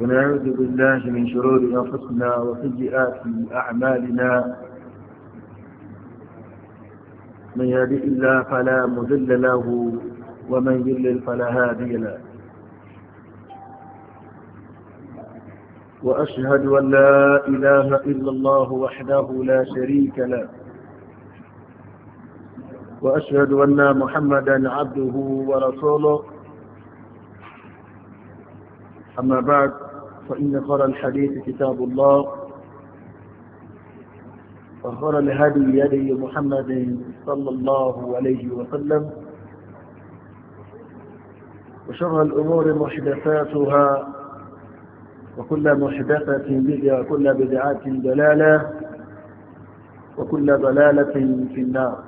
ونعوذ بالله من شرور أنفسنا وسيئات أعمالنا من يهده الله فلا مذل له ومن يضلل فلا هادي له وأشهد أن لا إله إلا الله وحده لا شريك له وأشهد أن محمدا عبده ورسوله أما بعد فإن خير الحديث كتاب الله وخير الهدي يدي محمد صلى الله عليه وسلم وشر الأمور محدثاتها وكل محدثة بدعة وكل بدعة ضلالة وكل ضلالة في النار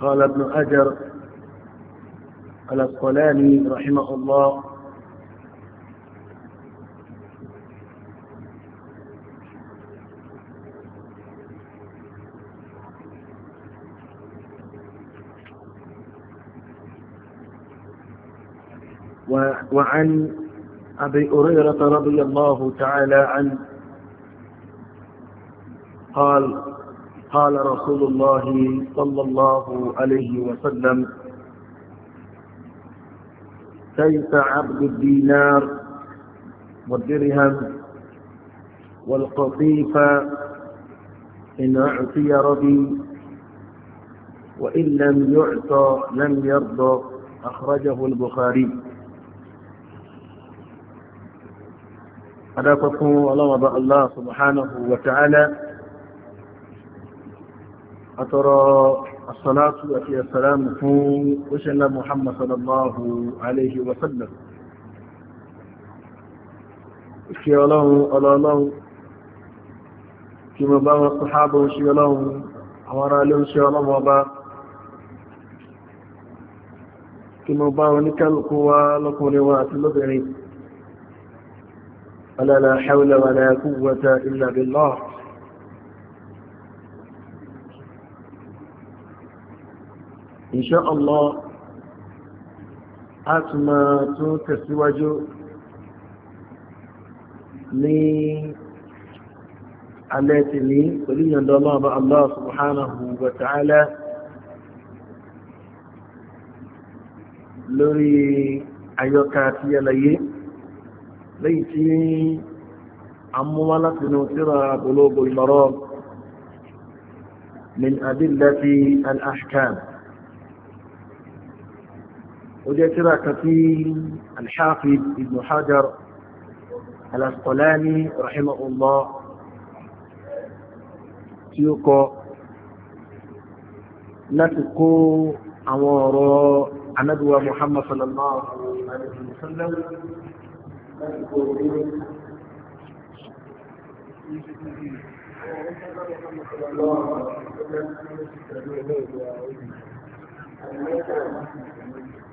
قال ابن أجر الأسقلاني رحمه الله وعن أبي هريرة رضي الله تعالى عنه قال قال رسول الله صلى الله عليه وسلم كيف عبد الدينار والدرهم والقطيفة إن أعطي ربي وإن لم يعطى لم يرضى أخرجه البخاري تكون الله الله سبحانه وتعالى أترى الصلاة وفي السلام وشأن محمد صلى الله عليه وسلم وشي الله ألا الله كما بقى الصحابة وشي الله أورا له وشي الله وبا كما بقى نكا القوى لكم رواة المدعين ألا لا حول ولا قوة إلا بالله insha Allah a tún máa tún tẹ̀síwájú ní alẹ́ tì ní pẹ̀lú ìyọ̀ndọ́ ọlọ́run bá Allah subhanahu wa ta'ala lórí àyọkà àti àlàyé lẹ́yìn tí a láti inú síra Bulugh al min adillati al-ahkam وجاء كثير في الحافظ ابن حجر الأسطلاني رحمه الله تيوكو نتكو أمورو أندوى محمد صلى الله عليه وسلم Thank you.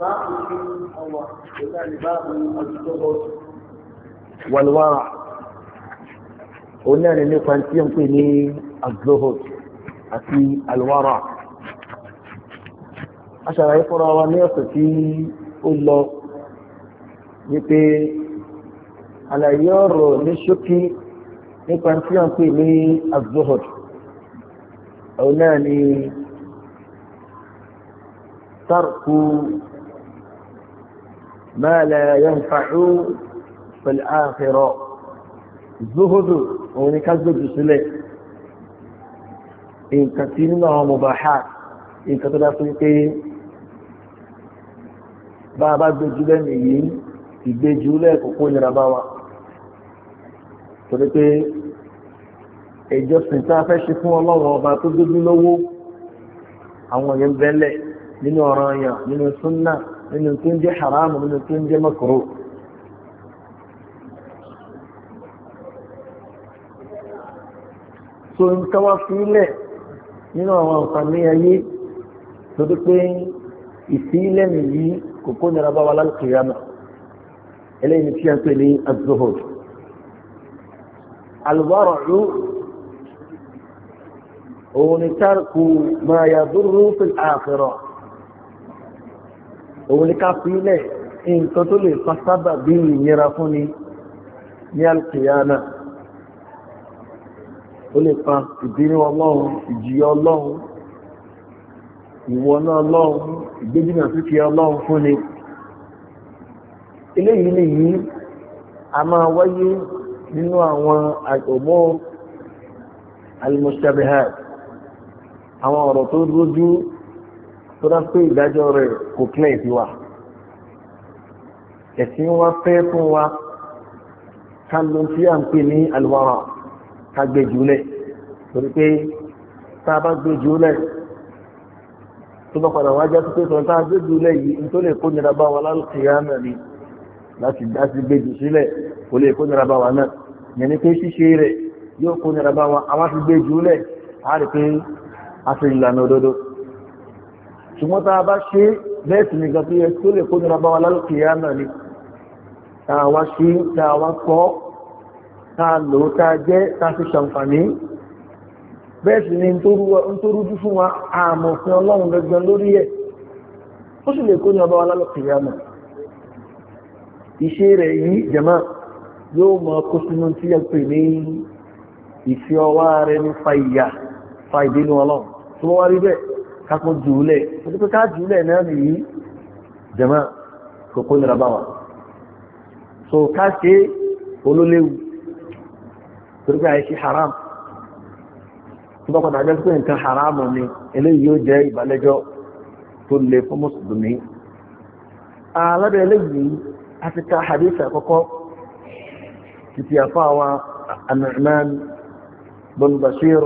باب الله وكان باب الجبر والورع قلنا لأنه كان يمكن الزهد àti alwara a ṣàlàyé fúnra wa ní ọ̀sẹ̀ tí ó lọ wípé àlàyé ọ̀rọ̀ ní ṣókí nípa tí wọ́n pè ní azuhud òun náà ni tarku ما لا ينفع في الآخرة الزهد ونكذب بسلة إن كثير منها مباحات إن كثير أفريقين bàbá gbójúlẹ̀ nìyí ìgbéjúlẹ̀ kòkó ìnira bá wa torí pé ìjọsìn tá a fẹ́ ṣe fún ọlọ́run ọba tó dójú lówó àwọn èèyàn bẹ́lẹ̀ nínú ọ̀ranyàn nínú súnnà ان يكون دي حرام وان يكون دي مكروه سوين كوافيلة من هو وصلني ايه تدقين يسيلة مني كوكون ربا ولا القيامة إلي نتشان تلي الزهور الورع ونترك ما يضر في الآخرة òun ní ká fi ilẹ̀ nǹkan tó lè fa sábà bí ìnira fún ni ní alkiyana ó lè fa ìbínú ọlọ́run ìjìyà ọlọ́run ìwọ̀nà ọlọ́run ìgbéjìnà síkẹ ọlọ́run fún ni a máa wáyé nínú àwọn àgbọ̀mọ́ almustabihat àwọn ọ̀rọ̀ tó rújú tó dá pé ìdájọ́ rẹ̀ kò kílẹ̀ ìdí wa ẹ̀sìn wa fẹ́ fún wa ká ló tí à ń pè ní àlùwárà ká gbé jùlẹ̀ torí pé tá a bá gbé jùlẹ̀ tó bá padà wájá tó pé sọ tá a gbé jùlẹ̀ yìí tó lè kó nira bá wa láti yá náà ni láti dá sí gbé jù sílẹ̀ kò lè kó nira bá wa náà yẹn pé ṣíṣe rẹ̀ yóò kó nira bá wa àwọn ti gbé jùlẹ̀ a rí pé a ti ìlànà òdodo ṣùgbọ́n tá a bá ṣe bẹ́ẹ̀ sì nìkan tó yẹ tó lè kó nira bá wa lálùkìyà náà ni tá a wá ṣe tá a wá kọ́ tá a lò tá a jẹ́ tá a fi ṣàǹfààní bẹ́ẹ̀ sì ni nítorújú fún wa àmọ̀ fún ọlọ́run gangan lórí ẹ̀ ó sì lè kó nira bá wa lálùkìyà náà iṣẹ́ rẹ̀ yìí jẹ̀mọ́ yóò mọ kó sínú tí a pè ní ìfi ọwọ́ rẹ̀ ní fa ìyà fa ìbínú ọlọ́run tó wá rí bẹ́ẹ̀ kakó jùúlẹ̀ pẹ̀lú ká jùúlẹ̀ náà nìyí jẹ̀mọ́ kòkó nira bá wa so ká ṣe olóléwu torí pé àìṣe haram tó bá padà jẹ́ pé nǹkan haram ni eléyìí yóò jẹ́ ìbálẹ́jọ́ tó le fún mùsùlùmí alábẹ́ eléyìí a ti ka hadith àkọ́kọ́ títí àfáwa an-Nu'man Bashir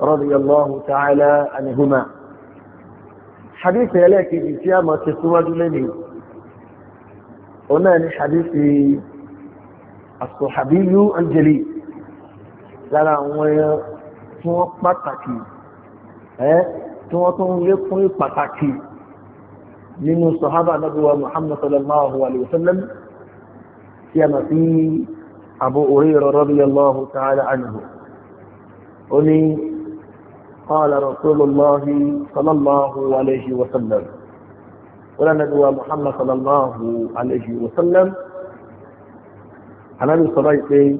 رضي الله تعالى عنهما حديث يلاك في سيامة السواد لني هنا حديث الصحابي الجليل lára àwọn ẹran tí wọ́n pàtàkì ẹ́ tí wọ́n tó ń lé fún pàtàkì nínú sọ̀hábà nàbíwá muhammad sallallahu alayhi wa sallam tí a máa fi abu hurairah radiyallahu ta'ala anhu ó ní قال رسول الله صلى الله عليه وسلم ولا ندوى محمد صلى الله عليه وسلم حنابي صبايتي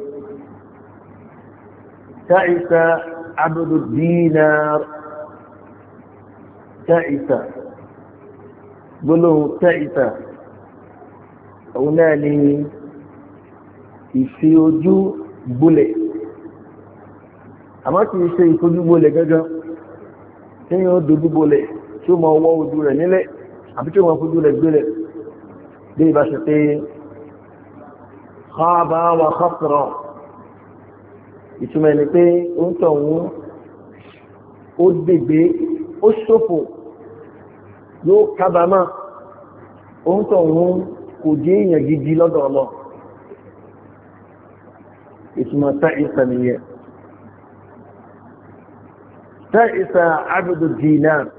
تعس عبد الدينار تعس قلوا تعس أولاني ìfi ojú أما àmọ́ kì í ṣe tí yóò dojú bolẹ̀ tí ó mọ ọwọ́ ojú rẹ̀ nílẹ̀ àbí tí ó mọ fojú rẹ̀ gbélẹ̀ bí ìbá ṣe pé khaba wa khasra ìtumọ̀ ẹni pé ó ń tọ̀ wọ́n ó dègbé ó ṣòfò yóò kábàámà ó ń tọ̀ kò jẹ́ èèyàn gidi lọ́dọ̀ ọlọ́ ìtumọ̀ sáà ìsànìyàn ta'isa abudu dinar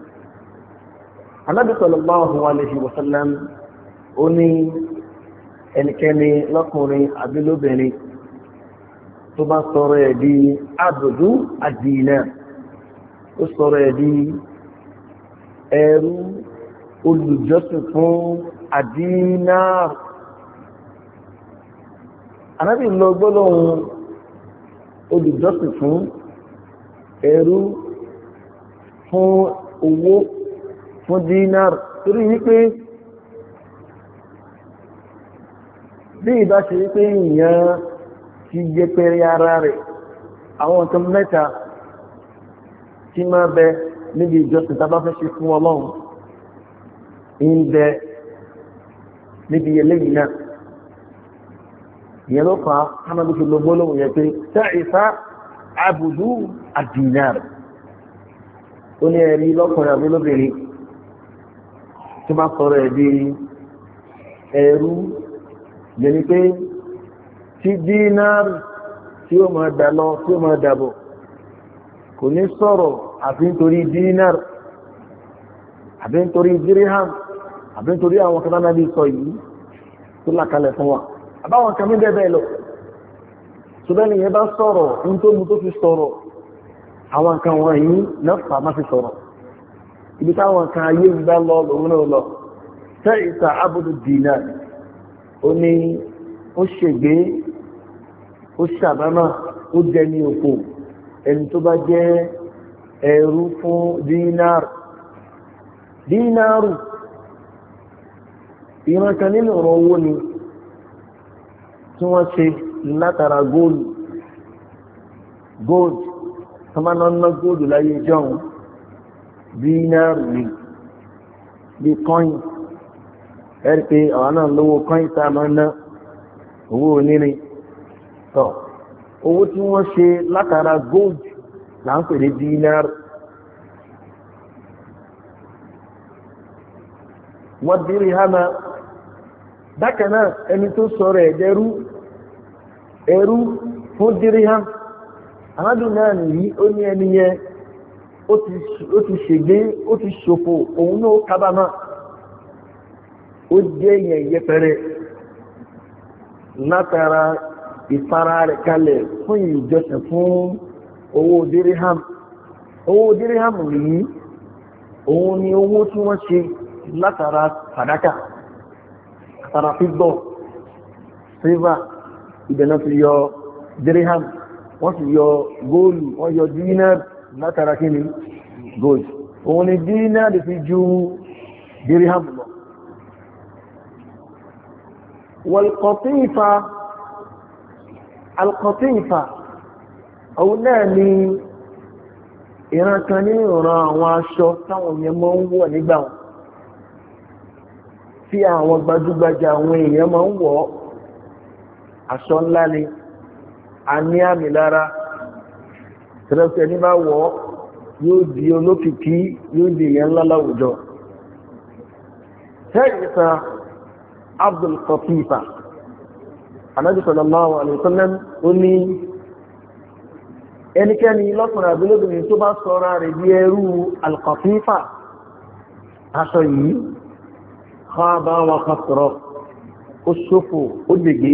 anabi sallallahu alayhi wa sallam ó ní ẹnikẹ́ni lọ́kùnrin àbí lóbìnrin tó bá sọ̀rọ̀ ẹ̀ di abudu adinar ó sọ̀rọ̀ ẹ̀ di ẹrú olùjọ́sìn fún adinar anabi lọ gbọ́dọ̀ olùjọ́sìn fún ẹrú fún owó fún dinar torí wípé bí ìbá ṣe wípé èèyàn ti yẹpẹrẹ ara rẹ̀ àwọn nǹkan mẹ́ta tí máa bẹ níbi ìjọsìn tá a bá fẹ́ ṣe fún ọlọ́run ń bẹ níbi eléyìí náà ìyẹn ló fà á hánà bí ṣe lo gbólóhùn yẹn pé tẹ́ ìfá àbùdú àdìnà rẹ̀ ó ní ẹ̀rí lọ́kùnrin àbí lóbìnrin tó bá sọ̀rọ̀ ẹ̀ di ẹ̀rú yẹni pé tí dínárì tí ó máa dà lọ tí ó máa dàbọ̀ kò ní sọ̀rọ̀ àfi nítorí dínárì àbí nítorí dirham àbí nítorí àwọn kan náà bí sọ yìí tó làkalẹ̀ fún wa àbáwọn kan mí bẹ́ẹ̀ bẹ́ẹ̀ lọ ṣùgbọ́n ìyẹn bá sọ̀rọ̀ ní tó tó fi sọ̀rọ̀ àwọn nǹkan wọ̀nyí lọ́pàá má fi sọ̀rọ̀ ibi táwọn nǹkan ayé ń bá lọ lòun náà lọ tẹ́ ìta abudu dìínà ó ní ó ṣègbé ó ṣàbámà ó dẹni òfò ẹni tó bá jẹ́ ẹrú fún dínárù dínárù ìrànkan nínú ọ̀rọ̀ owó ni tí wọ́n ṣe látara góòlù góòlù tó máa ná ná góòlù láyé jọ̀hún dínárù ni bí kọ́yìn ẹ̀rí pé àwọn náà lówó kọ́yìn tá a máa ná owó onírin tọ̀ owó tí wọ́n ṣe látara gold là ń pè ní dínárù. wọ́n dírí hama bákan ẹni tó sọ̀rọ̀ ẹ̀dẹ́rú ẹrú fún dírí hama. àádùn náà nìyí ó ní ẹni yẹn ó ti ṣègbé ó ti ṣòfò òun náà kábàámà ó jẹ́ yẹn yẹpẹrẹ látara ìfara rẹ̀ kalẹ̀ fún ìjọsìn fún owó dirham owó dirham nìyí òun ni owó tí wọ́n ṣe látara fàdákà àtàrà fígbọ́ sílvà fi yọ dirham. wọ́n sì yọ góòlù wọ́n yọ dínárì látara kí ni góòlù òun ni dínárì fi ju dirham lọ wọ̀lkọ̀tífà alkọ̀tífà òun náà ni ìran kan ní ìran àwọn aṣọ táwọn èèyàn máa ń wọ̀ nígbà wọn tí àwọn gbajúgbajà àwọn èèyàn máa ń wọ̀ aṣọ ńlá ni. a ní àmì lára tẹ́lẹ̀fẹ́ ní bá wọ́ yóò di olókìkí yóò di èèyàn ńlá láwùjọ sẹ́yìnta Abdul Qatifa Ànábì sallallahu alaihi wasallam ó ní ẹnikẹ́ni lọ́kùnrin àbílóbìnrin tó bá sọ́ra rẹ̀ bí ẹrú alkọ̀fífà aṣọ yìí kọ́ bá wọn kọ́ ó ṣòfò ó dègé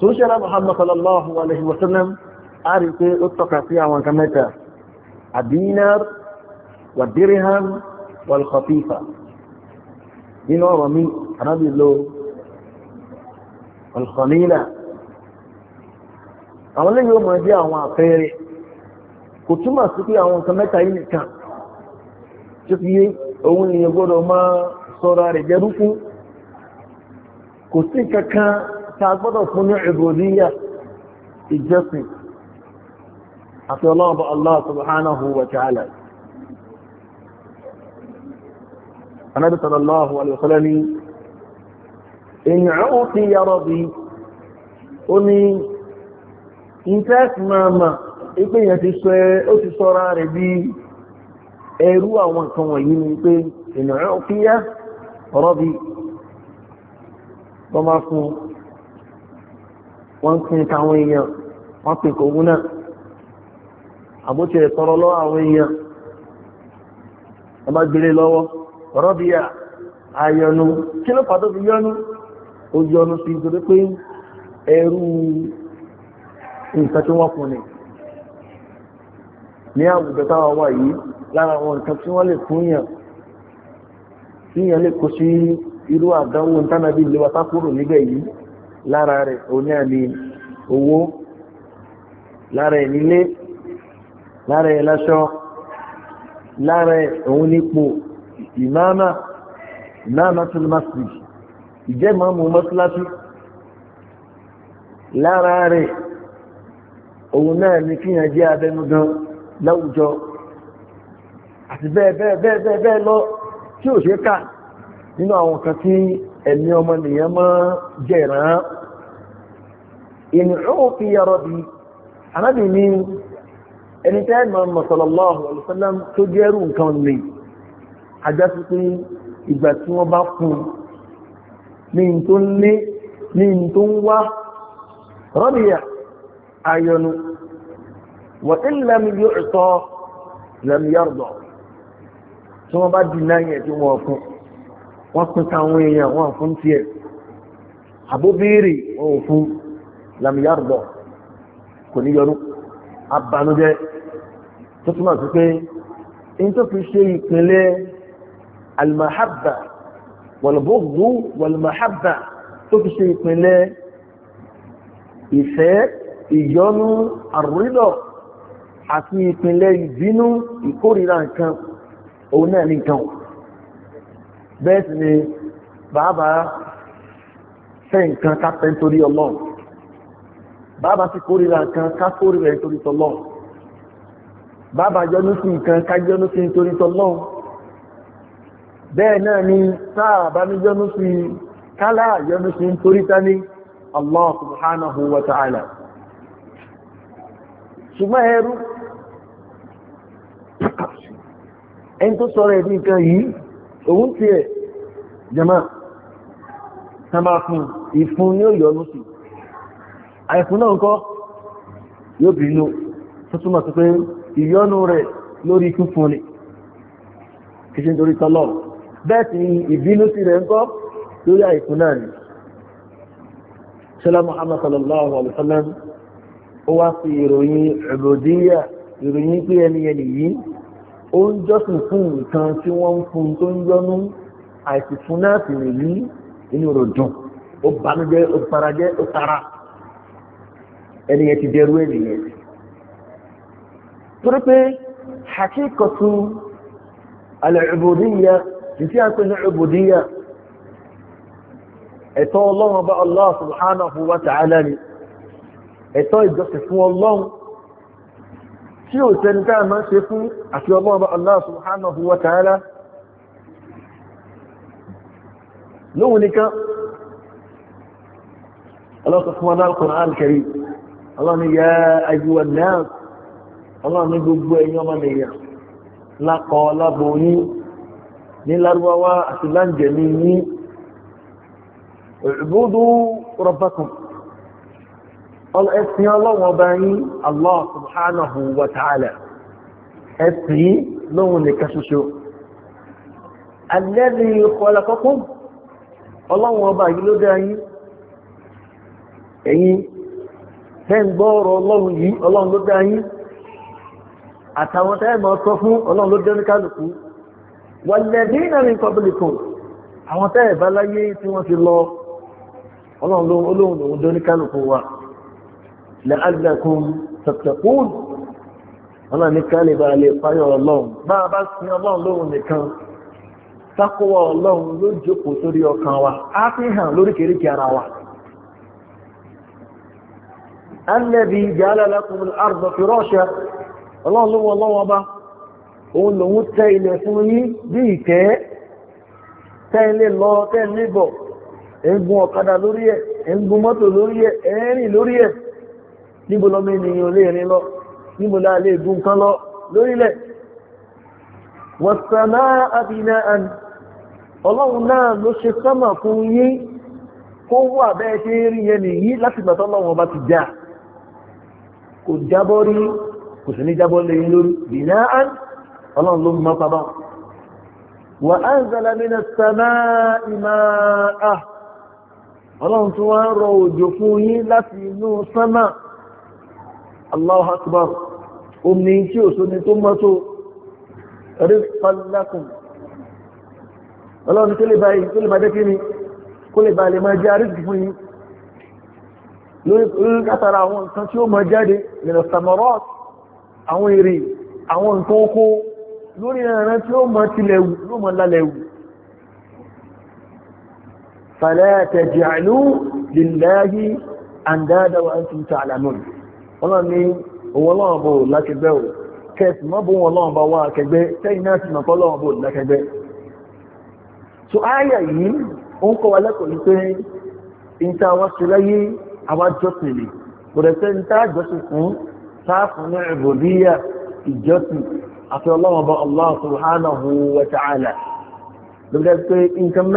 tó ń ṣẹ́ra Muhammad sallallahu alaihi wasallam a rí pé ó tọ́ka sí àwọn nǹkan mẹ́ta àdínár wà dirham wal khatifa nínú ọ̀rọ̀ mi arábì lo alkhalila àwọn lẹ́yìn ó mọ̀ jẹ́ àwọn àfẹ́rẹ́ kò túmọ̀ sí pé àwọn nǹkan yìí nìkan tó fi yé òun gbọ́dọ̀ máa sọ́ra rẹ̀ jẹ́rú kò sí kankan ta gbọ́dọ̀ fún ní ìbòdíyà ìjọsìn àti ọlọ́ọ̀bọ̀ Allah subhanahu wa ta'ala anábi sallallahu alaihi wa ni ìyàwó ti yàrọ̀ bí ó ní ìfẹ́ẹ̀sì máa ma ìpéyàn ti sọ ó wọ́n ń pin táwọn èèyàn wọ́n pin kògún náà àbótí ẹ̀ tọrọ lọ́wọ́ àwọn èèyàn ọba gbélé lọ́wọ́ rọ́bíà ayọnu kí ló pàtó fi yọnu ó yọnu sí nítorí pé ẹrú nǹkan tí wọ́n fún ni ní àwùjọ táwọn wà yìí lára àwọn nǹkan tí wọ́n lè fún yàn tí yàn lè kó sí irú àdánwò lára rẹ̀ oní àmì owó lára ẹ̀ nílé lára ẹ̀ láṣọ lára ẹ̀ òun nípò ìmáàmà ìmáàmà tó lọ́sì ìjẹ́ mọ́mú mọ́síláṣí lára rẹ̀ òun náà ní kíyàn jẹ́ abẹnugan láwùjọ àti bẹ́ẹ̀ bẹ́ẹ̀ bẹ́ẹ̀ bẹ́ẹ̀ lọ tí ò ṣe kà nínú àwọn kan tí ẹ̀mí ọmọ nìyẹn mọ́ jẹ̀rán ìnìyàn ó fi yọrọ bí anábì ní ẹni tẹ́ ẹ̀mọ́ mọ̀sálọ́lọ́hùn ọ̀lùsọ́lám tó jẹ́rù nǹkan lè ajásí pé ìgbà tí wọ́n bá fún ní n tó ń lé ní n tó ń wá rọ́bìyà ayọnu wọ́n lẹ́mí yóò tọ́ wọ́n pín sáwọn èèyàn wọ́n fún tiẹ̀ àbóbéèrè wọn ò fún lamiyarubọ̀ kò ní yọrù abanujẹ́ tó túmọ̀ sí pé in tó fi ṣe ìpínlẹ̀ almahabba wàlúbọ̀gbù wàlúmahabba tó fi ṣe ìpínlẹ̀ ìfẹ́ ìyọnu àrídọ̀ àti ìpínlẹ̀ ìbínú ìkórìíra nǹkan òun náà ní nǹkan wọn bẹ́ẹ̀ sì ni bàbá fẹ́ nǹkan kápẹ́ nítorí ọlọ́run bàbá sì kórìíra nǹkan kákórìíra nítorí tọlọ́run bàbá jọ́nú sí nǹkan kájọ́nú sí nítorí tọlọ́run bẹ́ẹ̀ náà ni sáà bá ní jọ́nú sí kálá jọ́nú sí nítorí tání ẹni tó sọ̀rọ̀ ẹ̀dí nǹkan yìí òun tí ẹ̀ jẹma sábà fún ìfún ní òyò ọdún sí àìfún náà kọ́ yóò bí inú tó túnmọ̀ tó pé ìyọ́nú rẹ̀ lórí fífún ni kìí nítorí tọ́lọ̀ bẹ́ẹ̀ tí ìbínú sí rẹ̀ ń kọ́ lórí àìfún náà ni ṣẹlá Muhammad sallallahu alaihi wasallam ó wá sí ìròyìn ìròdíyà ìròyìn pé ẹni ó ń jọ́sìn fún nǹkan tí wọ́n ń fún tó ń yọnú àìsí fún náà sì lè rí inú rò dùn ó banújẹ́ ó farajẹ́ ó tara ẹnìyẹn ti dẹrú ẹnìyẹn torí pé hakikatu al-ubudiyya ní ẹ̀tọ́ ọlọ́run ọba Allah subhanahu wa ta'ala ni ẹ̀tọ́ ìjọsìn fún ọlọ́run tí ò tẹni tá a máa ṣe fún àti ọlọ́ọ̀bá Allah subhanahu wa ta'ala lóhun nìkan Allah sọ fún wa náà Qur'an al-Karim Allah ni ya ayyuha an-nas Allah ni gbogbo ẹ̀yin ní lárúbáwá àti láǹjẹ̀ ní ní u'budu rabbakum ẹ̀sìn ọlọ́run ọba yín allah subhanahu wa ta'ala ẹ̀sìn lóhun nìkan ṣoṣo alladhi khalaqakum ọba yìí ló dá yín ẹ̀yin tẹ́ ń ọlọ́run yìí ọlọ́run ló dá àtàwọn tẹ́ sọ fún ọlọ́run ló dá ní la'allakum tattaqun ọ̀nà nìkan lè bára lè fáyọ̀ ọlọ́run bá a bá sin ọlọ́run lóhun nìkan sákòwà ọlọ́run ló jókòó sórí ọkàn wa á fi hàn lóríkèéríkèé ara wa alẹ́bí jàálà lákùnrin àrùn fìrọ́ṣà ọlọ́lọ́wọ́ lọ́wọ́ bá òun lòun tẹ ilẹ̀ fún yí bí ìtẹ́ tẹ́lẹ̀ lọ tẹ́lẹ̀ bọ̀ ẹ̀gùn ọ̀kadà lórí ẹ̀ ẹ̀gùn mọ́tò lórí ẹ̀ ẹ̀rìn lórí ẹ̀ níbo lọ́mọ ènìyàn lè rìn lọ níbo láà lè gùn kan lọ lórílẹ̀ wọ̀sánà àbínà àn ọlọ́run náà ló ṣe sánmà fún yín kó wà bẹ́ẹ̀ ṣe rí yẹn nìyí láti gbà tọ́lọ́run ọba ti já kò jábọ́ rí kò ọlọ́run ló wá ń rọ òjò fún yín láti inú sánmà Allahu akbar omi tí ò sómi tó mọ́tò rizqan lakum ọlọ́run tó lè báyìí tó lè bá jẹ́ kí ni kó lè bá lè máa jẹ́ àríkì fún yín lórí látara àwọn nǹkan tí ó máa jáde nínú samarot àwọn èrè àwọn nǹkan oko lórí ẹran tí ó máa tilẹ̀ wù ló máa lálẹ̀ wù fala taj'alu lillahi andada wa antum ta'lamun ọlọ́run ní owó ọlọ́run bò lákẹgbẹ́ o kẹsì mọ́ bó wọn ọlọ́run wá akẹgbẹ́ sẹ́yìn náà sì lákẹgbẹ́ so àyà yìí ó ń kọ́ wa lẹ́kọ̀ọ́ ní pé níta wá sí láyé àwa jọ́sìn lè kò dẹ̀ sẹ́ni tá jọ́sìn fún sáàfù ní ìbòdíyà ìjọ́sìn àti ọlọ́run bá Allah subhanahu wa ta'ala lọ́dẹ̀ pé nǹkan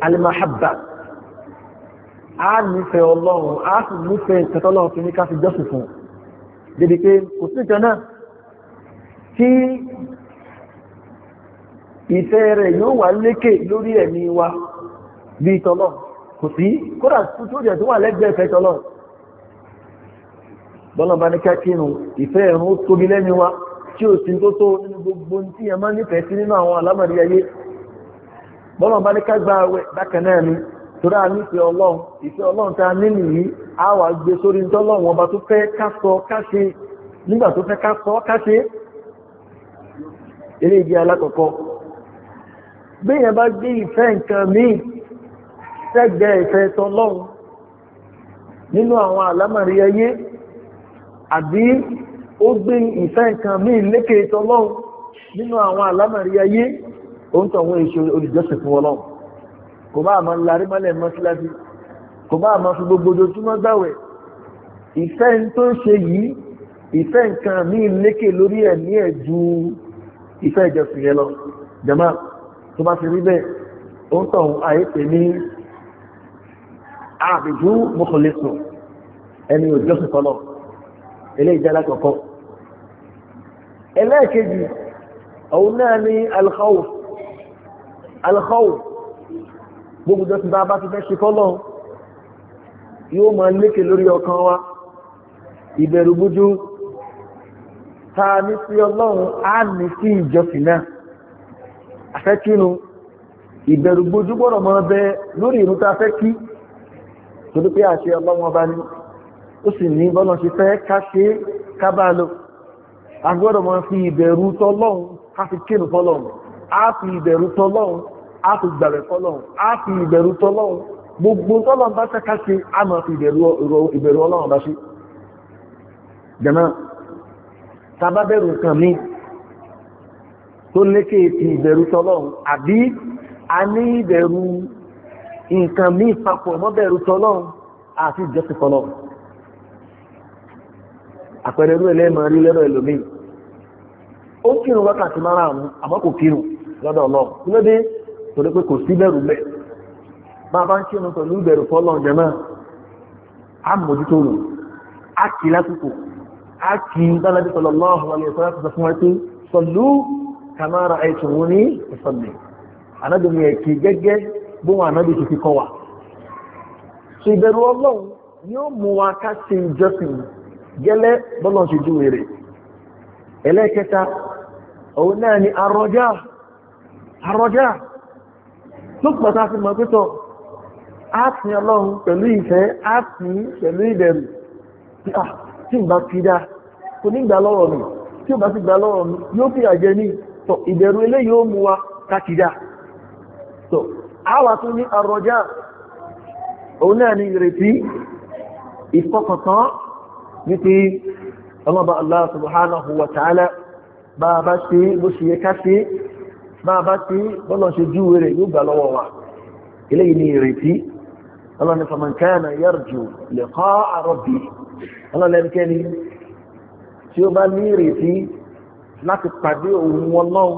alimahabba a nífẹ̀ẹ́ ọlọ́run a sì nífẹ̀ẹ́ ìtẹ́tọ́lọ́run fi ní ká fi jọ́sìn fún débi pé kò sí ìtẹ́ náà tí ìfẹ́ rẹ̀ yóò wà lékè lórí ẹ̀mí wa bí tọ́lọ́ kò sí kódà tó jẹ́ tó wà lẹ́gbẹ̀ẹ́ ìfẹ́ tọ́lọ́ bọ́lá bá ní ká kírun ìfẹ́ ẹ̀rùn tóbi lẹ́ni wa tí ò sí tó tó nínú gbogbo tí ẹ máa nífẹ̀ẹ́ sí nínú àwọn alámọ̀rí ayé bọ́lọ̀ bá ní kágbà àwẹ̀ náà ni torí a nífẹ̀ẹ́ ọlọ́run ìfẹ́ ọlọ́run tá a a wà gbé sórí ntọ́lọ́run ọba tó fẹ́ nígbà tó fẹ́ kásọ eré ìdí alákọ̀ọ́kọ́ bá gbé ìfẹ́ nǹkan míì sẹ́gbẹ̀ẹ́ ìfẹ́ tọlọ́run nínú àwọn àlámàrí ayé àbí ó gbé ìfẹ́ nǹkan míì lékè tọlọ́run nínú àwọn ó ń tọ̀ wọ́n èṣe olùjọ́sìn fún ọlọ́run kò bá àmọ́ larí mọ́lẹ̀ mọ́síláṣí kò bá àmọ́ fi gbogbo ojoojúmọ́ gbàwẹ̀ ìfẹ́ ń tó ń ṣe yìí ìfẹ́ nǹkan míì lékè lórí ẹ̀ ní ẹ̀ ju ìfẹ́ ìjọsìn yẹn lọ jama tó bá ti rí bẹ́ẹ̀ ó ń tọ̀ àyèpè ní àbìjú mọ́kànlẹ́sùn ẹni òjọ́sìn fọlọ́ eléyìí jẹ́ alákọ̀ọ́kọ́ ẹlẹ́ẹ̀kejì òun náà ní alkhawf alkhawf gbogbo jọ ti bá bá ti fẹ́ ṣe fọ́lọ́ yóò máa lékè lórí ọkàn wa ìbẹ̀rù bójú ta ní sí ọlọ́run á ní sí ìjọsìn náà afẹ́kínu ìbẹ̀rù bójú gbọ́dọ̀ máa bẹ lórí ìrun tá a fẹ́ kí torí pé àṣẹ ọlọ́run ọba ní ó sì ní bọ́lá ṣe fẹ́ ká ṣe ká bá lọ a gbọ́dọ̀ máa fi ìbẹ̀rù tọ́lọ́run ká fi kírun fọ́lọ́run á fi ìbẹ̀rù tọ́lọ́run á fi gbàrẹ̀ tọ́lọ́run á fi ìbẹ̀rù tọ́lọ́run gbogbo tọ́lọ́run bá tẹ́ka ṣe á máa fi ìbẹ̀rù ọlọ́run bá ṣe jẹ́mọ́ tàbá bẹ̀rù nǹkan mi tó lékè ti ìbẹ̀rù tọ́lọ́run àbí a ní ìbẹ̀rù nǹkan mi papọ̀ mọ́ bẹ̀rù tọ́lọ́run àti ìjọsìn tọ́lọ́run àpẹẹrẹ rú ẹlẹ́mọ̀ rí lẹ́rọ ẹlòmíì ó kírun wákàtí márùn-ún àmọ́ kò kírun lọ́dọ̀ lọ kí ló dé torí pé kò sí bẹ̀rù bẹ̀ máa bá ń ṣe ọ̀nà pẹ̀lú ìbẹ̀rù fọ́lọ́ jẹ́mọ́ a mójútó rò a kì í lásìkò a kì í dálábí sọlọ lọ́hùn alẹ́ ìfọ́lá ti sọ fún wa pé sọlú kàmára àìsàn wọn ní ìsọ̀lẹ̀ anábìnrin ẹ̀kì gẹ́gẹ́ bóun anábì ti fi àrọjá ló pọ̀tá sí mọ̀ pítọ̀ á ti ọlọ́run pẹ̀lú ìfẹ́ á ti pẹ̀lú ìbẹ̀rù ah, tí ìgbà fi dá kò ní gbà lọ́rọ̀ mi tí ò bá sì gbà lọ́rọ̀ mi yóò fi àjẹ ní tọ̀ ìbẹ̀rù eléyìí ó mú wa kákìdá tọ̀ àwa tún ní àrọjá òun náà ni ìrètí ìfọkàntán ní ti ọlọ́ba Allah subhanahu wa ta'ala bá a bá ṣe bá a bá ti bọ́nà ṣe júwe rẹ̀ yóò gbà lọ́wọ́ wa eléyìí ni ìrètí ọlọ́ni famankana yarju liqa'a rabbi ọlọ́lẹ́nikẹ́ni tí ó bá ní ìrètí láti pàdé òun ọlọ́run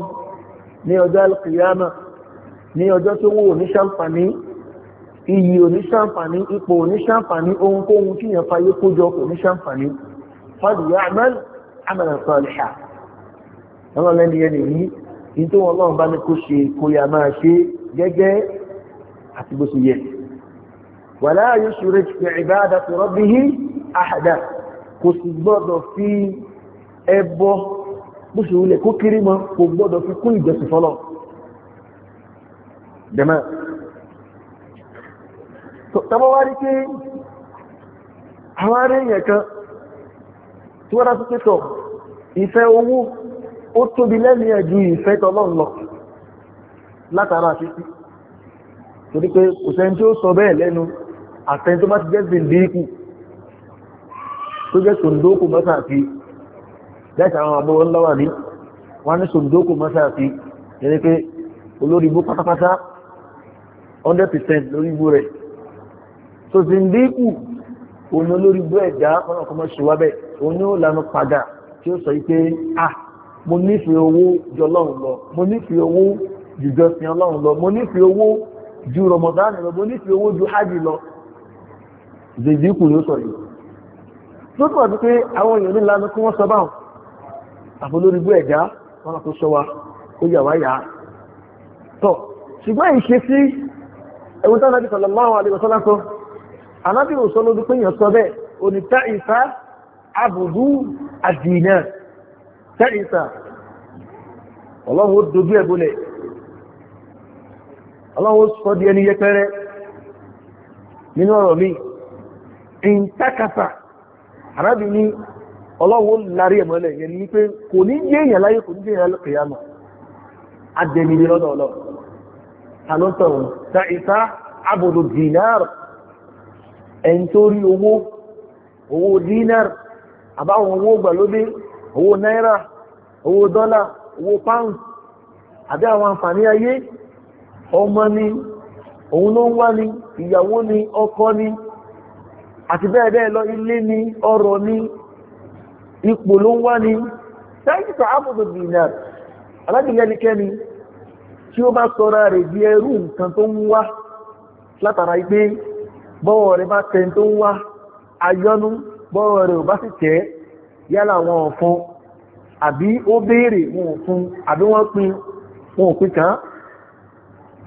ní ọjọ́ alkiyama ní ọjọ́ tó wó oníṣàǹfààní iyì oníṣàǹfààní ipò oníṣàǹfààní ohunkóhun tí yẹn fayé kójọ oníṣàǹfààní fàdùyà àmàlà àmàlà ọlọ́lẹ́ni ẹni yìí ní tó wọn lọ́run bá ní kó ṣe kó yá máa ṣe gẹ́gẹ́ àti bó ṣe yẹ wàlá yushrik fi ibadati rabbihi ahada kò sì gbọ́dọ̀ fi ẹbọ bó ṣe wulẹ̀ kó kéré mọ́ kò gbọ́dọ̀ fi kún ìjọsìn fọlọ́ ìfẹ́ owó ó tóbi lẹ́nu ẹ̀jú ìfẹ́ tọ́lọ́run lọ látara àṣíkí torí pé kò sẹ́ni tí ó sọ bẹ́ẹ̀ lẹ́nu àtẹni tó bá ti jẹ́ zindíkù tó jẹ́ sòǹdókù mọ́sàáfì jẹ́sà àwọn àbúrò ńlá wà ní wọ́n ní sòǹdókù mọ́sàáfì yẹni pé olórí ibú pátápátá 100% lórí ibú rẹ̀ so zindíkù òun olórí ibú ẹ̀dá ọ̀nà kọmọ ṣùwábẹ̀ òun ni lanu padà tí ó sọ yìí ah mo nífẹ̀ẹ́ owó jù ọlọ́run lọ mo nífẹ̀ẹ́ owó jù jọsìn ọlọ́run lọ mo nífẹ̀ẹ́ owó ju rọmọdánì lọ mo nífẹ̀ẹ́ owó ju hajj lọ zèdíkù ló sọ yìí tó tọ̀ sí pé àwọn èèyàn nílànà kí wọ́n sọ báwọn àfolórígbó ẹ̀dá wọn kò sọ wa ó yà wá yà á tọ̀ ṣùgbọ́n ìṣe sí ẹ̀wọ̀n tó anábì sọ̀lọ̀ máwọn àdìgbòsọ́lá sọ anábì òsọ lójú pé èèyàn sọ bẹ́ẹ̀ onítà ìfà àbùdú àdìnà tẹ́yìntà ọlọ́run ó dojú ebule, ọlọ́wọ́ ọlọ́run sọ di ẹni yẹpẹrẹ nínú ọ̀rọ̀ mi ìntàkàtà arábì ní ọlọ́run ó larí ẹ̀ mọ́lẹ̀ kò ní yé láyé kò ní yé èèyàn lọ́kẹ̀yà mọ́ ta owó náírà owó dọ́là owó pound àbí àwọn àǹfààní ayé ọmọ ni òun ló ń wá ni ìyàwó ni ọkọ ni àti bẹ́ẹ̀ bẹ́ẹ̀ lọ ilé ni ọrọ̀ ni ipò ló ń wá ni sẹ́yìn tó àbùdó dìnnà alájìlẹ́nikẹ́ni tí ó bá sọ́ra rẹ̀ di ẹrú nǹkan tó ń wá látara ipé bọ́wọ̀ rẹ̀ bá tẹ̀ tó ń wá ayọ́nú bọ́wọ̀ rẹ̀ ò bá sì tẹ̀ yálà wọn ò fún àbí ó béèrè wọn ò fún àbí wọ́n pin wọn ò pin kàn án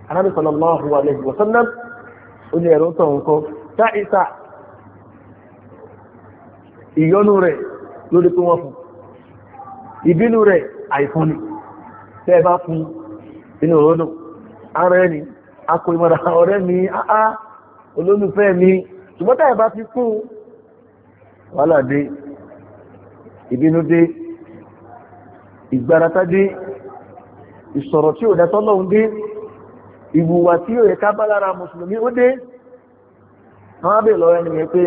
anábì sallallahu alaihi wa sallam ó ní ẹ̀rọ tọ̀ nǹkan tá ìsà ìyọnu rẹ̀ lórí pé wọ́n fún ìbínú rẹ̀ àìfúnni tẹ́ bá fún inú òrónù ara ẹni akọ ìmọ̀ra ọ̀rẹ́ mi áá olólùfẹ́ mi ṣùgbọ́n tá ìbá ti kún wàhálà dé ìbínú dé ìgbárata dé ìsọ̀rọ̀ tí ò dátọ́lọ́hun dé ìwùwà tí ò yẹ ká bá lára mùsùlùmí ó dé àwọn abẹ́ lọ́rẹ́ ni yẹn pé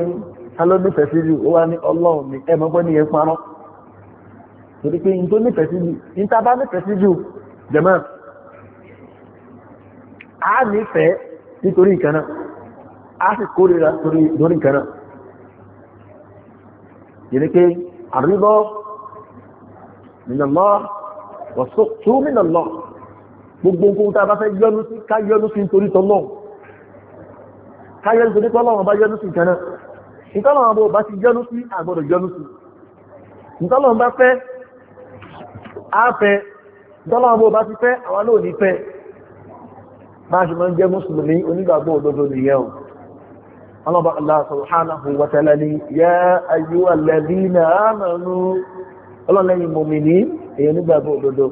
ta ló nífẹ̀ẹ́ sí jù ó wá ní ọlọ́run ní ẹ̀mọ́ pé ní yẹn parọ́ a nífẹ̀ẹ́ nítorí nǹkan náà a sì ni pé àríbọ́ من الله minallah من الله tá a bá fẹ́ yọnu sí ká yọnu sí nítorí tọ́lọ́ ká yọnu sí nítorí tọ́lọ́ bá yọnu sí nǹkan náà nítorí àwọn ọmọ bá ti yọnu sí àgbọ̀dọ̀ yọnu sí nítorí bá fẹ́ á fẹ́ àwọn ọmọ ti fẹ́ àwọn náà fẹ́ bá ṣe máa ń jẹ́ mùsùlùmí onígbàgbọ́ òdodo nìyẹn ọlọ́ba Allah subhanahu wa ta'ala ni yá ayyuhal ladhina amanu ọlọ́lẹ́yìn mọ̀mìnì èyàn nígbàgbọ́ òdodo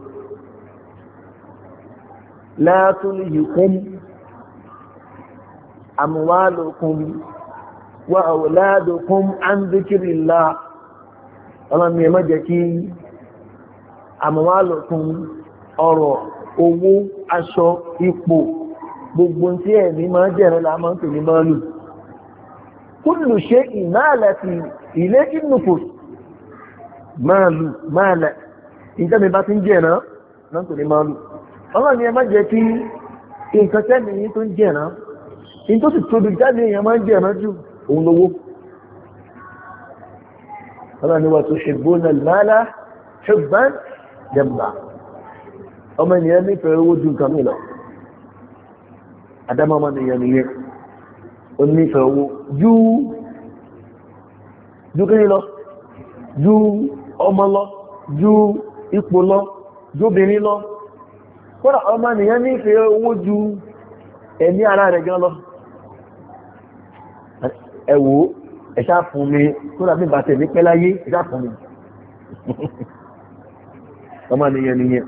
la tulhikum amwalukum wa awladukum an dhikrillah ọlọ́ni ẹ má jẹ́ kí amwalukum ọ̀rọ̀ owó aṣọ ipò gbogbo tí ẹ̀mí máa jẹ́rẹ́ la máa ní máa lù كل شيء مالت إليه النفوس مال مال إنت من باتن جينا نقول مال الله ni ẹmá jẹ́ kí nǹkan tẹ́lẹ̀ yìí tó ń jẹ̀nà in tó sì tóbi jáde èèyàn máa ń jẹ̀nà jù òun lówó Allah ni wà tó ṣe gbóná lálá ṣùgbọ́n jẹ̀mbà ọmọ ènìyàn nífẹ̀ẹ́ owó ju nǹkan mi adámọ́mọ́ nìyẹn nìyẹn onífẹ̀ẹ́ owó ju ju kíni lọ ju ọmọ lọ ju ipò lọ ju obìnrin lọ kódà ọmọ nìyẹn nífẹ̀ẹ́ owó ju ẹ̀mí ara rẹ̀ gan lọ ẹ̀wò ẹ̀ṣá fún mi kódà bí bàtẹ̀ ní pẹ́ láyé ẹ̀ṣá fún mi ọmọ nìyẹn nìyẹn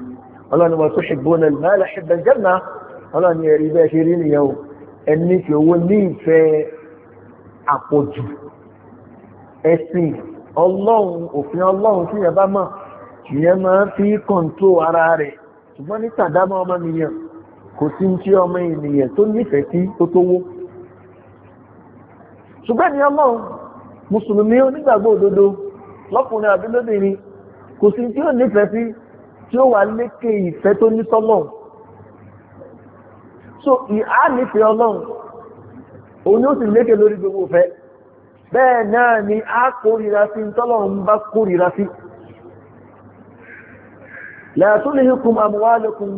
ọlọ́ni wọ́n tó ṣe gbóná lálẹ́ ẹni fi owó ní ìfẹ́ àpọ̀jù ẹ̀sìn ọlọ́run òfin ọlọ́run tí yẹn bá mọ̀ ìyẹn máa fi kọ̀ǹtró ara rẹ̀ ṣùgbọ́n ní tàdámọ́ ọmọ nìyẹn kò sí ń tí ọmọ ènìyàn tó nífẹ̀ẹ́ sí tó tówó ṣùgbọ́n ní ọlọ́run mùsùlùmí onígbàgbọ́ òdodo lọ́kùnrin àbí lóbìnrin kò sí tí ó nífẹ̀ẹ́ sí tí ó wà lékè ìfẹ́ tó ní sọ́lọ́run so ìhá nífẹ̀ẹ́ ọlọ́run òun yóò sì lékè lórí gbogbo fẹ́ bẹ́ẹ̀ náà ni a kórìíra sí tọ́lọ́run bá kórìíra sí la tulhikum amwalukum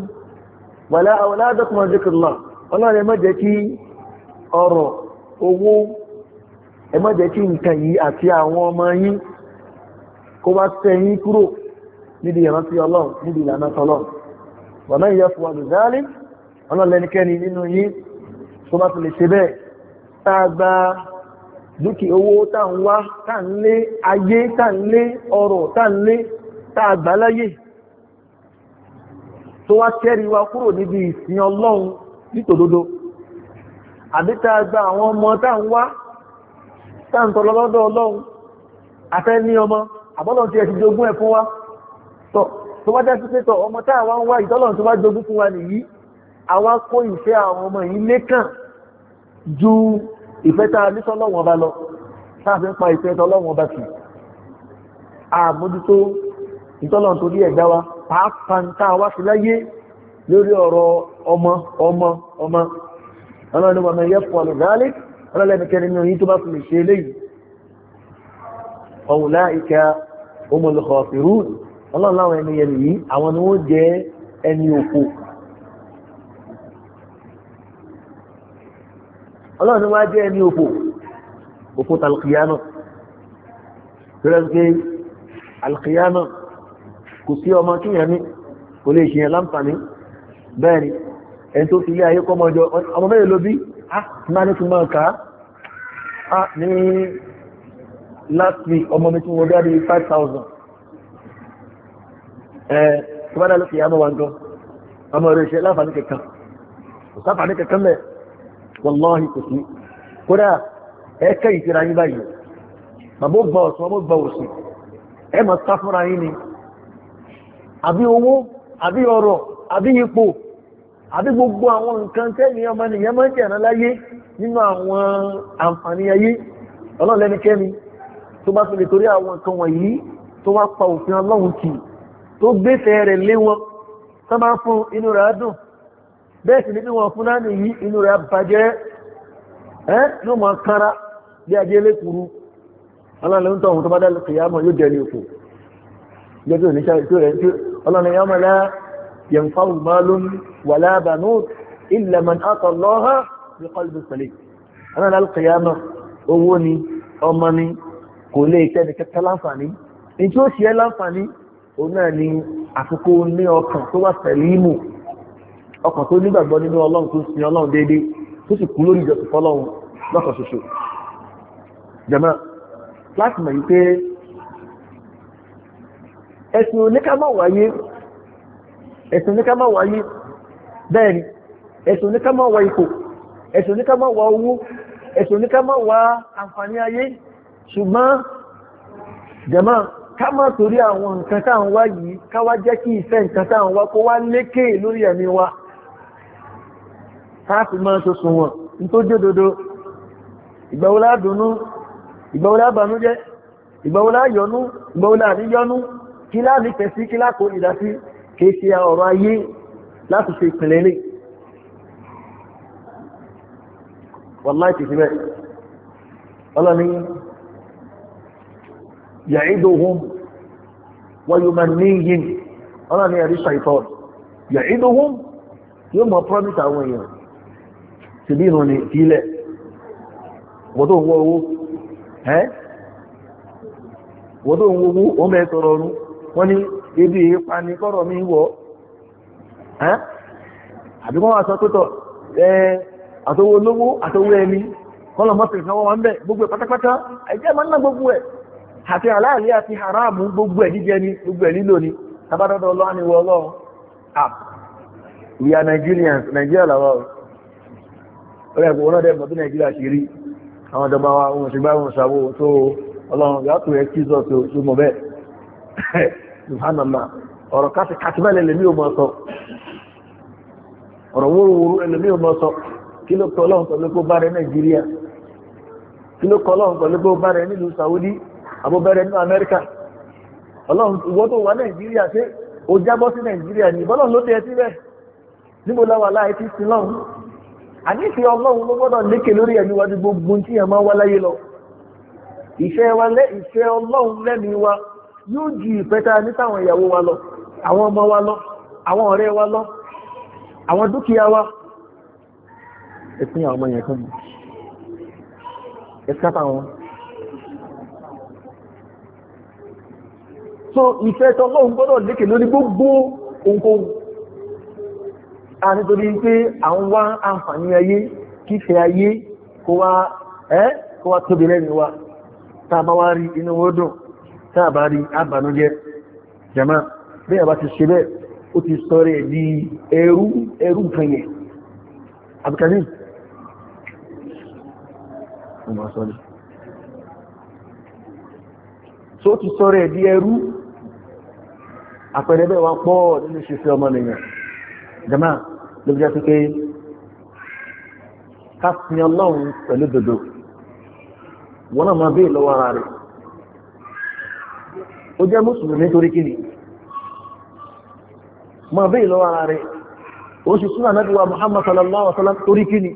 wala awladukum an dhikrillah ọlọ́run ẹ má jẹ́ kí ọrọ̀ owó ẹ má jẹ́ kí nǹkan yìí ọlọ́lẹ́nikẹ́ni nínú yí tó bá tún lè ṣe bẹ́ẹ̀ tàgbà dúkìá owó tà ń wá tà ń lé ayé tà ń lé ọrọ̀ tà ń lé tàgbà láyé tó wá kẹ́rí wa kúrò níbi ìsìn ọlọ́run nítòdodo àbí tàgbà àwọn ọmọ tà ń wá tà ń tọrọ lọ́dọ̀ ọlọ́run afẹ́ ní ọmọ àbọ́lọ̀ tí ẹ jogún ẹ̀ fún wa tó wá dá sí pé tọ ọmọ táà wá ń wá ìtọ́lọ̀ tó wá jogún fún wa nìyí àwa kó ìfẹ́ àwọn ọmọ yìí lékàn ju ìfẹ́ tá a ní sọ́lọ́wọ́n ọba lọ tá a fi ń pa ìfẹ́ tọ́lọ́wọ́n ọba sí àmójútó ìtọ́lọ̀ torí ẹ̀dá wa pàápàá tá a wá sí láyé lórí ọ̀rọ̀ ọmọ ọmọ ọmọ ọlọ́ni ni wọ́n jẹ́ ẹni òkú ọlọ́run wá jẹ́ ẹni òfò òfò talqiyama rẹ̀ pé alqiyama kò sí ọmọ kíyàn ní kò lè ṣìyàn láǹfààní bẹ́ẹ̀ ni ẹni tó fi ilé ayé kọ́ mọ́jọ ọmọ mẹ́rin ló bí máa ní túnmọ̀ ká ní last ọmọ mi tún wọ́n bí 5000 ẹ̀ tó bá dá lókè yàmọ̀ wá ń gan ọmọ rẹ̀ ṣe láǹfààní kẹ̀kan kò kẹ̀kan mẹ́rin wọlọ́hì kò sí kódà ẹ̀ẹ́kẹ́ ìtira yín báyìí bàbá bá ọ̀sán ọmọ bá òsì ẹ mọ̀ sá fúnra yín ni àbí owó àbí ọrọ̀ àbí ipò àbí gbogbo àwọn nǹkan tẹ́lẹ̀ ọmọ nìyẹn máa ń jẹ̀rán láyé nínú àwọn àǹfààní ayé ọlọ́lẹ́nikẹ́ni tó bá fi lè torí àwọn nǹkan wọ̀nyí tó wá pa òfin ọlọ́run kì tó gbéfẹ́ rẹ̀ lé wọn tó máa fún inú rẹ̀ á bẹ́ẹ̀ sì ni bí wọ́n fún náà nìyí inú rẹ̀ bàjẹ́ ẹ́ ló mọ̀ kára bí ajé lékuru ọlọ́run tó ohun tó bá dá kìyàmọ̀ yóò jẹ́ ní ipò jẹ́bí oníṣẹ́ ètò rẹ̀ tí ọlọ́run yàmọ̀ lá yanfa malun wala banun illa man ata Allaha bi qalbin salim kò lè tẹ́ni kẹta láǹfààní ní tí ó ṣe láǹfààní òun náà ni àkókò ní ọkàn tó wà pẹ̀lú ìmù ọkàn tó nígbàgbọ́ nínú ọlọ́run tó sin ọlọ́run déédé tó sì kú lórí ìjọsìn fọlọ́run lọ́kàn ṣoṣo jẹ̀mọ́ láti mọ̀ yí pé ẹ̀sìn oníkámọ̀ wáyé ẹ̀sìn oníkámọ̀ wáyé bẹ́ẹ̀ ni ẹ̀sìn oníkámọ̀ wá ipò ẹ̀sìn oníkámọ̀ wá owó ẹ̀sìn oníkámọ̀ wá àǹfààní ayé ṣùgbọ́n jẹ̀mọ́ ká má torí àwọn nǹkan táà ń wá yìí ká wá jẹ́ kí ìfẹ́ nǹkan táà ń wá kó wá lékè lórí ẹ̀mí wa táàfì máa tó sùn wọn ní tó jẹ́ dodo ìgbàwọlá dùnú ìgbàwọlá bànújẹ́ ìgbàwọlá yọnú ìgbàwọlá àníyọnú kí láàrín tẹ̀sí kí láàkó ìdásí kìí ṣe ọ̀rọ̀ ayé láti ṣe ìpìlẹ̀ ní wàláì kìí síbẹ̀ ọlọ́ni ya'iduhum wa yumannihim yóò mọ̀ promise àwọn èèyàn ti bí ìrùn ní ìfilẹ̀ wọ́n tó ń wọ́ owó ẹ́ wọ́n tó ń wọ́ owó o mẹ́ sọ̀rọ̀ ọ̀run wọ́n ní ebi ipa ní kọ́rọ̀ mi wọ́ ẹ́ àbí wọ́n wá sọ pẹ́tọ̀ ẹ́ àtọwọ́ olówó àtọwọ́ ẹni kọ́lọ̀ mọ́sí ìsanwó wọn bẹ̀ gbogbo ẹ̀ pátápátá ẹ̀jẹ̀ máa ń ná gbogbo ẹ̀ àti àláàlí àti haramu gbogbo ẹ̀ jíjẹ ni gbogbo ẹ̀ lílò ah we are Nigerians Nigeria làwọn orí ẹ̀kọ́ wọn dẹ̀ mọ̀ bí nàìjíríà ṣe rí àwọn ìjọba wa ohun ṣùgbọ́n ohun ṣàwó tó ọlọ́run yàtọ̀ ẹ̀ kí sọ́ọ̀tì oṣù mọ̀ bẹ́ẹ̀ subhanallah ọ̀rọ̀ káti káti bẹ́ẹ̀ lẹ́lẹ́mí ò mọ̀ sọ ọ̀rọ̀ wóruwóru ẹlẹ́mí ò mọ̀ sọ kí ló kọ́ ọlọ́run pẹ̀lú kó bá rẹ nàìjíríà kí ló kọ́ ọlọ́run pẹ̀lú kó bá rẹ nílùú saudi àbúbẹ̀rẹ̀ nínú amẹ́ríkà ọlọ́run ìwọ́n tó wà nàìjíríà ṣé o jábọ́ sí nàìjíríà ní ìbọ́lọ́run ló tẹ́ ẹ síbẹ̀ níbo láwàlá ẹ ti lọ́run àníṣe ọlọ́run ló gbọ́dọ̀ lékè lórí ẹ̀mí wa ju gbogbo tí ẹ̀ máa wá láyé lọ ìfẹ́ ọlọ́run lẹ́mí wa yóò ju ìfẹ́ tá a ní sáwọn ìyàwó wa lọ àwọn ọmọ wa lọ àwọn ọ̀rẹ́ wa lọ àwọn dúkìá wa ẹ̀sìn àwọn ọmọ yẹn kan ẹ̀sìkápá wọn so ìfẹ́ tọ́lọ́run gbọ́dọ̀ lékè lórí gbogbo ohunkóhun a nítorí pé à ń wá àǹfààní ayé kífẹ́ ayé kó wá ẹ́ kó wá tóbi lẹ́nu wa tá a bá wá rí inú wọn dùn tá a bá rí àbànújẹ́ jama bí a bá ti ṣe bẹ́ẹ̀ ó ti sọ rẹ̀ di ẹrú ẹrú nǹkan yẹn abdulkari so ó ti sọ rẹ̀ di ẹrú àpẹẹrẹ bẹ́ẹ̀ wá pọ̀ nínú ìṣesí ọmọ nìyẹn jama ló jẹ́ pé ká sin ọlọ́run pẹ̀lú dodo wọn náà máa béè lọ́wọ́ ara rẹ̀ ó jẹ́ mùsùlùmí torí kí ni máa béè lọ́wọ́ ara rẹ̀ ó sì súnà náà wà Muhammad sallallahu alaihi wa sallam torí kí ni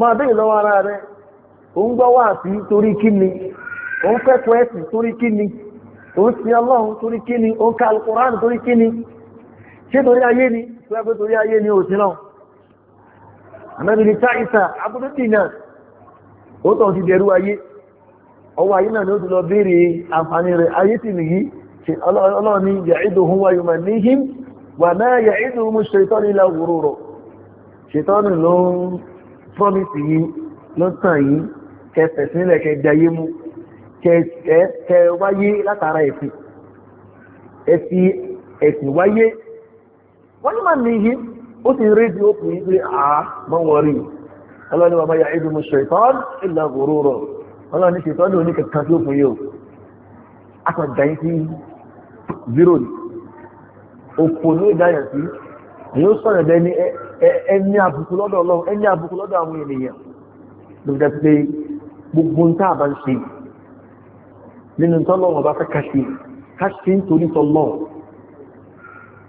máa béè lọ́wọ́ ara rẹ̀ ó ń gbọ́ wá sí torí kí ni ó ń kẹ́kọ̀ọ́ ẹ̀sìn torí kí ni ó ń sin ọlọ́run torí kí ni ó ń ka alukoran torí kí ni. ṣé torí ayé ni tó na torí ayé ni òsìn náà àmẹ́bìnrin táìsà abúlódì náà ó tọ̀ ti dẹ̀rú ayé ọwọ́ ayé náà ni ó ti lọ béèrè àǹfààní rẹ̀ ayé nìyí ni ya'iduhum wa yumannihim wa ma ya'iduhum ash-shaytanu illa ghurura ṣètọ́nù ló ń promise yìí ló tàn yìí mú kẹ wáyé látara wọ́n ní máa nìyí ó ti rédí ó kù yípe àá mọ́ wọ́rí ọlọ́ni bàbá yà ìdùnnú ṣètọ́n ìlà òróró ọlọ́ni ṣètọ́n ní oníkankan tí ó fún yìí o àtàgbàyìn sí zero ni òpò ní ìdáyà sí èyí ó sọ̀rọ̀ bẹ́ẹ̀ ni ẹni àbùkù lọ́dọ̀ ọlọ́run ẹni àbùkù lọ́dọ̀ àwọn ènìyàn ló pé gbogbo ń tá a ń ṣe nínú tọ́lọ́run ọba fẹ́ ká ṣe ká ṣe nítorí tọ́lọ́run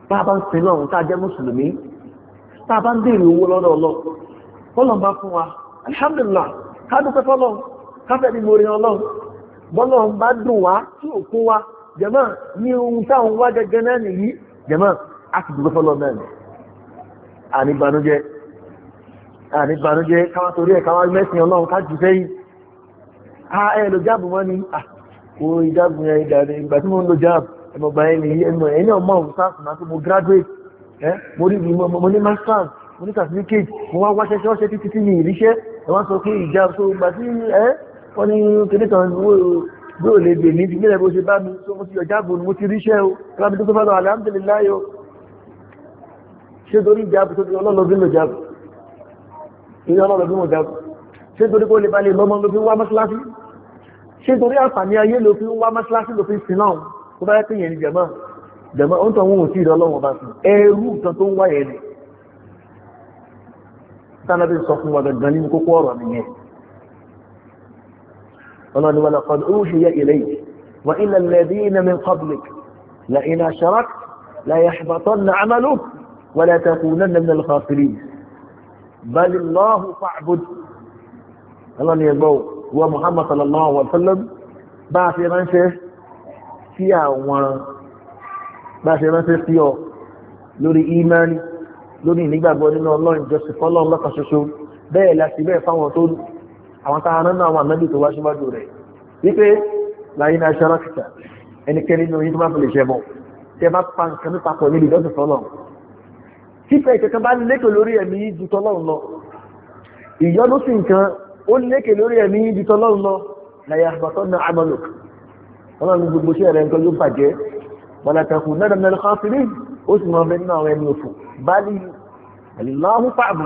bá a bá ń sin lọ́run tá a jẹ́ mùsùlùmí tá a bá ń béèrè owó lọ́dọ̀ ọlọ́run alhamdulillah ká dúpẹ́ fọ́lọ́run káfẹ́ ni mo rí ọlọ́run bọ́lọ̀ bá dùn wá tí ò kó wa jẹ̀mọ́ ní ohun táwọn wá gẹ́gẹ́ náà nìyí jẹ̀mọ́ a sì dúpẹ́ fọ́lọ́run náà ni àníbànújẹ́ àníbànújẹ́ káwá torí ẹ̀ káwá mẹ́sìn ọlọ́run ká jù sẹ́yìn a ẹ̀ jáàbù mọ́ ni ah, kò ìjáàbù yẹn ìdàrí ìgbà ẹ̀mọ̀gbà ẹni ẹ̀mọ̀ ẹ̀yìn ọmọ òṣàṣù náà tó mo graduate ẹ́ mo rí mo ní masters mo ní certificate mo wá wáṣẹ́ ṣe ọ́ṣẹ́ títí ní ìríṣẹ́ ẹ̀ wá sọ pé ìjà tó gbà sí ẹ́ wọ́n ní kéde kan bí ò lè bè ní ti gbélẹ̀ bó ṣe bá mi tó mo ti ọjà gbòòrò mo ti ríṣẹ́ o rábí tó tó fẹ́ràn alhamdulilayi o ṣé torí ìjáàbù tó ti ọlọ́lọ́ bí mo jáàbù ìyá ọlọ́lọ́ bí mo jáàbù ṣé torí kó lè balẹ̀ lọ́mọ tó bá yẹ kéèyàn ní jẹ̀mọ́ jẹ̀mọ́ ó ń wọ́n ò sí ìdọ́ ọlọ́run ọba sùn ẹrú tó tó ń wáyé ni tánàbí sọ fún wa gangan nínú kókó ọ̀rọ̀ nìyẹn ọlọ́ni wọn lọ́kọ́ ó ṣe yẹ ilé yìí wà ilẹ̀ bá a fi ránṣẹ́ sí àwọn bá ṣe ránṣẹ́ sí ọ lórí ìmánì lórí ìnígbàgbọ́ nínú ọlọ́run ìjọsìn fọlọ́run lọ́kan ṣoṣo bẹ́ẹ̀ láti bẹ́ẹ̀ fáwọn tó àwọn tá a rán náà àwọn ànábì tó wá síwájú rẹ̀ wípé láyé náà ṣọ́rọ́ kìtà ẹnikẹ́ni nínú yín tó bá fi lè ṣe mọ́ tẹ bá pa nǹkan nípa pọ̀ níbi ìjọsìn fọlọ́run títẹ̀ ìkẹ̀kẹ́ bá lékè lórí ẹ̀mí ju tọlọ́run lọ ìyọ́nú sí nǹkan ó lékè lórí ẹ̀mí ju tọlọ́run lọ láyé àbàtọ́ náà àmọ́lùkù ọlọ́run ní gbogbo iṣẹ́ rẹ̀ nǹkan yóò bàjẹ́ balatakù náà mẹ́rin kan fi rí ó sì máa bẹ nínú àwọn ẹni òfò báàlì àlìláhùn pààbò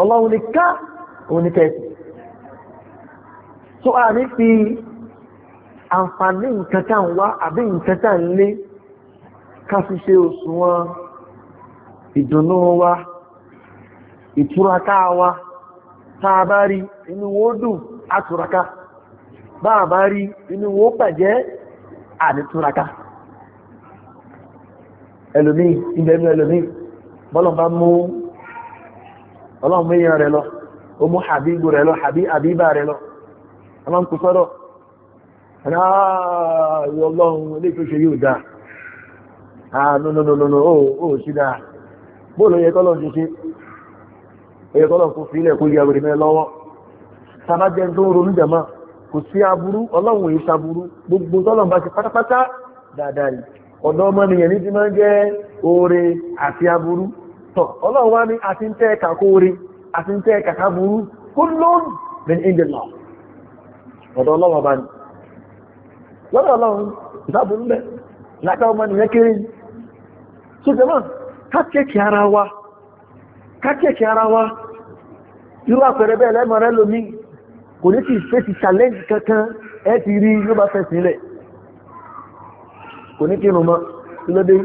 ọlọ́run ní ká òun ní kẹ́ẹ̀sì tó a ní fi àǹfààní nǹkan tá à ń wá àbí nǹkan tá à ń lé ká fi ṣe òṣùwọ̀n ìdùnnú wa ìtúraká wa tá a bá rí inú wo dùn á túraká bá a bá rí inú wọn bàjẹ́ ànítúraka ẹlòmíì ìbẹ̀rù ẹlòmíì bọ́lọ̀ bá mú ọlọ́mú èèyàn rẹ̀ lọ ó mú habibu rẹ̀ lọ habiba rẹ̀ lọ ọlọ́mú kò sọ́dọ̀ ààrẹ ah, ọlọ́run ilé tó ṣe yóò dá ààrùnlọ́nà ah, ó sí dáa bóòlù yẹ kọ́lọ̀ ṣe ṣe ẹ̀yẹ kọ́lọ̀ kò fi ilẹ̀ kó yẹ kò sí aburú ọlọ́run èyí saburú gbogbo tọ́lọ́run ti pátápátá dáadáa rí ọ̀dọ́ ọmọnìyàn ní ti máa ń jẹ́ oore àti aburú tọ̀ ọlọ́run wá ní àti ń tẹ́ ẹ̀ka kó àti ń tẹ́ ẹ̀ka ká kó lóun bẹ̀rẹ̀ kò ní sí ìfẹ́ challenge kankan ẹ ti rí ló bá fẹ́ sílẹ̀ kò ní kí irun mọ́ tí ló dé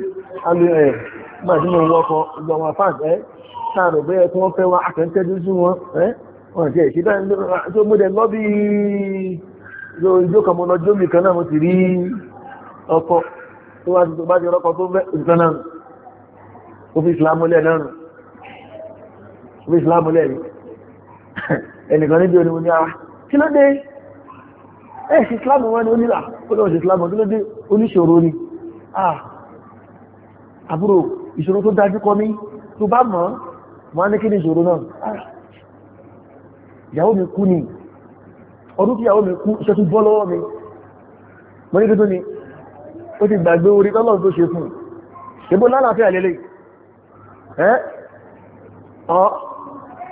alu ẹ̀ máa tí mo ń wọ́kọ̀ gbogbo àwọn fans ẹ́ sáàrò pé ẹ tí wọ́n fẹ́ wá akẹ́ńtẹ́jú sí wọn ẹ́ wọ́n ti ẹ̀ ṣe bẹ́ẹ̀ tó mú dẹ̀ lọ́bí ìjó kan mo lọ jó mi kan náà mo ti rí ọkọ̀ tó wá ti tó bá ti rọ́kọ̀ tó fẹ́ òṣìṣẹ́ náà ó fi ìsìlámù náà ó fi ìsìlámù lẹ̀ ẹnìkan níbi onímọ̀ ní ara ah, kí ló dé ẹ̀ eh, ṣe islam wọn ni ó nílà ó lọ́wọ́ ṣe islam kí ló dé oníṣòro ni ah, àbúrò ìṣòro tó dájú kọ ní tó bá mọ̀ wọ́n ní kí ni ìṣòro náà ah, ìyàwó mi kú ni ọdún tí ìyàwó mi kú iṣẹ́ tó bọ́ lọ́wọ́ mi mọ́ ní tó ní ó ti gbàgbé orí tọ́lọ́ tó ṣe fún ìbò lálàáfíà lélẹ̀ ẹ́ eh?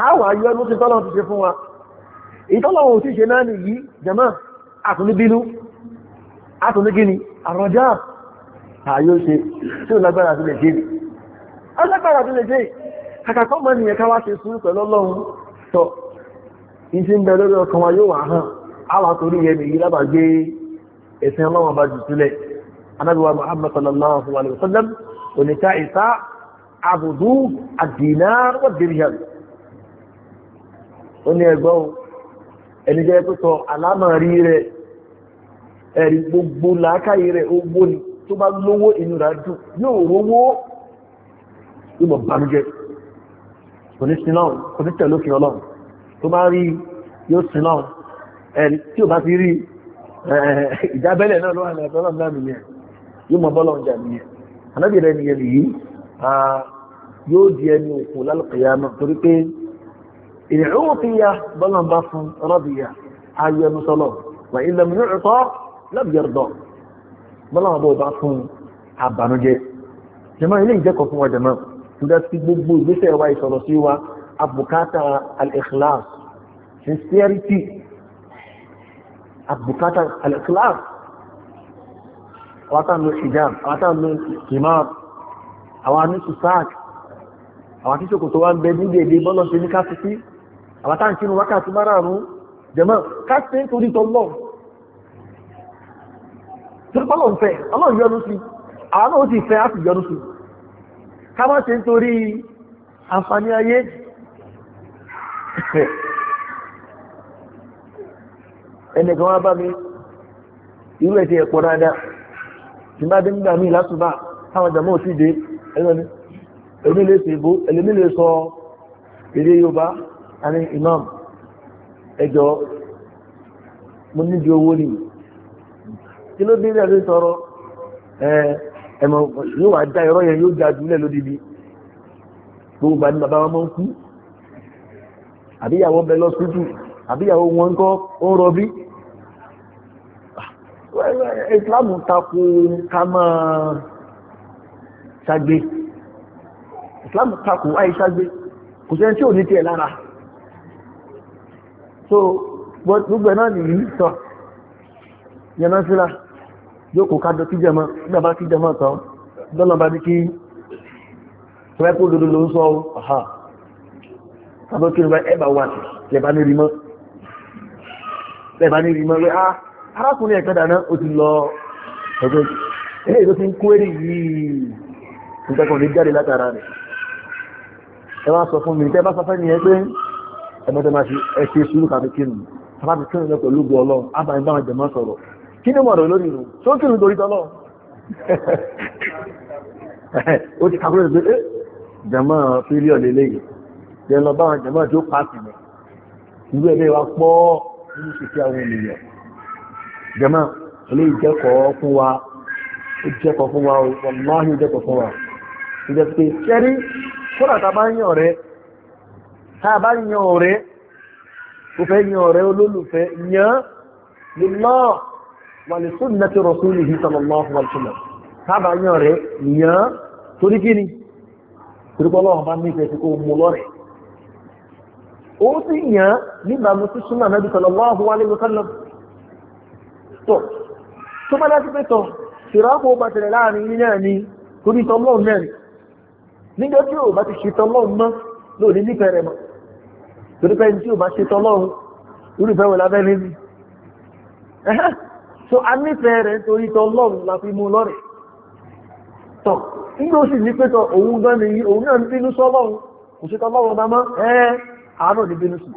àwọn ayọ́ ló ti tọ́lọ̀ ti ṣe fún wa ìtọ́lọ̀ ò ti ṣe náà nìyí jẹ́mọ́ àtúnibínú àtúnigíní àrọ̀já àyó ṣe tí ó lágbára sí lè jẹ́ alágbára sí lè jẹ́ kàkàkọ́ mọ́ nìyẹn ká wá ṣe sùúrù pẹ̀lú ọlọ́run tọ́ ìṣe ń bẹ lórí ọkàn wa yóò wà hàn àwọn àtòrí yẹn ó ní ẹgbọ́n ẹni jẹ́ pé sọ àlámọ̀rí rẹ̀ ẹ̀rí gbogbo làákàyè rẹ̀ owó ni tó bá lówó inú rà dùn yóò rówó ìmọ̀ bànújẹ́ kò ní sin náà kò ní tẹ̀lé òfin ọlọ́run tó bá rí yóò sin náà ẹ̀rí tí ò bá fi rí ìjábẹ́lẹ̀ náà lọ́wọ́ àlẹ́ ọlọ́run náà nìyẹn yóò mọ bọ́lọ̀ ọjà nìyẹn anábìrẹ́ nìyẹn nìyí yóò di ẹni òkú lálùkìyàmọ̀ torí pé ìrìnrìnwòfíyà bọ́lá bá fún rọ́bìyà ayẹnu sọlọ wà ilẹ̀ mi yóò lábìyàrdọ̀ bọ́lá bọ́ bá fún àbànújẹ́ jẹmọ́ ilé ìjẹ́kọ̀ọ́ fún wa jẹmọ́ nígbà tí gbogbo ìgbésẹ̀ wa ìsọ̀rọ̀ sí wa abùkátà al-ikhlas sincerity abùkátà al-ikhlas àwọn àtàlù hijab àwọn àtàlù himar àwọn àníṣù sáàkì àwọn àtíṣòkò àwọn tá à ń kírun wákàtí márààrún ntori ká ṣe ń tọ́lọ́ torí pọ́lọ̀ ń fẹ́ ọlọ́run yọ́nú sí àwọn náà ó sì fẹ́ á yọ́nú sí ṣe ń torí mi irú ẹ̀ ti ẹ̀pọ̀ dáadáa tí bá dé nígbà míì Ani imam ẹjọ́ mo níbi owó ni kí ló dé ní ẹ̀rí sọ̀rọ̀ ẹ̀mọ̀ yóò wá já irọ́ yẹn yóò já jùlẹ̀ lódìdí gbogbo bá ní bàbá wọn mọ́ ń kú àbíyàwó bẹ lọ sí jù àbíyàwó wọn ń kọ́ ó ń rọbí ìsìláàmù tako ká máa ṣàgbé ìsìláàmù tako àìṣàgbé kò sẹ́ni tí ò ní tiẹ̀ lára so gbogbo ẹ̀ náà ni sọ yẹn náà sílá jókòó kájọ kí jẹmọ́ nígbà bá jẹmọ́ tán dọ́nà bá ní kí rẹ́pò lòdò ló ń sọ ọ̀há tàbí kí nígbà ẹ̀bà wà lẹ́bà ní rí mọ́ ah, arákùnrin ẹ̀kọ́ dáná ó ti lọ ilé ti ń ẹgbẹ́tẹ́ máa ṣe ẹ̀ṣẹ́ sùúrù kàbí kírun sábà ti kírun lọ pẹ̀lú gbọ́ ọlọ́run ábà ń bá wọn jẹ̀mọ́ sọ̀rọ̀ kí ni mọ̀rọ̀ lórí ìrù tó kírun torí tọ́lọ́ ó ti kàkúrò pé ẹ eh, jẹ̀mọ́ fílíọ̀ lélẹ́yìn jẹ́ lọ bá wọn jẹ̀mọ́ tó pàṣẹ mẹ́ ìlú ẹ̀mí wa pọ̀ nínú ṣiṣẹ́ àwọn ènìyàn jẹ̀mọ́ ilé ìjẹ́kọ̀ọ́ fún wa ó jẹ́kọ̀ọ́ fún wa ó wọ́n máa ń jẹ́kọ̀ọ́ fún wa ìjẹ́ pé kẹ́rí kó tá a bá yan ọ̀rẹ́ o fẹ́ yan ọ̀rẹ́ olólùfẹ́ yan lillah wa li sunnati rasulihi sallallahu alaihi wa sallam tá a bá yan ọ̀rẹ́ yan torí kí ni torí pé ọlọ́run bá nífẹ̀ẹ́ sí kó mú lọ́rẹ̀ ó sì yan níbàámu sí súnà nàbí sallallahu alaihi wa ò bá ti ṣe tọ́lọ́run mọ́ lónìí nífẹ̀ẹ́ rẹ̀ mọ́ torí pé tí o bá ṣe tọ́lọ́run irúfẹ́ wọn lábẹ́ lé ní. so a nífẹ̀ẹ́ rẹ̀ torí tọ́lọ́run la fi mú lọ́rẹ̀ tọ̀ nígbà ó sì ní pé tọ òun gan ni òun náà ń bínú sọ́lọ́run kò ṣe tọ́lọ́run bá mọ́ ẹ́ àárọ̀ ní bínú sí.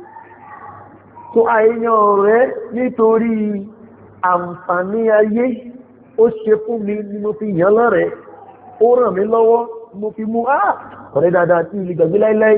so àìyàn rẹ̀ nítorí àǹfààní ayé ó ṣe fún mi ni mo fi yàn lọ́rẹ̀ ó ràn mí lọ́wọ́ mo fi mú ah, ọ̀rẹ́ dáadáa tí ìlú gbàgbé láéláé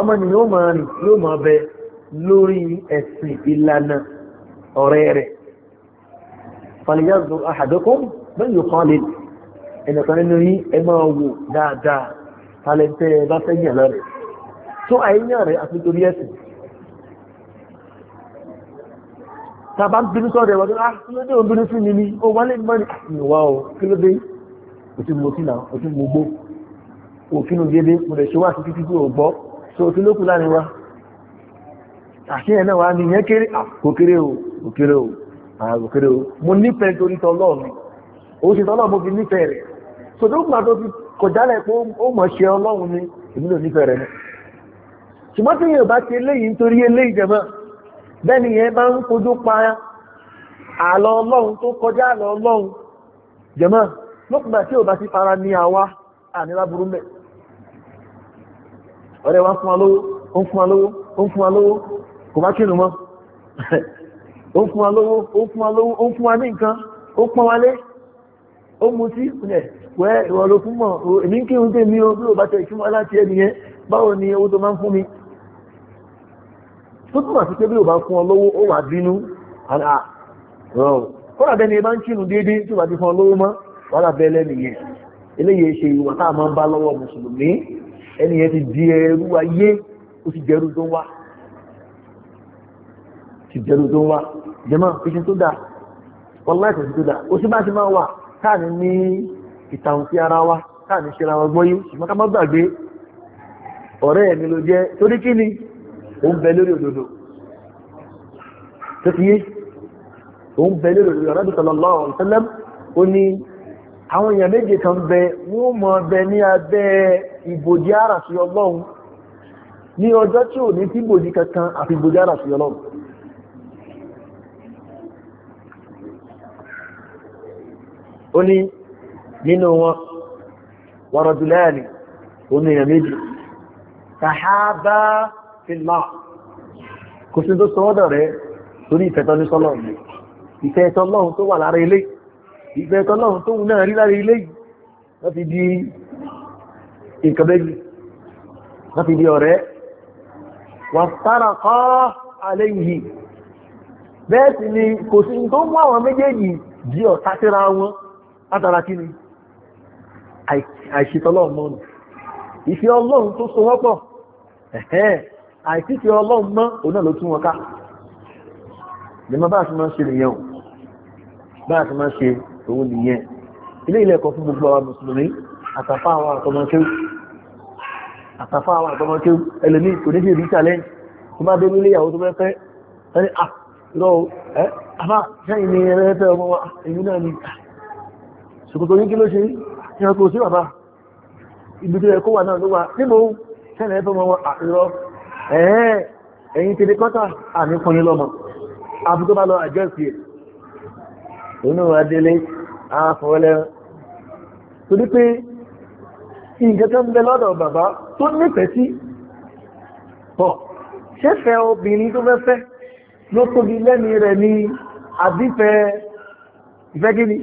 ọmọ ni yóò máa rìn yóò máa bẹ lórí ẹ̀sìn ìlànà ọ̀rẹ́ rẹ̀ fàlìyàzù àhàdọ́kọ́ bẹ́ẹ̀ yóò kọ́ lè ẹnìkan nínú yín ẹ máa wò dáadáa talẹ́ntẹ́ bá fẹ́ yàn lọ́rẹ̀ tó àyíyàn rẹ̀ àti torí ẹ̀sìn tàbá bínú sọ́rọ̀ ẹ̀wọ̀n tó á ló dé òun bínú sí mi ní ó wálé mọ́ni ìwà ah, ọ̀ kí ló dé òtún mo sí náà òtún mo gbó òkínú dédé mo lè ṣe wá sí títí tí ò gbọ́ so kí ló kù láàrin wa àṣíyàn náà wá ní ìyẹn kéré àkókéré ah, o òkéré o àkókéré ah, o mo nífẹ̀ẹ́ torí tọ́lọ́ mi ó ṣe tọ́lọ́ mo fi nífẹ̀ẹ́ rẹ̀ so tó kùnà tó fi kọjálẹ̀ pé ó mọ̀ ṣe ọlọ́run ni èmi ló nífẹ̀ẹ́ rẹ̀ náà ṣùgbọ́n tí yóò bá ti eléyìí nítorí eléyìí jẹ̀mọ́ bẹ́ẹ̀ ni yẹn bá ń kojú pa àlọ́ ọlọ́run tó kọjá àlọ́ ọlọ́run jẹ̀mọ́ lókùnà tí yóò bá ti fara ní àwa àníláburú mẹ́ẹ̀ ọ̀rẹ́ wa fún alówó ó ń fún alówó ó ń fún alówó kò bá kírun mọ́ ó ń fún alówó ó ń fún alówó o ń fún wa ní nǹkan ó pọ́n wa lé ó sí ẹ̀ wẹ́ ìwọ ló fún mọ̀ èmi ń kírun tèmi o bí o bá tẹ̀ ìfúnmọ́ láti ẹni yẹn báwo ni owó tó máa ń fún mi tó túnmọ̀ sí pé bí o bá fún ọ lówó ó wà bínú àrà rọrùn kọ́nà bẹ́ni ẹ bá ń kírun déédéé tí o bá ti fún ọ lówó mọ́ wàhálà bẹ́ẹ̀ lẹ́nu yẹn eléyìí ṣe ìwà tá a máa ń bá lọ́wọ́ mùsùlùmí ẹni yẹn ti di ẹrú ayé ó ti dẹrú tó ń wá ti dẹrú tó ń wá jẹmọ́ iṣẹ́ tó dáa wọn láìpẹ́ sí tó dáa ó sì bá ti máa wà káàní ní ìtàwọn sí ara wa káàní ṣe ara wa gbọ́yé ṣùgbọ́n ká má gbàgbé ọ̀rẹ́ ẹ̀mí ló jẹ́ torí kí ni ó ń bẹ lórí òdodo tó ti ó ń bẹ lórí òdodo ọ̀rẹ́bí sallallahu alaihi ó ní àwọn èèyàn méje kan bẹ wọ́n mọ̀ bẹ ní abẹ́ ìbòdí ara sí ọlọ́run ní ọjọ́ tí ò ní sí ìbòdí kankan àfi ìbòdí ara sí ọlọ́run ó ní nínú wọn wàrọ̀dùlẹ́ẹ̀lì omi èèyàn méjì tàhábá fìlà kò sí tó sọ́ọ́dọ̀ rẹ̀ torí ìfẹ́tọ́ ní sọ́lọ́run ìfẹ́tọ́ lọ́run tó wà lára ilé ìfẹ́tọ́ lọ́run tó wù náà rí lára ilé wọ́n fi di nǹkan méjì wọ́n ti di ọ̀rẹ́ wà sára ni kò sí tó mú àwọn méjèèjì jí ọ̀tá síra wọn látara kí ni ìfẹ́ ọlọ́run tó so wọ́pọ̀ àìsífẹ́ ọlọ́run mọ́ òun náà ló tún wọn ká lèmọ́ bá a ṣe nìyẹn bá a ti máa ṣe òun nìyẹn ilé ilẹ̀ fún gbogbo àwọn mùsùlùmí àtàfà àwọn àtàfà àwọn àtọmọké ẹlẹ́mí kò ní sí ìrí challenge tó bá dé nílé ìyàwó tó fẹ́fẹ́ ẹni à lọ ẹ àbá sẹ́yìn ni ẹlẹ́fẹ́ ọmọ wa èmi náà ni ṣòkòtò yín kí ló ṣe ìyàn kò sí bàbá ibi tó yẹ kó wà náà ló wà níbo sẹ́yìn ẹ̀fẹ́ ọmọ wa àìrọ ẹ̀ẹ́ ẹ̀yìn tètè kọ́tà àmì fún yín lọ́mọ àfi tó bá lọ àjọ ìfì ẹ̀ òun náà wà délé àfọwọ́lẹ́rán torí pé nǹkan tó ń bẹ lọ́dọ̀ bàbá tó nífẹ̀ẹ́ sí pọ̀ ṣẹ́fẹ́ obìnrin tó fẹ́fẹ́ ló tóbi lẹ́ni rẹ̀ ni àbífẹ́ ìfẹ́gíní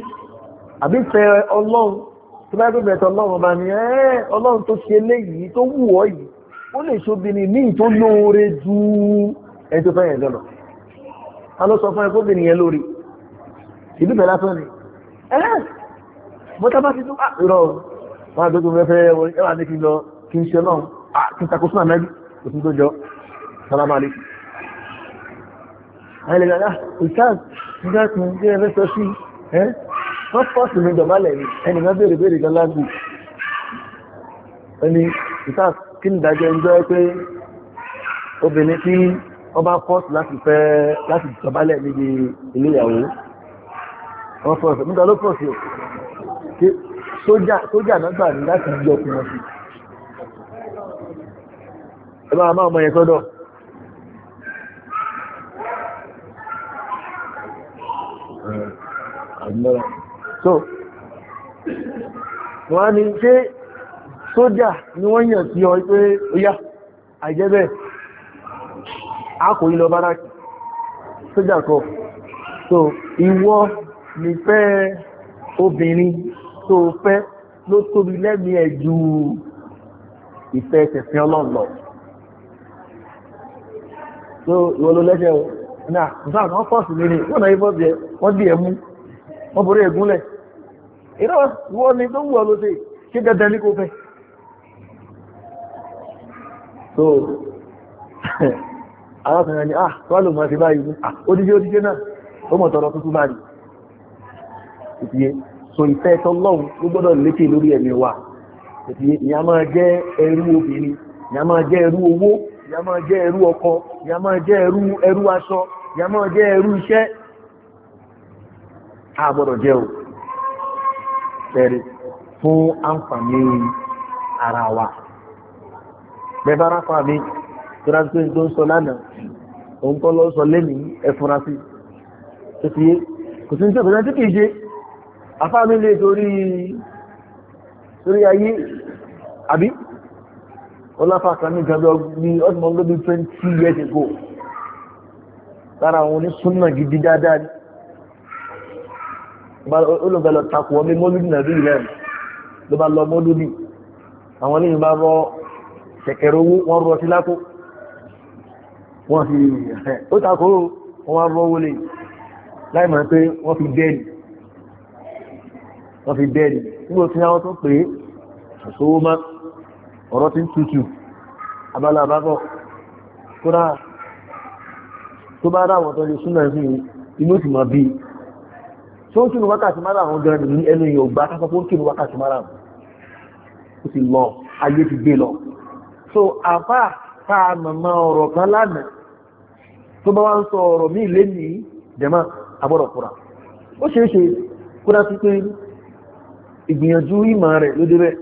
àbífẹ́ ọlọ́run tó bá gbẹ̀bẹ̀ tọ́ ọlọ́run bá ní ẹ́ ọlọ́run tó ṣe léyìí tó wù ọ́ yìí ó lè ṣobìnrin míì tó lóore ju ẹni tó fẹ́yẹ̀ lọ́nà ta ló sọ fún ẹ kóbìnrin yẹn lórí ìlú bẹ̀ wọ́n àdójú mẹ́fẹ́ ẹwà ní kí lọ kí n ṣe náà kí n takosún àmẹ́bí òfin tó jọ sálámàlì àìlè gàdá ìsáàz nígbà tí mo jẹ́ ẹfẹ́ sọ sí ẹ́ wọ́n fọ́ọ̀sì mi dọ̀bálẹ̀ ni ẹnì kan béèrè béèrè gan lágbù ẹni ìsáàz kí ni ìdájọ́ ń jẹ́ pé obìnrin tí wọ́n bá fọ́ọ̀sì láti fẹ́ láti dọ̀bálẹ̀ níbi ilé ìyàwó wọ́n fọ́ọ̀sì nígbà ló fọ́ọ̀sì sójà náà gbà ní láti yí ọkùnrin wọn sí ẹ máa máa mọ yẹn sọ́dọ̀ so wọ́n á ní ṣé sójà ni wọ́n yàn sí ọ pé ó yá àìjẹ́bẹ̀ a kò yí lọ báràkì sójà kọ so ni. nífẹ̀ẹ́ obìnrin tó fẹ́ ló tóbi lẹ́mí ẹ̀ ju ìfẹ́ ẹ̀sìn ọlọ́run lọ. tó ìwọ ló lẹ́sẹ̀ o náà nígbà wọn fọ́ọ̀sì mi ni wọn náà yí fọ́ọ̀sì ẹ wọ́n dì ẹ mú wọ́n borí ẹ̀gúnlẹ̀ ìrọ̀ ìwọ ni tó wù ọ lóde ṣé dandan ní kò fẹ́. so arákùnrin ni ah wọ́n lò mọ́ ẹ ah, ti báyìí ní ah odíjé odíjé náà ó mọ̀ tọrọ tuntun báyìí so ìfẹ́ tọ́lọ́run ló gbọ́dọ̀ lékè lórí ẹ̀mí wa ni a máa jẹ́ ẹrú obìnrin ni a máa jẹ́ ẹrú owó ni a máa jẹ́ ẹrú ọkọ ni a máa jẹ́ ẹrú ẹrú aṣọ ni a máa jẹ́ ẹrú iṣẹ́ a gbọ́dọ̀ jẹ́ o fẹ́rẹ̀ fún àǹfààní ara wa bẹ́bára fún àmì tó ń sọ lánàá òun kọ́ lọ́ sọ lẹ́nìí ẹ̀fúnra kò sí ní tí kò kì í ṣe àfáàmì lè torí torí ayé àbí ọlápàá ní gàbẹ́ ní ọdún ọdún 20 years ago lára àwọn onísúnnà gidi dáadáa ní olùbẹ̀lọ̀ takò ọmọ mọ́lúdì nàbí ilẹ̀ ló bá lọ mọ́lúdì àwọn oníyìn bá rọ kẹ̀kẹ̀rẹ̀ owó wọ́n rọ sí lákó wọ́n fi ó takò wọ́n rọ owó lè pé wọ́n fi dẹ́ẹ̀lì wọ́n fi bẹ́ẹ̀ni nígbò tí àwọn tó pè é ṣòṣòwò má ọ̀rọ̀ tí ń tutù abala àbábọ̀ kódà tó bá ráwọn tó lè súnmọ̀ sí inú ti mọ̀ bí tó ń kírun wákàtí mara àwọn gan ní ẹnu yìí ò gbá kápá tó ń kírun wákàtí mara àwọn ó ti lọ ayé ti gbé lọ so àfà tá a mọ̀mọ́ ọ̀rọ̀ kan lánàá tó bá wá ń sọ ọ̀rọ̀ míì lé ní jẹ̀mọ́ àbọ̀rọ̀ kura ó ṣeé ṣe kódà sí pé ìgbìyànjú ìmọ̀ rẹ̀ ló débẹ̀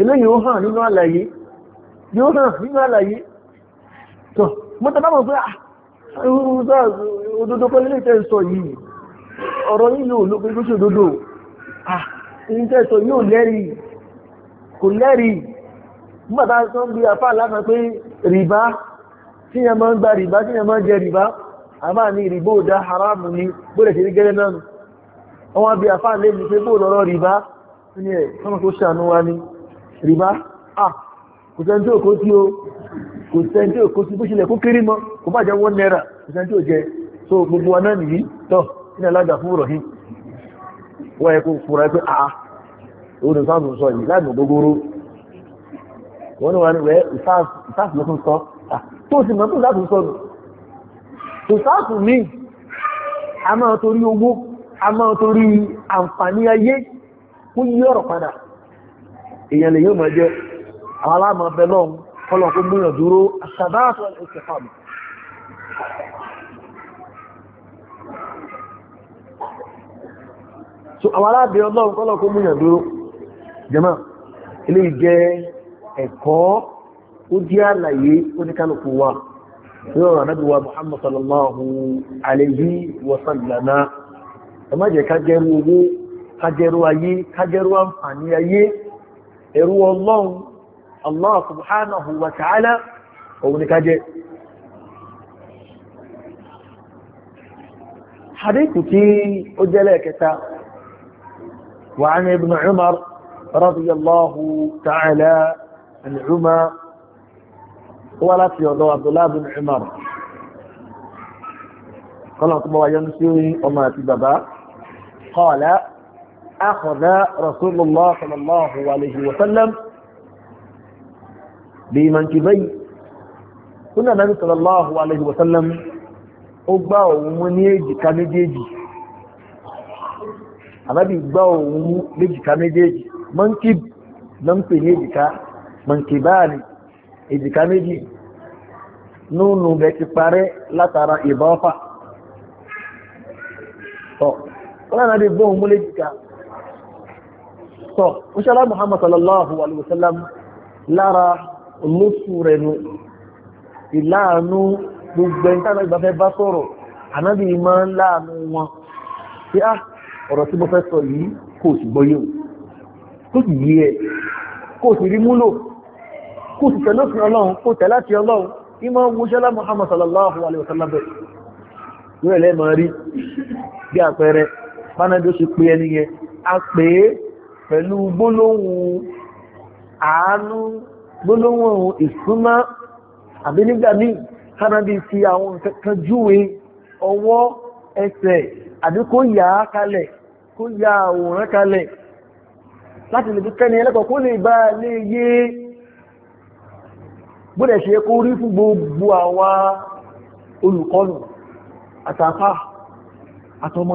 eléyìí ó hàn nínú àlàyé yóò hàn nínú àlàyé tó mọ́ta bá mọ̀ pé ah, òdodo kọ́ lélẹ̀ tẹ́sọ yìí ọ̀rọ̀ yìí ló pé lóṣù òdodo ah, tẹ́sọ yóò lẹ́rìí kò lẹ́rìí mọ́ta sọ ń bí afá lásán pé rìbá tí yẹn máa ń gba rìbá tí yẹn máa ọwọ́n abẹ́ àfáà lè ní pé bóò lọ́rọ̀ rìbá ní ẹ̀ sọ́nà tó ṣàánú wa ní rìbá ah kò sẹ́ni tí òkó tí ó kò sẹ́ni tí òkó tí bó ṣẹlẹ̀ kó kéré mọ́ kò bá jẹ́ one naira kò sẹ́ni tí ò jẹ so gbogbo wa náà nìyí tọ́ ní alága fún rọ̀hìn wọ́n yẹ kó pé ah òun ìfà tó sọ yìí láàmì gbogbooro wọ́n ní wà ní wẹ́ ìfà tó sọ tó sì mọ́ tó sọ tó sọ tó sọ tó mí a máa torí owó a máa torí àǹfààní ayé kó yí ọ̀rọ̀ padà èèyàn lè yóò máa jẹ́ àwọn aláàmà bẹ̀lọ́n kọlọ̀ kó múyàn dúró àṣàbáàtọ̀ ìṣẹ̀fàmù so àwọn aláàbẹ̀ ọlọ́run kọlọ̀ kó múyàn dúró jẹ́mà ilé jẹ́ ẹ̀kọ́ ó jẹ́ àlàyé oníkálùkù wa yóò rà nábì sallallahu alayhi wa sallama ẹ má jẹ́ kájẹ́rú owó kájẹ́rú ayé kájẹ́rú àǹfààní ayé ẹ̀rú ọlọ́run Allah subhanahu wa ta'ala òun ni kájẹ́ hadithu tí ó jẹ́lẹ̀ kẹta wa an ibn Umar radiyallahu ta'ala an'uma wá láti ọ̀dọ̀ Abdullah ibn Umar kọ́lọ̀ kúmọ̀ wáyé ń sí ọmọ àti bàbá قال أخذ رسول الله صلى الله عليه وسلم بمنكبي كنا النبي صلى الله عليه وسلم ó gbá òun mú ní èjìká méjèèjì àbábí gbá òun mú léjìká méjèèjì mankib ló ń pè ní èjìká mankibáàlì èjìká méjì nínú rẹ̀ ti parẹ́ látara ìbọ́fà tọ́ ọlọ́nà bí bóun múlé jìkà sọ inṣọ́lá muhammad sallallahu alaihi wasallam lára olóṣù rẹ̀ nu ìláàánú gbogbo ẹni táwọn ìgbà fẹ́ bá sọ̀rọ̀ ànábì máa ń láàánú wọn pé á ah, ọ̀rọ̀ tí mo fẹ́ sọ yìí kò sì gbọ́ yóò kò sì yí ẹ kò sì rí múlò kò sì tẹ̀lé ọlọ́run kò tẹ̀ láti ọlọ́run ìmọ̀ wúṣọ́lá muhammad sallallahu alaihi wasallam bẹ̀ yóò rí bí àpẹẹrẹ bánàbí ó ṣe pé ẹni yẹn a pè é pẹ̀lú gbólóhùn àánú gbólóhùn ìsúnmọ́ àbí nígbà míì kánàbí fi àwọn nǹkan júwe ọwọ́ ẹsẹ̀ àbí kó yà á kalẹ̀ kó yà àwòrán kalẹ̀ láti lè fi kẹ́ni ẹlẹ́kọ̀ọ́ kó lè bá lè yé bódẹ̀ ṣe kó rí fún gbogbo àwa olùkọ́nù àtàfà àtọmọ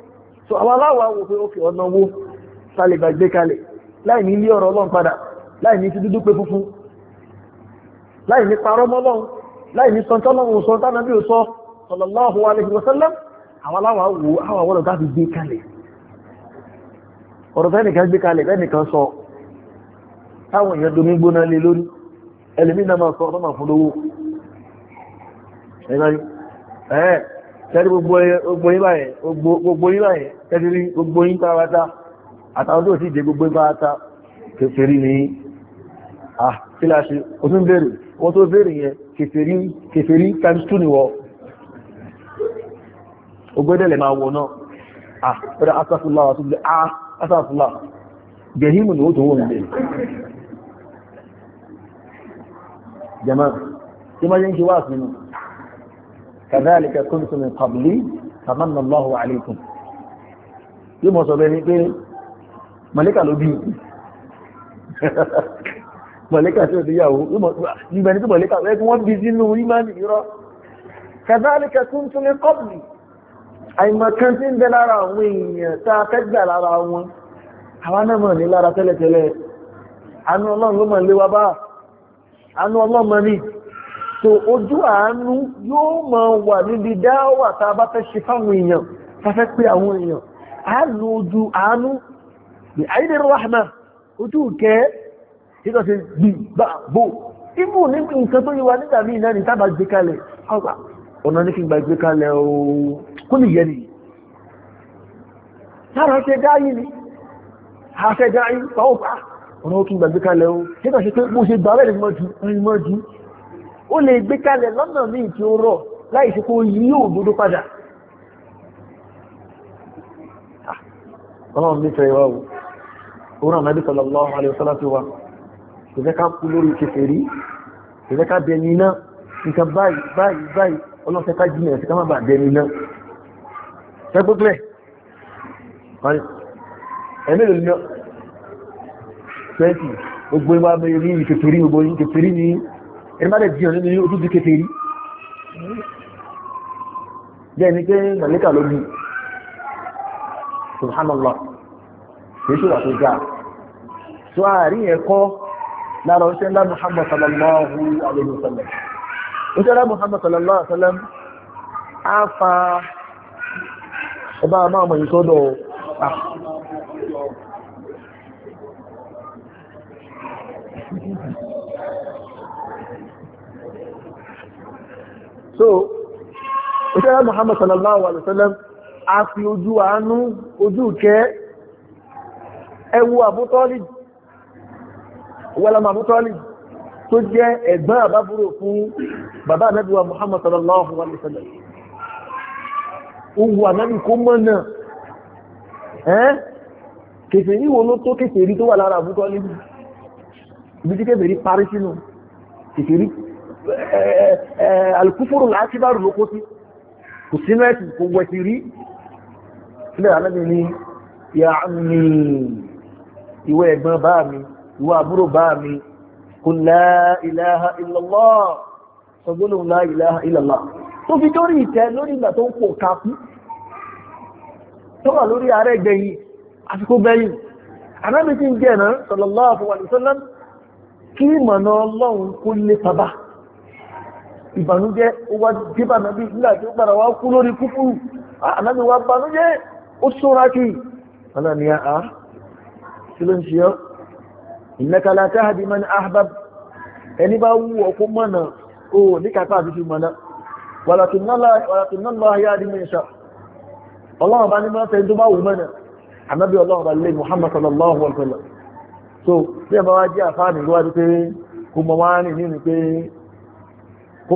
so àwọn aláwọ̀ àwọn òfin òfin ọ̀nà owó sálẹ̀ gbàgbé kalẹ̀ láì ní ilé ọ̀rọ̀ ọlọ́run padà láì ní ti dúdú pé funfun láì ní parọ́ mọ́lọ́run láì ní sọ́ntọ́lọ́run sọ tánàbí ò sọ sallallahu alaihi wasallam àwọn aláwọ̀ àwò àwọn àwọn ọ̀gá fi gbé kalẹ̀ ọ̀rọ̀ fẹ́nìkan gbé kalẹ̀ fẹ́nìkan sọ táwọn èèyàn domi gbóná lé gbogbo yín tẹ́tìrí gbogbo yín pàwátá àtàwọn tó sì dé gbogbo yín pàwátá kèfèrí ní ah kí láṣe o tún bèèrè wọ́n tó bèèrè yẹn kèfèrí kèfèrí times two niwọ ogbẹ́dẹ̀lẹ̀ máa wọ náà ah ọ̀dá asàfúnlá wà tó bèèrè ah asàfúnlá gẹ̀hímù ni ó tó wọ́n bèèrè jama tí máa yẹn kí wá sínú kàdáàlì kẹkùn sí mi pàbílì kàmánà lọ́hùn àlékún yóò mọ̀ sọ̀rọ̀ ẹni pé mọ̀lẹ́kà ló bí mọ̀lẹ́kà tí ó ti yàwó nígbẹ̀ni tí mọ̀lẹ́kà ẹgbẹ́ wọ́n bí sínú ìmáni irọ́ kàzálìkà tún tún ní kọ́bùnì àìmọ̀kan tí ń bẹ lára àwọn èèyàn tá a fẹ́gbà lára wọn àwọn náà mọ̀ ní lára tẹ́lẹ̀tẹ́lẹ̀ àánú ọlọ́run ló mọ̀ lé wa bá àánú ọlọ́run ní so ojú àánú yóò mọ̀ wà níbi dáwà tá a bá fẹ́ ṣe fáwọn èèyàn a fẹ́ pé àwọn èèyàn a lo ojú àánú bí àyílẹ̀ rahman ojú kẹ́ títọ́ sí bí bá bó ibù ní nǹkan tó yíwa nígbà míì náà ní tábà gbé kalẹ̀ ọ̀nà ní kí gbà gbé kalẹ̀ ooo kó lè yẹ nìyí sára ṣe dáyí ni a ṣe dáyí pàópàá ọ̀nà ó tún gbà gbé ọlọ́run nífẹ̀ẹ́ wa o òun àwọn ẹbí sallallahu alaihi wasallam ti wa kò fẹ́ ká kú lórí kẹfẹ́ rí kò fẹ́ ká bẹni iná nǹkan báyìí báyìí báyìí ọlọ́run fẹ́ ká jìnà sí ká má bàa bẹni iná fẹ́ gbogbo ẹ̀ ẹ̀mí lè lọ twenty gbogbo ìwà mi rí ìkẹfẹ́ rí gbogbo ìkẹfẹ́ rí ni ẹni má nínú ojú subhanallah kìí ṣe wà tó dáa tó àárín ẹ̀kọ́ lára ọ̀ṣẹ́ ńlá muhammad sallallahu alayhi wa sallam ọ̀ṣẹ́ ńlá muhammad sallallahu alayhi wa sallam á fa ọba máa mọ̀ ìsọ́dọ̀ so ọ̀ṣẹ́ ńlá muhammad sallallahu alayhi wa a fi ojú àánú ojú kẹ́ ẹwu àbútọ́lì wọ́lọ́mà àbútọ́lì tó jẹ́ ẹ̀gbọ́n àbábúrò fún bàbá ànábíwa Muhammad sallallahu alaihi wasallam ogun ànábì kó mọ́nà ẹ́ kèfèrí wo ló tó kèfèrí tó wà lára àbútọ́lì bí tí kèfèrí parí sínú kèfèrí alùkúfòrò láti bá rù lókó sí kò sínú ẹ̀sìn kò wẹ̀sì rí sílẹ̀ anábì ní ya ní ìwé ẹ̀gbọ́n bá mi ìwé àbúrò bá mi kul la ilaha illallah sọgbónà la ilaha illallah tó fi dórí ìtẹ́ lórí ìgbà tó ń pò kápú tó wà lórí ààrẹ gbẹ̀yìn àsìkò bẹ́yìn anábì tí ń jẹ́ náà sallallahu alaihi wasallam kí ìmọ̀nà ọlọ́run kó lé bàbá ìbànújẹ́ ó wá débà náà bí nígbà ó padà wá kú lórí kúkúrú anábì wá bànújẹ́ ó súnra kí ọ̀nà ni a kí ló ń ṣe ọ́ innaka la tahdi man ahbab ẹni bá wú ọkún mọ́nà ó ní kàtà àti fi mọ́nà walakinna Allaha yahdi man yasha ọlọ́run bá ní máa fẹ́ tó bá wù mọ́nà ànábì ọlọ́run bá lè Muhammad sallallahu alaihi wa so bí ẹ bá wá jẹ́ àfáàní ló wá di pé kò mọ̀ wá rìn nínú pé kó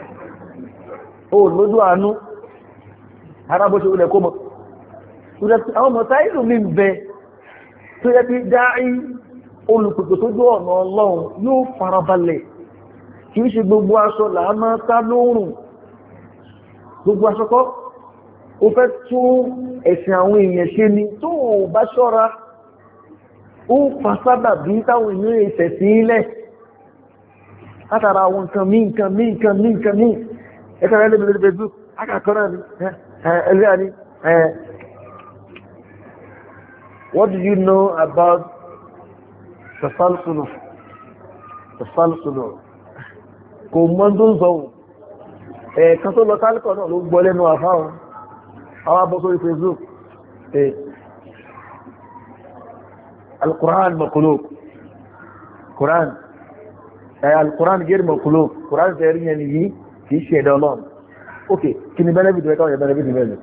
ó lójú àánú ara bó ṣe ilẹ̀ kó mọ̀ àwọn ọmọ táìlù mi ń bẹ tó yẹ bí dáì olùpèpè tó jọ ọ̀nà ọlọ́run yóò farabalẹ̀ kìí ṣe gbogbo aṣọ làá máa lóòrùn gbogbo aṣọ kọ́ ó fẹ́ tún ẹ̀sìn àwọn èèyàn ṣe ni tó ò bá ṣọ́ra ó ń fa sábà bí táwọn èèyàn ìfẹ̀ sílẹ̀ látara àwọn nǹkan mí nǹkan mí nǹkan mí nǹkan mí ẹ̀ka rẹ̀ lómi lórí facebook ni ẹ̀ẹ́dẹ́gbẹ́ ni what do you know about tasalsulu tasalsulu kò mọ́ tó ń sọ̀hún ẹ̀ẹ̀kan tó lọ kálíkọ̀ náà ló gbọ́ lẹ́nu àfáwọn àwọn abọ́ sórí facebook ẹ̀ẹ́ alkùrán mọ̀kúlò kùrán ẹ̀ẹ́ alkùrán gẹ́rì mọ̀kúlò kùrán fẹ́ẹ́ rí yẹn nìyí kì í ṣe ẹ̀dá ọlọ́run ok kí ni benefit rẹ káwọn yẹn benefit rẹ lọ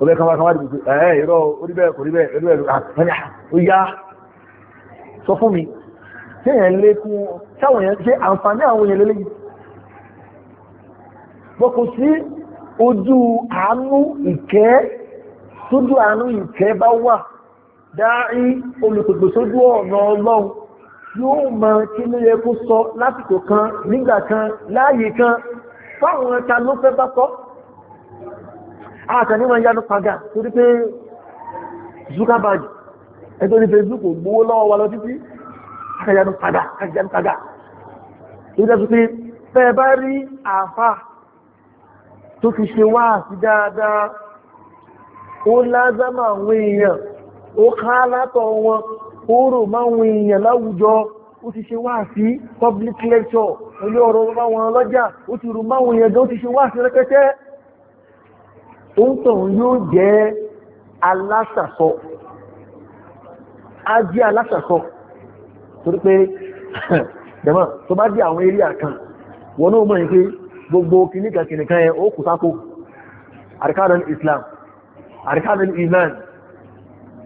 ó bẹ kánwá kánwá dìbò ẹ ìrọ orí bẹ́ẹ̀ kò rí bẹ́ẹ̀ orí bẹ́ẹ̀ àtúnyà ah, ah, ó yá sọ fún mi ṣé yẹn lékún táwọn yẹn ṣe àǹfààní àwọn yẹn lélẹ́yìn bọ́ kò sí ojú àánú ìkẹ́ tójú àánú ìkẹ́ bá wà dárí olùpèpè sójú ọ̀nà ọlọ́run yóò mọ kí ló yẹ kó sọ lásìkò kan nígbà kan láàyè kan fáwọn ẹka ló fẹ́ bá sọ. àtàní máa ń yánu padà torí pé Zuckerberg ẹgbẹ́ ní Facebook ò gbowó lọ́wọ́ wa lọ títí àkàyánu padà àkàyánu paga èyí dájú pé bẹ́ẹ̀ bá rí àáfà tó fi ṣe wá àti dáadáa ó lázámà àwọn èèyàn ó ká látọ̀ wọn. oró máwọn èèyàn láwùjọ ó ti ṣe wá sí public lecture ilé ọ̀rọ̀ máwọn lọ́jà ó ti rú máwọn èèyàn gan ó ti ṣe wá sí rẹ́kẹ́tẹ́ oúntàn yóò jẹ́ alásàsọ á jẹ́ alásàsọ torí pé jẹ́mọ́ tó bá jẹ́ àwọn eré àkàn wọn náà mọ̀ pé gbogbo kìnnìkan kìnnìkan ẹ̀ ó kù Islam iman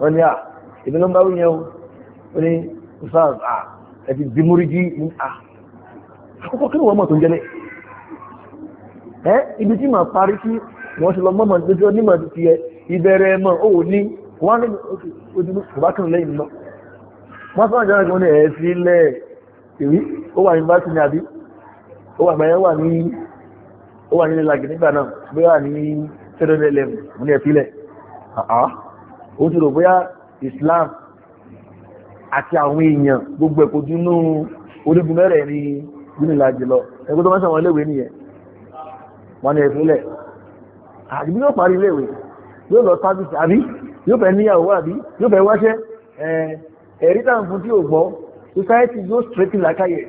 wọ́n ní à èmi ló ń bá wí yẹn o ó ní usaz à ẹ ti di múrídì ní à àkọ́kọ́ kí ni wọ́n mọ̀ tó ń jẹ́lẹ̀ ẹ ibi tí màá parí sí wọ́n ti lọ mọ́ màá lójú onímọ̀ ti tiẹ̀ ìbẹ̀rẹ̀ mọ̀ ó ní wọ́n ní ojúmọ́ kò bá kàn lẹ́yìn náà wọ́n sọ́nà jẹ́rẹ̀ kan ni ẹ̀ sílẹ̀ ìrí ó wà ní bátí ní àbí ó wà gbáyẹ̀ wà ní ó wà ní lagì nígbà náà bí wà ní 711 ní ẹ̀ sílẹ̀ àá ó ti rò bóyá Islam àti àwọn èèyàn gbogbo ẹ̀kọ́ dúnú orígun mẹ́rẹ̀ ní gúnilá jùlọ ẹgbẹ́ tó mẹ́sàn wọn léwe nìyẹn wọn ni ẹ̀fúnlẹ̀ àdìbí yóò parí léwe yóò lọ sábìsì àbí yóò fẹ́ níyàwó àbí yóò fẹ́ wáṣẹ́ ẹ̀rí tàn fún tí ò gbọ́ society yóò straighten lákàyè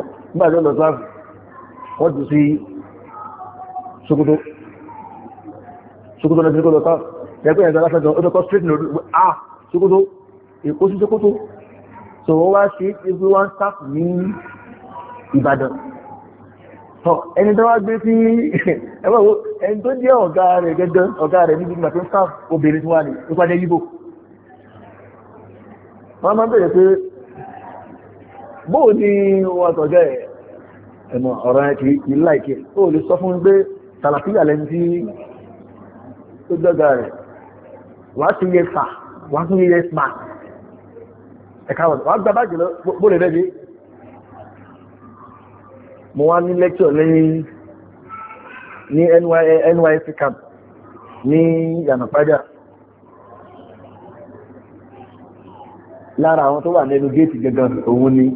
nígbà tó lọ sáfù wọ́n ti sí Sokoto ṣòkòtò lọ́sí ṣòkòtò tán lẹ́gbẹ́ ẹ̀sán lásán gan ọdọ́kọ́ straight node ah ṣòkòtò èkó sí ṣòkòtò so wọ́n wá sí ibi wọ́n staff ní Ìbàdàn tọ́ ẹni tó wá gbé sí ẹgbẹ́ wo ẹni tó jẹ́ ọ̀gá rẹ̀ gẹ́gẹ́ ọ̀gá rẹ̀ níbi ìgbà tó ń staff obìnrin tí wà ní nípa jẹ́ yíbo wọ́n máa ń bèèrè pé bóò ni wọ́n tọ̀jọ́ ẹ̀ ẹ̀mọ̀ ọ̀rọ̀ ẹ̀ kìí láìkẹ́ ó lè sọ fún pé tàlàfíà lẹ́ni tí tó dọ́gba rẹ̀ wà á tún yẹ fà wà á tún yẹ fà ẹ̀ka wọn wà á gba báàgì lọ bóòlù rẹ̀ bí. mo wá ní lẹ́kítọ̀ lẹ́yìn ní NYSC camp ní yanapada lára àwọn tó wà lẹ́nu géètì gangan òun ni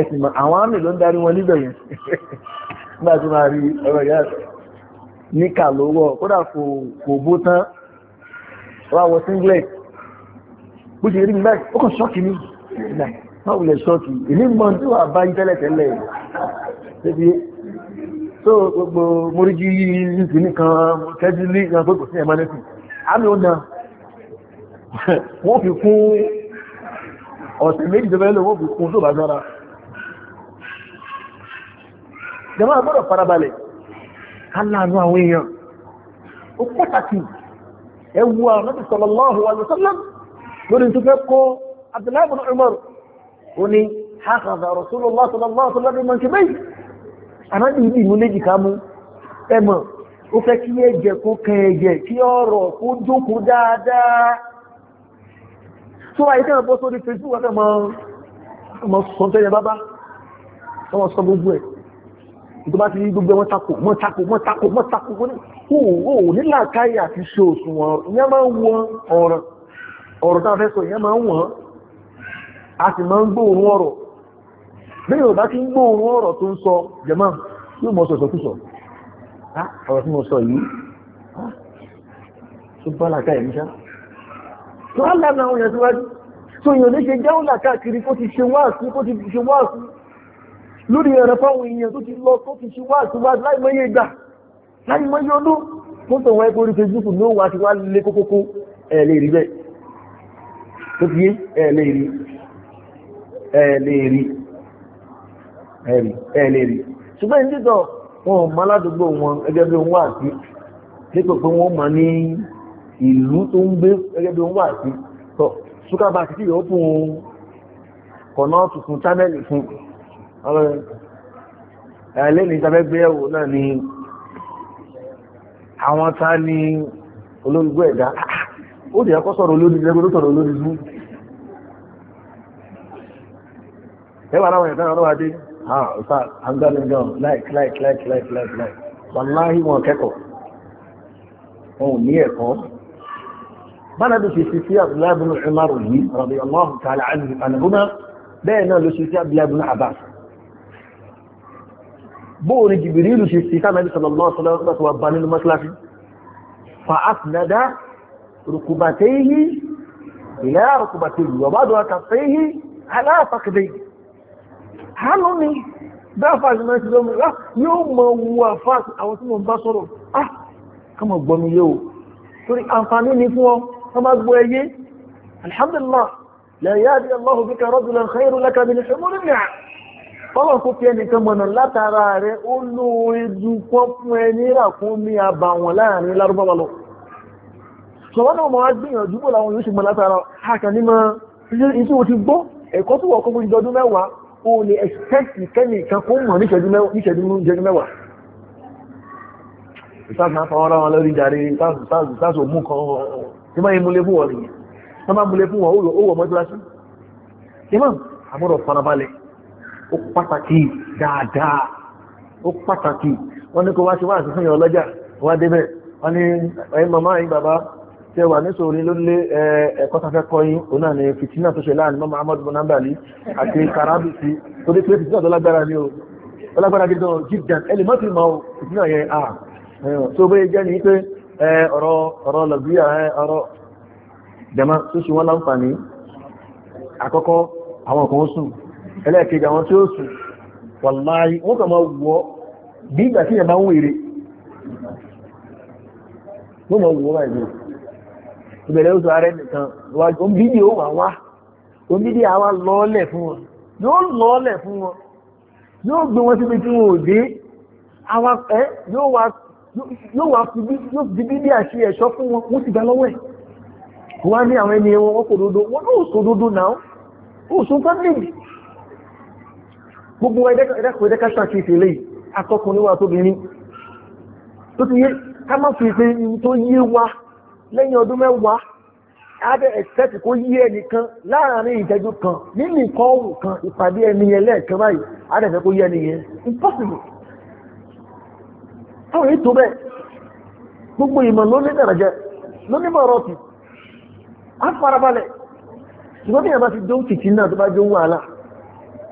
ẹ̀sìn àwọn àmì ló ń darí wọn níbẹ̀ yẹn nígbà tí wọ́n rí ọ̀rọ̀ yára níkà ló wọ̀ kódà kò bó tán wá wọ singlet bó ṣe rí mi báyìí ó kàn ṣọ́ọ̀kì mi máa wulẹ̀ ṣọ́ọ̀kì èmi mọ tí wàá bá yí tẹ́lẹ̀ tẹ́lẹ̀ débi tó gbogbo moríjì yìí nìkan kẹ́jú lé ìran pé kò sí ẹ̀mọ́ lẹ́sìn àmì ó na wọ́n fi kún ọ̀sẹ̀ méjì tó fẹ́ lò wọ́n fi kún tó bá dára jẹ́mọ́ àgbọ́dọ̀ farabalẹ̀ káláàánú àwọn èèyàn ó pàtàkì ẹwu àwọn ọ̀nà sallallahu alaihi wasallam lórí tó fẹ́ kó Abdullahi ibn Umar ó ní hakadha Rasulullah sallallahu alaihi wasallam mọ̀ ṣẹ́bẹ́ yìí anábì ìdí ìmú léjì ká mú ẹmọ̀ ó fẹ́ kí ẹ̀jẹ̀ kó kẹ ẹ̀jẹ̀ kí ọ̀rọ̀ kó jókòó dáadáa tó wáyé kẹ́rẹ̀ bọ́ sórí wọn náà mọ̀ sọ́ntẹ́yẹ tó bá ti rí gbogbo wọn tako wọn tako wọn tako wọn tako wọn ò nílà káyé àti ṣe òṣùwọ̀n ìyẹn máa ń wọ ọ̀rọ̀ ọ̀rọ̀ tá a fẹ́ sọ ìyẹn máa ń wọ̀n a sì máa ń gbóòórùn ọ̀rọ̀ bí yóò bá ti ń gbóòórùn ọ̀rọ̀ tó ń sọ jẹ̀mọ́ yóò mọ̀ sọ̀sọ̀ kúsọ̀ ah, ọ̀rọ̀ tí mo sọ yìí ah, tó bá làkà ẹ̀mí sá tó á lànà àwọn èèyàn síwájú tó yàn ní ṣe jẹ́ òun làkà kiri kó ti ṣe wáàsí kó ti ṣe wáàsí lórí ẹ̀rọ fáwọn èèyàn tó ti lọ tó ti ṣe wáàtí wáàtí láì mọ́yé ìgbà láì mọ́yé ọdún tó tàn wọ́n ẹgbẹ́ orí Facebook ló wà ti wá lé kókókó ẹ̀lẹ́ rí bẹ́ẹ̀ tó fi ẹ̀lẹ́ rí ẹ̀lẹ́ rí ẹ̀lẹ́ rí ṣùgbọ́n ní títọ̀ wọn ò mọ ẹ̀lẹ́ ní ìjàfẹ́ gbé ẹ̀wò náà ni àwọn tá ní olórígbó ẹ̀dá ó dẹ̀ ẹ̀kọ́ sọ̀rọ̀ olórígbó ẹgbẹ́ tó sọ̀rọ̀ na ẹwà láwọn ẹ̀dá náà wá dé ọ̀sá àgbàlẹ́gbọ̀n like like like like like wàláhí wọn kẹ́kọ̀ọ́ ní ẹ̀kọ́ bánàbí sí bẹ́ẹ̀ náà ló sí bóò ni jìbìrìlù ṣe sí sáà nàbí sallallahu alaihi wasallam bá nínú mọ́síláṣí fa asnada rukubatayhi ila rukubatayhi wa ba'da kaffayhi ala fakhidayhi hánú ni dáfà sí náà ti lọ mú ah, Ọlọ́run kó fi ẹnìkan mọ̀nà látara rẹ̀ ó lóore ju pọ́n fún ẹni rà fún mi àbàwọ̀n láàrin lárúbáwá lọ. Sọ̀rọ̀ náà máa gbìyànjú bò láwọn yóò ṣe mọ̀ látara àkàn nímọ̀ iṣẹ́ wo ti gbọ́ ẹ̀kọ́ tó wọ̀ kó fún ìdọdún mẹ́wàá o lè ẹ̀sìpẹ́ǹtì kẹ́ni kan kó mọ̀ níṣẹ́jú mẹ́wàá. Ìsáàsì máa fọwọ́ ra wọn lórí ó pàtàkì dáadáa ó pàtàkì wọ́n ní kó wá sí wá àṣìṣe yàn ọlọ́jà wá débẹ̀ wọ́n ní ẹ̀yin màmá yín bàbá tẹ wà nísòrí lórílẹ̀ ẹ̀kọ́ tafẹ́ kọ́ yín òun náà ni fìtínà tó ṣe láàrin mọ́mọ́ ahmadu bonambali àti karabisi torí pé fìtínà tó lágbára ni o ọlágbára gidi gan jíjàn ẹni mọ́tì mọ́ o fìtínà yẹn a tó bóyá jẹ́ ni pé ọ̀rọ̀ ọ̀rọ̀ lọ́gbíyà ọ̀rọ̀ jama tó ṣe wọ́n láǹfààní àkọ́kọ́ àwọn kan ó sùn ẹlẹ́ẹ̀kejì àwọn tí ó sùn wàláyé wọ́n kàn máa wọ́ bí ìgbà tí ìyàmá ń wèrè wọ́n máa wọ́ wáyé lóò ìbẹ̀rẹ̀ oṣù ààrẹ nìkan wájú bídí ó wà wá onídìí àwa lọ́ọ́lẹ̀ fún wọn yóò lọ́ọ́lẹ̀ fún wọn yóò gbé wọn síbi tí wọn ò dé àwa ẹ yóò wá yóò wá fi bídí àṣẹ ẹ̀ṣọ́ fún wọn wọ́n ti gbà lọ́wọ́ ẹ̀ wọ́n ní àwọn ẹni wọn kò dodo wọn ó sọ dodo náà ó sọ fámìlì gbogbo ẹ̀dẹ́kùn ẹ̀dẹ́kà ṣàkí ìfèlè àtọkùnrin wa tóbìnrin tó ti yé ká má fi pé tó yé wa lẹ́yìn ọdún mẹ́wàá adé ẹ̀sẹ̀tì kó yí ẹnìkan kan nínú nǹkan kan ìpàdé ẹni yẹn lẹ́ẹ̀kan báyìí adé ẹ̀fẹ́ kó yí ẹni yẹn impossible táwọn èyí bẹ́ẹ̀ gbogbo ìmọ̀ ló ní ló ní á farabalẹ̀ ṣùgbọ́n bí ti náà tó bá jó wàhálà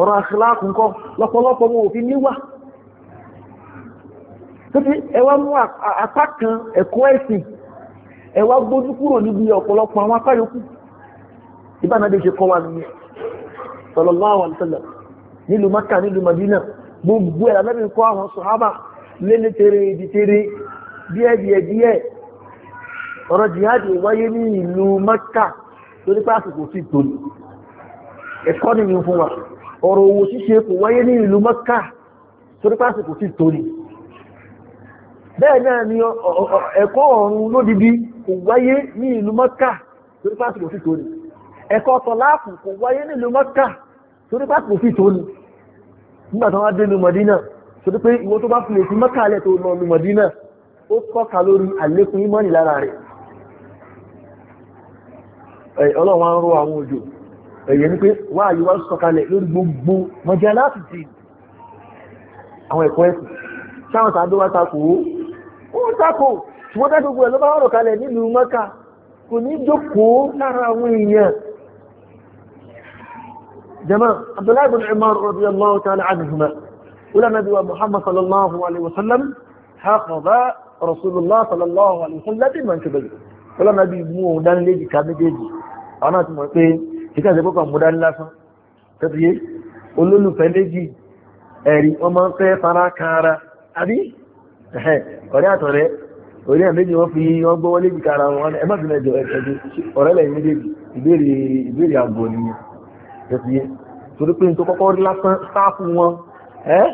ọ̀rọ̀ àṣìláàkù ńkọ́ lọ́pọ̀lọpọ̀ wọn ò fi níwà tó ti ẹwà mú apá kan ẹ̀kọ́ ẹ̀sìn ẹwà gbójú kúrò níbi ọ̀pọ̀lọpọ̀ àwọn apá yòókù ìbánadé ṣe kọ́ wa nìyẹn sallallahu alaihi wasallam nílùú Mákà nílùú Madina gbogbo ẹ̀ lábẹ́ mi kọ́ àwọn sọ̀hábà lélẹ̀ tèrè ìdí tèrè díẹ̀díẹ̀ díẹ̀ ọ̀rọ̀ ní ìlú ọ̀rọ̀ òwò ṣíṣe kò wáyé ní ìlú Mẹ́kà torí pásìkò sí torí bẹ́ẹ̀ náà ni ẹ̀kọ́ ọ̀run lódìdí kò wáyé ní ìlú Mẹ́kà torí pásìkò sí torí ẹ̀kọ́ tọ̀láàfù kò wáyé ní ìlú Mẹ́kà torí pásìkò sí torí nígbà tó wá dé lu Mọ̀dínà torí pé ìwọ tó bá fi lè fi Mẹ́kà lẹ̀ tó lọ lu Mọ̀dínà ó tọ́ka lórí àlékún ìmọ̀nì lára rẹ̀ ọlọ́run á rọ àwọn òjò èyàn ní pé wá àyè wá sọ̀kalẹ̀ lórí gbogbo mọ̀já láti ti àwọn ẹ̀kọ́ ẹ̀sìn sáwọn tàbí wá takò ó ń takò ṣùgbọ́n tẹ́ gbogbo ẹ̀ ló bá wọ́n rọ̀kalẹ̀ nílùú mọ́ka kò ní jókòó lára àwọn èèyàn jama abdullahi bin umar radiyallahu ta'ala anhuma wula nabi wa muhammad sallallahu alaihi wasallam haqaba rasulullah sallallahu alaihi wasallam bi man kabai wula nabi mu dan leji ka méjèèjì àwọn àti mọ̀ pé kíkà sí pọ́pọ̀ múdá lásán tẹ́tìyé olólùfẹ́ méjì ẹ̀rí wọ́n máa ń fẹ́ fara kára àbí ọ̀rẹ́ àtọ̀rẹ́ orí ẹ̀ méjì wọ́n fi wọ́n gbọ́ wọlé bí kára wọn ẹ má fi mẹ́jọ ẹ̀kẹ́jọ ọ̀rẹ́ lẹ́yìn méjèèjì ìbéèrè ìbéèrè àgbò nìyẹn tẹ́tìyé torí pé nítorí kọ́kọ́ rí lásán sáàfù wọn ẹ́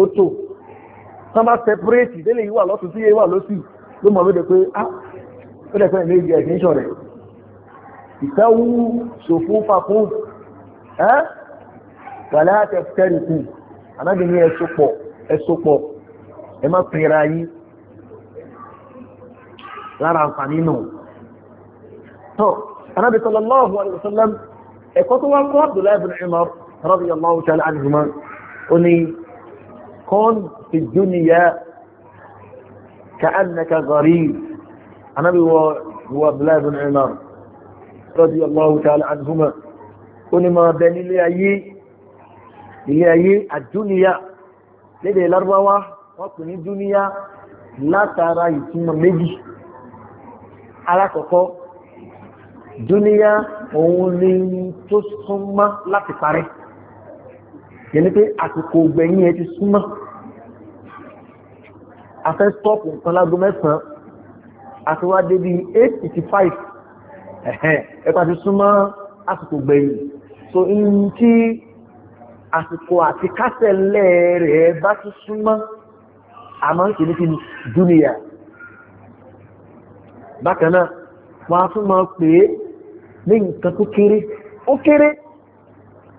ó tò tán bá sẹpúrẹ́tì délé yìí wà lọ́tún sí yìí wà lọ́sì ló mọ̀ lóde pé ah ó dẹ̀ fẹ́ ìlú ìgbẹ́ ẹ̀kí ń ṣọ̀rẹ́ استووا صفوفكم ها ولا تفترقوا انا بني السوبو السوبو اما قيراي لا راه قانينو تو النبي صلى الله عليه وسلم اكو تو عبد الله بن عمر رضي الله تعالى عنهما قني كون في الدنيا كانك غريب انا هو عبد الله بن عمر radiyallahu ta'ala anhuma ó ní máa bẹ nílé ayé ilé ayé àdúnìyà lédè lárúbáwá wọ́n pè ní dúníyà látara ìtumọ̀ méjì alákọ̀ọ́kọ́ dúníyà òun ni tó súnmọ́ láti parẹ́ yẹni pé àsìkò ògbẹ̀yìn ẹ ti súnmọ́ afẹ́ stọ́ọ̀pù nǹkan lágbo mẹ́sàn-án àti wá débi 855 ẹ̀pà ti súnmọ́ àsìkò gbẹ̀yìn so in tí àsìkò àti kásẹ̀lẹ̀ rẹ̀ bá ti súnmọ́ àmọ́ ìkè ní kí ni dúnìyà bákan náà wọ́n á tún máa pè é ní nǹkan tó kéré ó kéré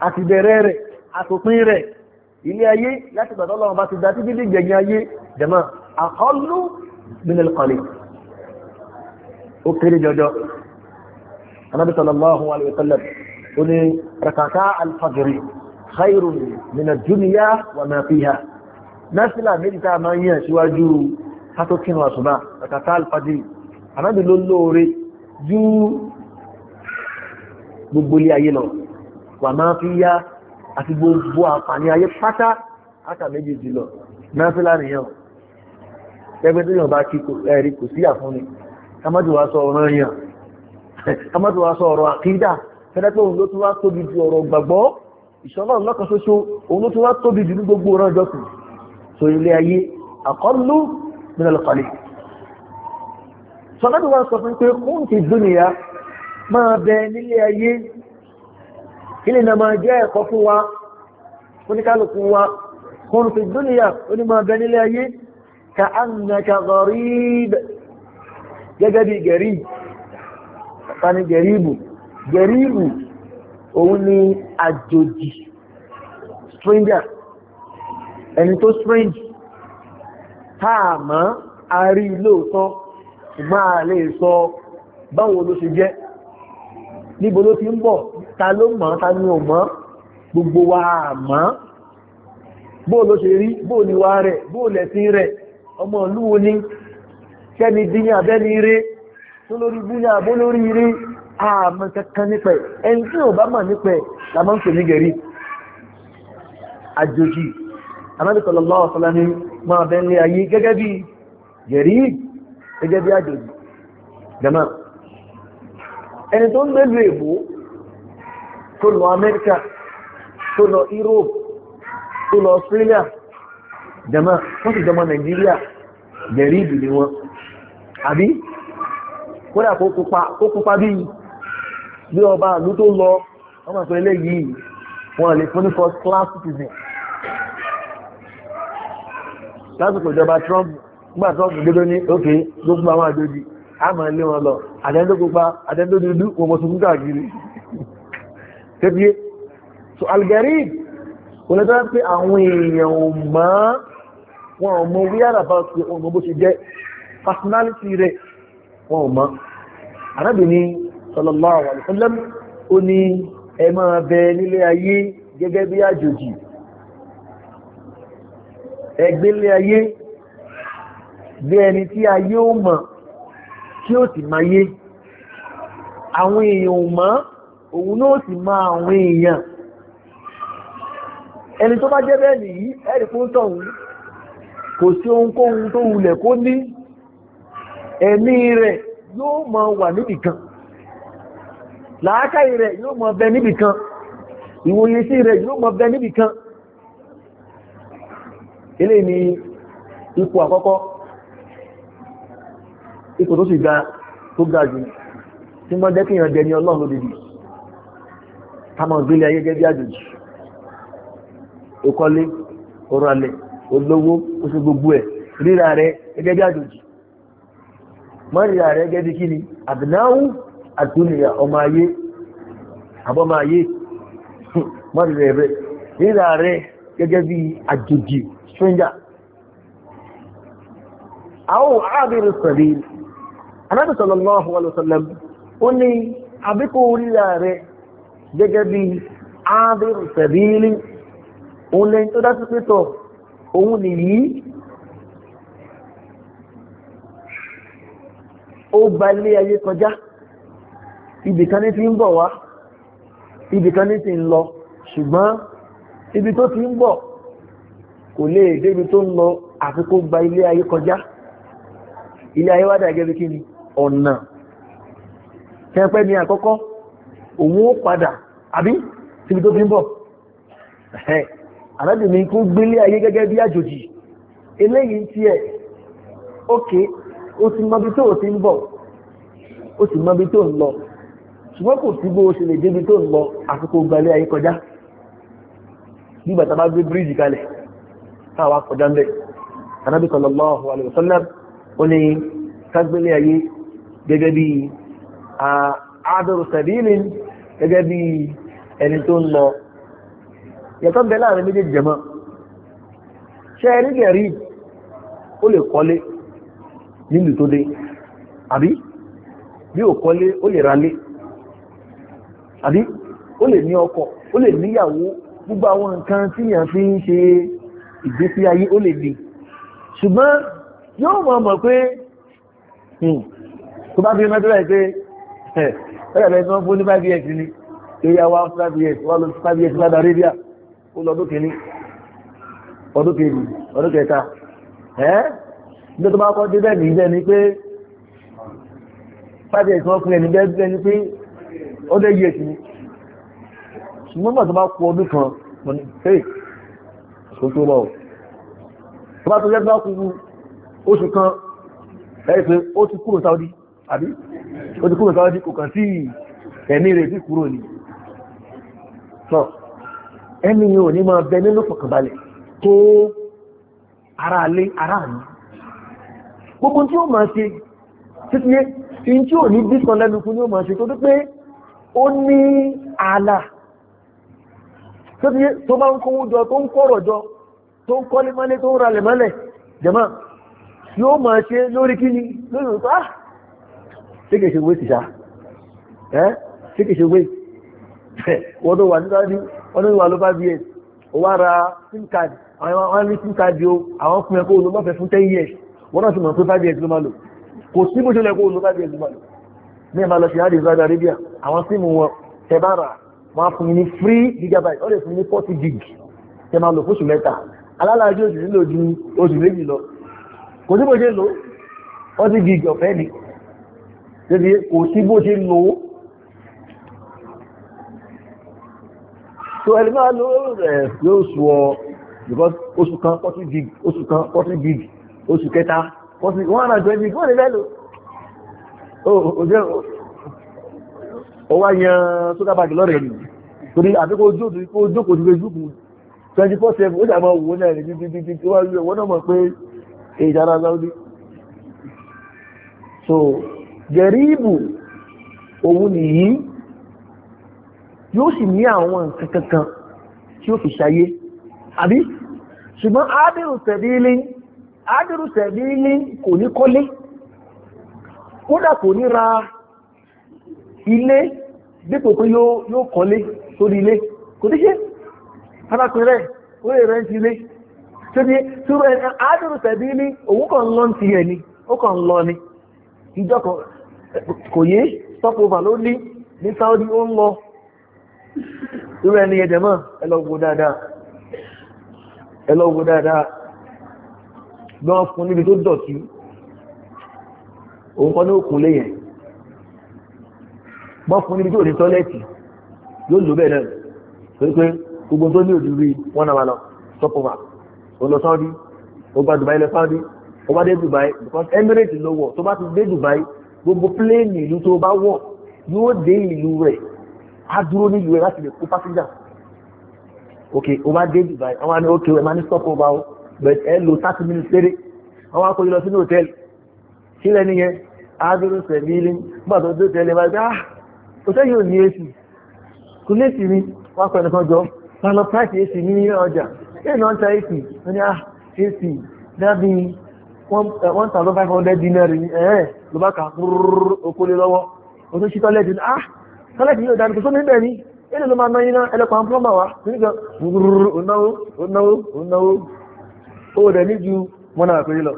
àti bẹ̀rẹ̀ rẹ̀ àtòpin rẹ̀ ilé ayé láti gbàdọ́ lọ́wọ́ bá ti dá títí dé gbẹ̀yìn ayé jẹ̀mọ́ àkọlù nínú ìkọlẹ̀ ó kéré jọjọ anábì sallallahu alayhi wa sallam ó ní rakata alfajiri khairu mina duniya wa ma fiha násìlà méjì tá a máa ń yàn síwájú kátó kínú àsùbá rakata alfajiri anábì ló lóore ju gbogbo ilé ayé lọ wà máa fi yá àti gbogbo àǹfààní ayé pátá áta méjì jùlọ náà fi ẹgbẹ́ tó yàn kí ẹ̀rí kò sí àfúnni kámájú wa sọ ọ̀ràn yàn amadu wa sọ ọ̀rọ̀ àkídà fẹ́rẹ́ pé òun ló tún wá tóbi ju ọ̀rọ̀ gbàgbọ́ ìṣọ́nà lọ́kàn ṣoṣo òun ló tún wá tóbi ju ní gbogbo ọ̀rọ̀ ìjọsìn so ilé ayé àkọlù nínú ọlọ́kọ̀lẹ̀ sọ́dọ́dọ̀ wa sọ fún pé kún ti dúnìyà máa bẹ nílé ayé ilé náà máa jẹ́ ẹ̀kọ́ fún wa oníkálùkù wa kún ti dúnìyà ó ní máa bẹ nílé ayé ka annaka gharib gẹ́gẹ́ bí gẹ̀rí fani gẹ̀ríbù gẹ̀ríbù òun ni àjòjì stranger ẹni tó strange táàmọ́ a rí lóòótọ́ ṣùgbọ́n a lè sọ báwo ló ṣe jẹ́ níbo ló ti ń bọ̀ ta ló ta ò gbogbo wa mọ̀ bóò ló ṣe rí bóò ni wa rẹ̀ bóò lẹ̀sìn rẹ̀ ọmọ ìlú ni kẹ́ni tó lórí búlẹ̀ àbó lórí eré àmọ́ kankan nípẹ̀ ẹni tí ò bá mọ̀ nípẹ̀ la máa ń pè ní gẹ̀rí àjòjì anábìsọ̀lọ́lọ́ ọ̀sọ́lá ní máa bẹ́ ní ayé gẹ́gẹ́ bí gẹ̀rí gẹ́gẹ́ bí àjòjì jama ẹni tó ń gbẹ́lú èbó tó lọ amẹ́ríkà tó lọ europe tó lọ australia jama wọ́n sì jọmọ nàìjíríà gẹ̀rí ìbìlẹ̀ wọn àbí kódà kó kópa bí bí ọba àlú tó lọ wọ́n máa pẹ́ eléyìí wọ́n lè fún ní first class citizen lásìkò ìjọba Trump nígbà Trump dédé ní òkè gbogbo àwọn àjòjì a máa lé wọn lọ àtẹ́ndógópa àtẹ́ndódúdú wọn mọ̀ tuntun káàkiri tẹ́bíyé so algarib kò lẹ́tọ́ pé àwọn èèyàn ò mọ̀ wọn ò mọ̀ wíyàrá bá ti ọmọ bó ṣe jẹ́ personality rẹ̀ wọn ò mọ́ arábìnrin sallallahu alaihi wasallam ó ní ẹ máa bẹ nílé ayé gẹ́gẹ́ bí àjòjì ẹgbẹ́lé ayé bí ẹni tí ayé ó mọ̀ tí ó ti máa yé àwọn èèyàn ò mọ̀ òun náà ti máa àwọn èèyàn ẹni tó bá jẹ́ bẹ́ẹ̀ nìyí ẹ̀rì kó tọ̀hún kò sí ohunkóhun tó wulẹ̀ kó ní ẹ̀mí rẹ̀ yóò mọ wà níbì kan làákàyè rẹ̀ yóò mọ bẹ níbì kan ìwòye sí rẹ̀ yóò mọ bẹ níbì kan ilé ni ipò àkọ́kọ́ ipò tó sì ga tó ga jù tí wọ́n jẹ́ kí jẹ ní ọlọ́run lódìdí táwọn ayé gẹ́gẹ́ bí àjòjì gbogbo ẹ̀ gẹ́gẹ́ bí àjòjì mọ́rìnrà rẹ̀ gẹ́gẹ́ bí kí ni àbìnáwó àtúnìyà ọmọ ayé àbọ́mọ ayé mọ́rìnrà rẹ̀ rírà rẹ̀ gẹ́gẹ́ bí àjòjì stranger àwọn àbìrì sọ̀rí anábì sallallahu alaihi wasallam ó ní àbíkò rírà rẹ̀ gẹ́gẹ́ bí àbìrì sọ̀rí òun lẹ́yìn tó dá sí pé tọ̀ òun nìyí ó gba ilé ayé kọjá ibìkan ní ti ń bọ̀ wá ibìkan ní ti ń lọ ṣùgbọ́n ibi tó ti ń bọ̀ kò lè débi tó ń lọ àfi kó gba ilé ayé kọjá ilé ayé wádà gẹ́gẹ́ bí kí ni ọ̀nà tẹ́pẹ́ ní àkọ́kọ́ òun ó padà àbí síbi tó ti ń bọ̀ alábìnrin kó gbélé ayé gẹ́gẹ́ bí àjòjì eléyìí ti ẹ̀ o ti mọbi tó o ti ń bọ̀ o ti mọbi tó ń lọ ṣùgbọ́n kò sí bó o ṣe lè débi tó ń lọ àsìkò gbalẹ̀ ayé kọjá nígbà tá a bá gbé bíríìjì kalẹ̀ táwa kọjá ńbẹ anábì sallallahu alaihi wasallam ó ní kágbélé ayé gẹ́gẹ́ bí àádọ́rù sàbílìn gẹ́gẹ́ bí ẹni tó ń lọ yàtọ̀ ń bẹ láàrin méjèèjì jẹmọ́ ṣe ẹni gẹ̀rí ó lè kọ́lé nínú tó dé àbí bí ò kọ́lé ó lè ralé àbí ó lè ní ọkọ̀ ó lè níyàwó gbogbo àwọn nǹkan tí yàn fi ń ṣe ìgbésí ayé ó lè lè ṣùgbọ́n yóò mọ̀ mọ̀ pé hmm, tó bá fi rántí rẹ̀ pé ẹ̀rẹ̀ rẹ̀ tó ń fún ní 5 years ni area wa 5 years wà lọ 5 years lára arabia ó lọ ọdún kìíní ọdún kẹta ẹ́ ìjọ tó bá kọ́ dé bẹ́ẹ̀ nìyí ni pé five years wọ́n fún ẹni bẹ́ẹ̀ ni pé ó dé yíyẹ sí ni ṣùgbọ́n bọ̀ tó bá kú ọdún kan mo ní pé kò tó lọ tó bá tó jẹ́ bá kú oṣù kan ẹ̀rí pé ó ti kúrò Saudi àbí ó ti kúrò Saudi kò kàn sí ẹ̀mí rẹ̀ sí kúrò ni ẹni ò ní máa bẹ nínú fọkànbalẹ̀ tó ara alé ara mi gbogbo tí ó máa ṣe títílé in tí ò ní bí kan lẹ́nu fún ní ó máa ṣe tó pé ó ní ààlà títílé tó bá ń kówó jọ tó ń kọ́rọ̀ jọ tó ń kọ́lé mọ́lé tó ń ralẹ̀ mọ́lẹ̀ jẹ̀mọ́ yóò máa ṣe lórí kíni lórí òkú ah ṣé kìí ṣe wé ti ṣá ẹ́ ṣé kìí ṣe o lọ mọ́fẹ́ fún ten years wọ́n náà ti mọ̀ pé five years ló máa lò kò sí bó ṣe lẹ̀ kó lò five years ló máa lò ní ẹ̀ máa lọ sí adi Saudi Arabia àwọn síìmù wọn tẹ bá rà wọn á fún yín ní free gigabyte ó lè fún yín ní forty gig tẹ máa lò fóṣù mẹ́ta alálàájú oṣù nílò ju oṣù méjì lọ kò sí bó ṣe lò forty gig ọ̀fẹ́ ni tẹ́lẹ̀ kò sí bó ṣe lò ó so ẹni máa lo ẹ̀ yóò sọ because oṣù kan forty gig oṣù kan forty gig oṣù kẹta one hundred twenty kí wọ́n lè fẹ́ lò ó wá yan sókàbàkì lọ́rẹ̀ ni torí àfikún ojú òtún kó jókòó nílé jùkú twenty four seven ó dàgbà owó náà ní bíbí bíbí tí wọ́n rí ẹ̀wọ́n náà mọ̀ pé èyí ara sáwọ́dí so gẹ̀ríìbù òun nìyí yóò sì ní àwọn nǹkan kankan tí ó fi ṣayé àbí ṣùgbọ́n ábẹ̀rù tẹ̀lé ádùrú tẹ̀lé ní kò ní kọ́lé kódà kò ní ra ilé dípò pé yóò kọ́lé sórí ilé kò ní ṣe arákùnrin rẹ̀ rẹ̀ ń ti ilé tó ní túrọ̀ ẹ̀ ádùrú lọ ti yẹ ni ó kàn lọ ni ìjọ kò yé stopover ló ní ní Saudi ó ń lọ bí wọ́n fún níbi tó dọ̀tí òun kọ́ ní òkun léyìn bọ́ fún níbi tó ní tọ́lẹ́tì yóò lò bẹ́ẹ̀ náà pé pé gbogbo tó ní òdìrí wọn náà wà lọ sọpọ̀mà ó lọ sáwọ́dí ó gba Dubai lọ sáwọ́dí ó bá dé Dubai because Emirates ló wọ̀ tó bá ti dé Dubai gbogbo pléènì ìlú tó bá wọ̀ yóò dé ìlú rẹ̀ á dúró nílùú rẹ̀ láti lè kó pásíjà ok ó bá dé Dubai àwọn àni ok ẹ̀ máa ní sọpọ̀ bá but ẹ lo 30 minutes péré àwọn akọ̀yí lọ sínú hòtẹ́ẹ̀lì kí lẹ́ni yẹn adúrú sẹ̀mílì nígbà tó dé tẹ́lẹ̀ wájú ah hòtẹ́ẹ̀lì yóò ní èsì kò ní èsì ni wọ́n akọ̀ ẹnìkan jọ wọ́n lọ price èsì ní ọjà ẹ̀ náà ń ta èsì wọ́n ní ah èsì dábì 1500 dinar ẹ̀ẹ́ ló bá kà okòlè lọ́wọ́ o tó ṣí tọ́lẹ̀tì ní ah tọ́lẹ̀tì yóò dáadé kò sómi bẹ̀ ní ilé ló máa náyí náà ẹlẹ́kọ̀ọ́ plọ́mà wá nígbà náwó náwó náwó ó rẹ̀ ní ju mọ́nà àpérí lọ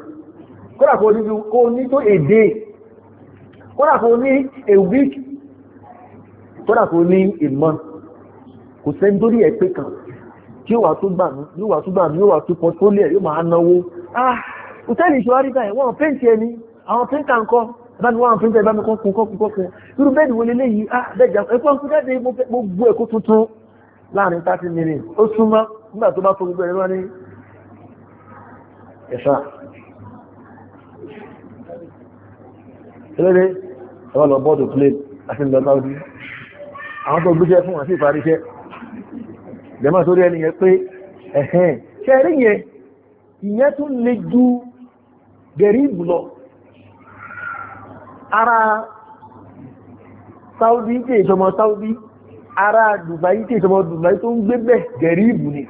kódà kó ní ju kó ní tó èdè kódà kó ní a week kódà kó ní a month kò sẹ́ni tó rí ẹ̀ pé kan tí ó wà tó gbà mí yóò wà tó gbà mí yóò wà tó pọtólì ẹ̀ yóò máa náwó ah òtẹ́ẹ̀lì ìṣòwò àríkà ẹ̀ wọ́n pẹ́ǹtì ẹni àwọn pẹ́ǹtà ńkọ́ báni wọ́n pẹ́ǹtà ìbámi kọ́kùn kọ́kùn kọ́kùn irú bẹ́ẹ̀ni wọlé léyìí ah bẹ́ẹ̀jà ẹ̀kọ́ ń kújáde mo gbó ẹ̀kọ́ tuntun láàrin thirty minutes ó súnmọ́ nígbà tó bá fọ gbogbo ẹ̀rọ ní ẹ̀fà ẹlẹ́rẹ́ ẹwà lọ bọ́ọ̀dù plé àti ìlọ́gbà ojú àwọn tó gbíṣẹ́ fún àti ìparíṣẹ́ jẹmọ́ sórí ẹni yẹn pé ẹ̀hẹ́n ṣe rí yẹn ìyẹn tún lè ju gẹ̀ríbù lọ ara Saudi tí ìṣọmọ Saudi ara Dubai tí ìṣọmọ Dubai tó ń gbé bẹ̀ gẹ̀ríbù ni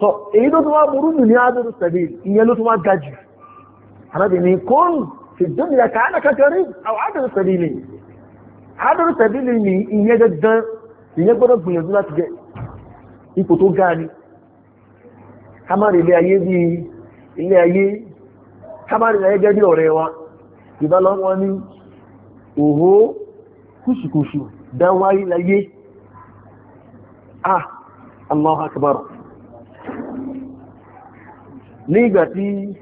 tọ́ èyí tó tún wá burú nù ní adúrú sẹ̀bí ìyẹn ló tún wá ga jù arábì ní kóòrù fi dùn ìyá ká ànà kékeré àwọn adúrú sẹ̀bí ni adúrú sẹ̀bí ni ní ìyẹn gangan ìyẹn gbọ́dọ̀ gbìyànjú láti jẹ ipò tó ga ni ká má rí ilé ayé bí ilé ayé ká ilé ayé gẹ́gẹ́ ọ̀rẹ́ wa ìbálọ́ wọn ní òhó kùsùkùsù dáwáyé láyé ah Allahu akbar nígbàtí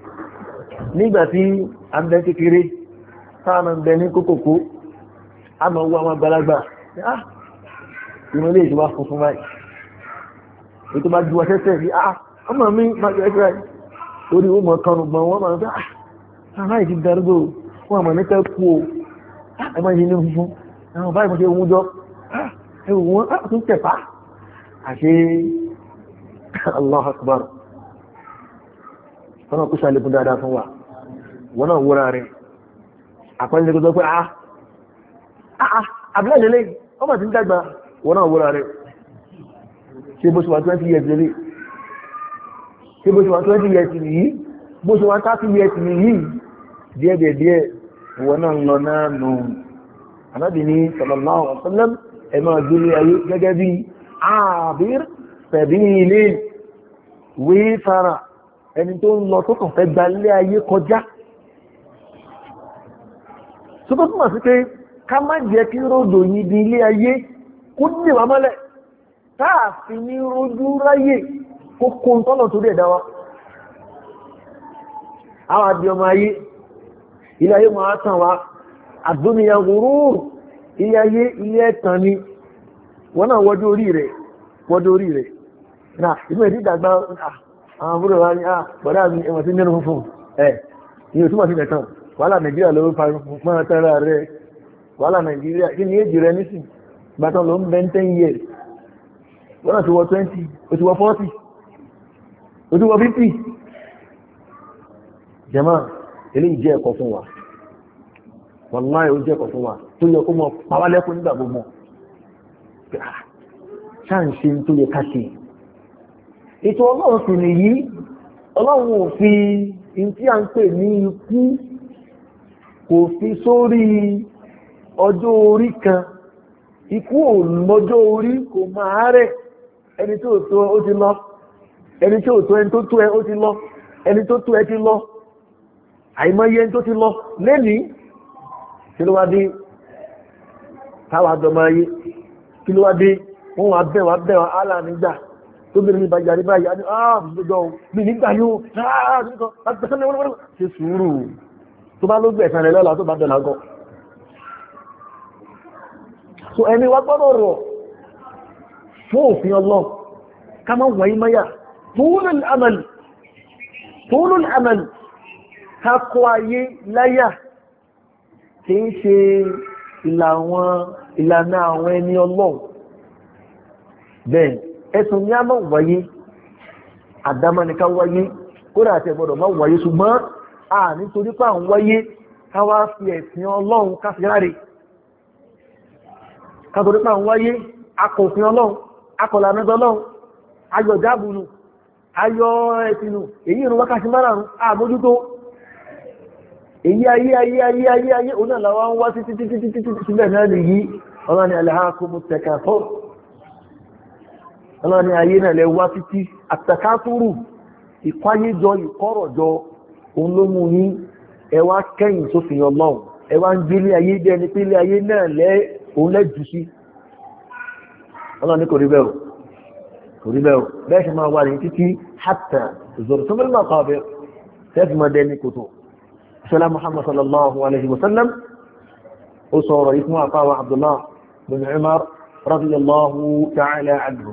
a ń bẹ kékeré sáàmà ń bẹ ní kókòkó a mọ̀ wọ́n àwọn àgbàlagbà ah, ìmọ̀ ilé ìṣòwà funfun báyìí ètò bá ju ọ̀sẹ̀sẹ̀ sí ah, ọmọ mi máa jẹ́ ẹ́sẹ̀ orí ó mọ̀ kanu gbọ̀n wọ́n máa ń fẹ́ ah, àmáyé ti darúgbó wọn àmọ̀ nípa kú o ẹ máa Akbar tọ́nà kó ṣàlékún dáadáa fún wa wọ́n náà wúra rẹ̀ àpẹẹrẹ tó sọ pé ah ah abúlé ah, lélẹ̀ ọmọ tí ń dàgbà wọ́n náà wúra rẹ̀ 20 years lélẹ̀ ṣe bó ṣe wà 20 years nìyí bó ṣe wà 30 years nìyí díẹ̀díẹ̀díẹ̀ wọ́n náà lọ náà nù anábì ní sallallahu alaihi wasallam ẹ̀ máa gbélé ayé gẹ́gẹ́ bí ààbír tẹ̀bí ilé wífara ẹni tó ń lọ tó kàn fẹ́ gba ilé ayé kọjá tó tó túmọ̀ sí pé ká má jẹ́ kí ròdò yìí di ilé ayé kó dìde wá mọ́lẹ̀ táàfin ní rojú ráyè kó kó ń tọ́nà torí ẹ̀dá wa àwọn àbí ọmọ ayé ilé ayé máa tàn wá àdúnìyàn gúrúùrù ilé ayé ilé ẹ̀tàn ni wọ́n náà wọ́dú orí rẹ̀ wọ́dú orí rẹ̀ náà ìmọ̀ ìdí ìdàgbà àwọn àbúrò wa ní à ah, bọ̀dá mi ẹ̀wọ̀n tí ń dẹnu funfun ẹ̀ ní o túmọ̀ sí nìkan wàhálà nàìjíríà ló fa máa tẹ́ra rẹ wàhálà nàìjíríà kí ni èjì rẹ nísìn gbàtàn ló ń bẹ ń ten years wọ́n ti wọ twenty o ti wọ forty o ti wọ fifty jẹ́mà eléyìí jẹ́ ẹ̀kọ́ fún wa wàláyé ó jẹ́ ẹ̀kọ́ fún wa tó yẹ kó mọ pàwálẹ́kùn nígbà gbogbo ah, ṣáà ń ṣe tó yẹ ká ètò ọlọ́run sì nìyí ọlọ́run ò fi a ń pè ní ikú kò fi sórí ọjọ́ orí kan ikú ò mọjọ́ orí kò máa rẹ̀ ẹni tí ò tó ó ti lọ ẹni tí ò tó ẹni tó tó ẹ ó ti lọ ẹni tó tó ẹ ti lọ àìmọye ẹni tó ti lọ lẹ́nìí kí ló wá dé táwa dọmọ ayé kí ló wá dé wọn wá bẹ̀ wá tóbìnrin ní bàjá rí báyìí àti ààbùdó mi nígbà yóò ààbùdó ah, ṣe sùúrù tó bá ló so ẹni wá gbọ́dọ̀ rọ̀ fún òfin ọlọ́ ká máa wà ìmáyà tóólùl àmàlì tóólùl àmàlì ká kó ayé láyà tí ń ṣe ìlànà àwọn ẹni ọlọ́ bẹ́ẹ̀ ẹ̀sùn ní a máa wáyé àdámanika wáyé kódà àti ẹ̀gbọ́dọ̀ máa wáyé ṣùgbọ́n a nítorí pé àwọn wáyé káwá fi ẹ̀sìn ọlọ́run káfíláre kátorí pé àwọn wáyé akọ̀fin ọlọ́run akọ̀lànàdọ́ ọlọ́run ayọ̀ dábùnù ayọ̀ ẹ̀sìnù èyí ìrún wákàtí márùn-ún àmójútó èyí ayé ayé ayé ayé ayé onáàlàwà ń wá títí títí títí sílẹ̀ náà ọlọ́ni ayé náà lẹ wá títí àtàkásùrù ìkwáyéjọ ìkọ́rọ̀jọ òun ló mú yín ẹ wá kẹ́yìn sófin ọlọ́run ẹ wá ń gbé ilé ayé jẹ́ ni pé ilé ayé náà lẹ́ òun lẹ́jù sí ọlọ́ni kò rí bẹ́ẹ̀ o kò rí bẹ́ẹ̀ o bẹ́ẹ̀ ṣe máa wà ní títí hàtà ìzòrò tó mẹ́rin máa kọ́ abẹ́ sẹ́ẹ̀fì máa dẹni kòtò sọlá muhammad sallallahu alayhi wa sallam ó sọ ọ̀rọ̀ yìí fún àfáwà abdullah bin umar radiyallahu ta'ala anhu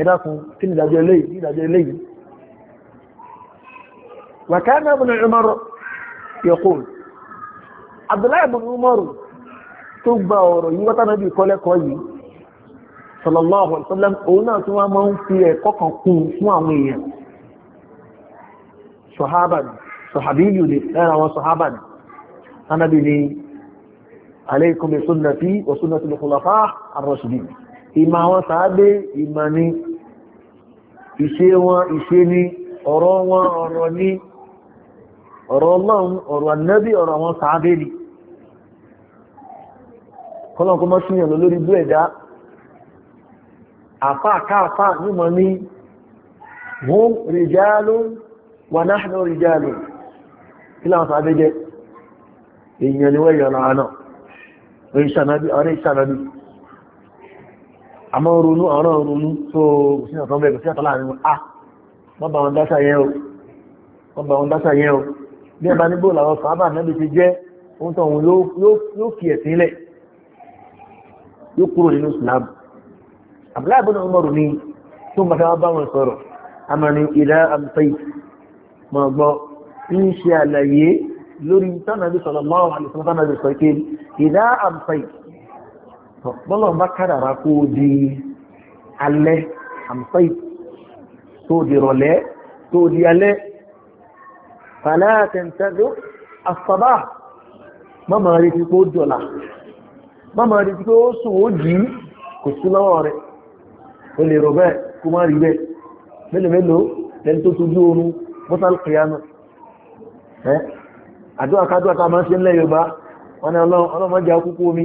ẹ̀dàkùn kí ni ìdájọ́ eléyìí ní ìdájọ́ eléyìí wàkánà ibn Umar yaqul Abdullahi ibn Umar tó gba ọ̀rọ̀ yìí wọ́n tánà bí kọ́lẹ́kọ́ yìí sallallahu alaihi wasallam òun náà tí wọ́n máa ń fi ẹ̀kọ́ kan kún fún àwọn èèyàn sahaban sahabiyu ni ìmọ̀ wọn sàábé ìmọ̀ ni ìṣe wọn ìṣe ni ọ̀rọ̀ wọn ọ̀rọ̀ ni ọ̀rọ̀ ọlọ́run ọ̀rọ̀ ọrọ ọ̀rọ̀ àwọn sàábé ni kọ́lọ̀ mọ́ síyàn lọ lórí bú ẹ̀dá àfá káàfá nímọ̀ ní hum rijalun wa nahnu rijalun kí láwọn sàábé jẹ́ èèyàn ni wọ́n yọ̀ àmọ́ ronú àwọn ronú tó sí ọ̀tọ́ bẹ̀rẹ̀ sí ọ̀tọ́ láàrin ah wọ́n bá wọn dáṣà yẹn o wọ́n bá wọn dáṣà yẹn o bí ẹ bá ní bóòlù àwọn sàábà náàbì ti jẹ́ ohun tó òun yóò fi ẹ̀sìn lẹ̀ yóò kúrò nínú Islam Abdullahi bin Umar ni tó ń bá sábà wọn sọ̀rọ̀ àmọ́ mọ̀ gbọ́ ń ṣe àlàyé lórí tánàbí bọ́lọ̀ bá kádàrá kó di alẹ́ àmsáì tó di rọ̀lẹ́ tó di alẹ́ fàlàtẹ̀ntẹ́dọ́ àsọ̀bá mọ́mọ́ rí ti kó dọ̀là mọ́mọ́ rí ti kó sùn ó jì í kò sí lọ́wọ́ rẹ̀ o lè rò bẹ́ẹ̀ kó má rí bẹ́ẹ̀ mélòó mélòó lẹ́ni tó tójú oorun mọ́tàlù ẹ́ àdúrà kádùrà ká máa ń ṣe ńlẹ̀ Yorùbá wọn ni ọlọ́mọdé akúkú omi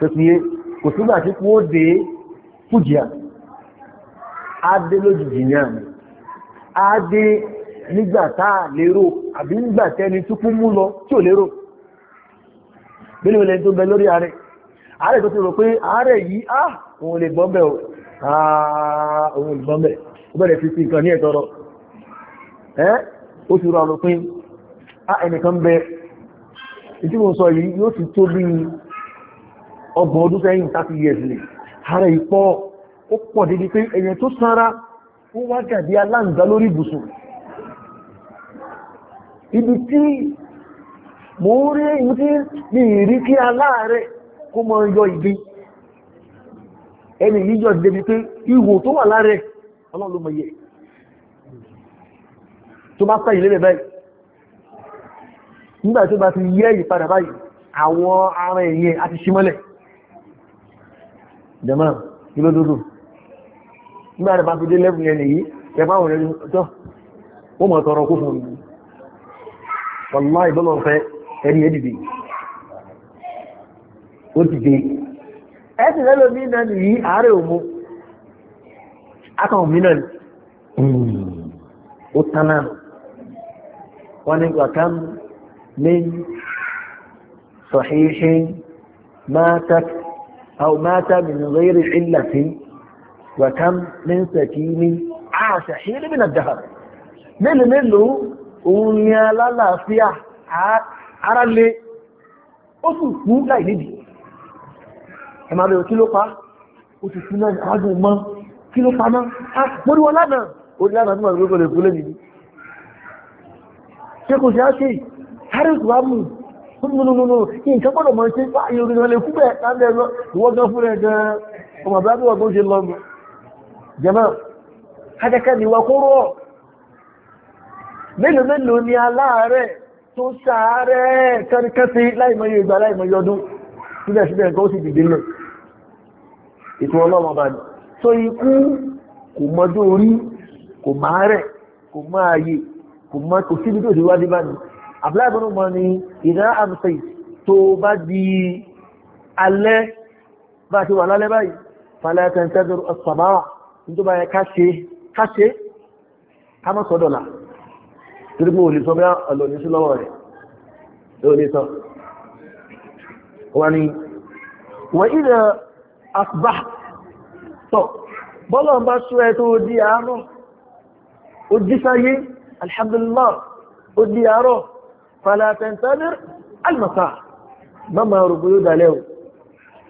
tó ti yé kò sígbà tí kú ó dé fújìá á dé lójijì ní àmì á dé a lérò àbí nígbà tẹni tó kú mú lọ tí ò lérò bí lóun lẹni tó bẹ lórí ààrẹ ààrẹ tó ti rò pé ààrẹ yìí á ah, òun lè gbọ́n ah, òun lè gbọ́n ó bẹ̀rẹ̀ fi sí nǹkan ní ẹ̀tọ́rọ ẹ́ ó ti rọ àrùn pín ah, ẹnìkan bẹ ìtí sọ yìí yóò ti tó bí ọgbọ̀n ọdún sẹ́yìn 30 years ni ara ìpọ́ ó pọ̀ débi pé èyàn tó sára ó wá dàbí aláǹgbá lórí ibùsùn ibi tí mo ń rí èyí tí mi rí kí aláàárẹ̀ kó mọ yọ ìdí ẹni yíyọ débi pé ihò tó wà lára ọlọ́run tó bá pẹ́ ìlébẹ̀ báyìí nígbà tó bá ti yẹ́ ìpadà báyìí àwọn ara ẹ̀yẹ àti ṣímọ́lẹ̀ jẹ̀mọ́ kí ló dúdú nígbà rẹ̀ bá fi dé lẹ́bùn yẹn nìyí ẹ̀fọ́ àwọn ẹ̀rí tọ́ ó mọ̀ tọrọ kó fún mi wàlúmọ́ ìbọ́lọ̀ fẹ́ ẹ̀rí ẹ̀dìdì ó ti dé ẹ̀sìn wọ́n ní wàkàm máa tàkì أو مات من غير علة وكم من سكين عاش حين من الدهر ملو ملو ونيا لا لا فيا ara lè ó sì kú láì níbi ẹ̀mà rẹ̀ kí ló pa ó sì kú náà àádùn mọ́ kí ló pa náà a mórí wọn lánàá ó ní lánàá níwọ̀n gbogbo lè gúnlẹ̀ nìyí ṣe kò sí á ṣe harris wa mú nínú nǹkan gbọ́dọ̀ mọ̀ sí fáyé orí wọn lè kú bẹ́ẹ̀ láti ẹ̀rọ ìwọ́gán fún rẹ̀ gan-an ọmọ àbúrá bí wọ́n ṣe lọ́mọ jẹ́mọ́ kájẹ́kẹ́ ni wọ́n kúrò mélòó mélòó ni aláàárẹ̀ tó ṣàárẹ̀ kẹ́rìkẹ́sí láìmọye ìgbà láìmọye ọdún síbẹ̀síbẹ̀ nǹkan ó sì dìde lẹ̀ ètò abúláìbọnú mọ́ ni ìdá àbùsẹ̀ tó bá di alẹ́ bá ti wà lálẹ́ báyìí falẹ́kẹ̀ tẹ́dọ̀rọ̀ ọ̀sàmáwà ní tó bá yẹ káṣe kámọ́ sọ́dọ̀là torí pé olè sọ bí ọ̀lọ́ ní sí lọ́wọ́ rẹ̀ olè sọ wọ́n ni wọ́n ilẹ̀ tọ́ bọ́lọ̀ bá sọ ẹ tó di àárọ̀ ó jí alhamdulillah ó di àárọ̀ fala tantabir almasa má máa rògbò yóò dalẹ̀ o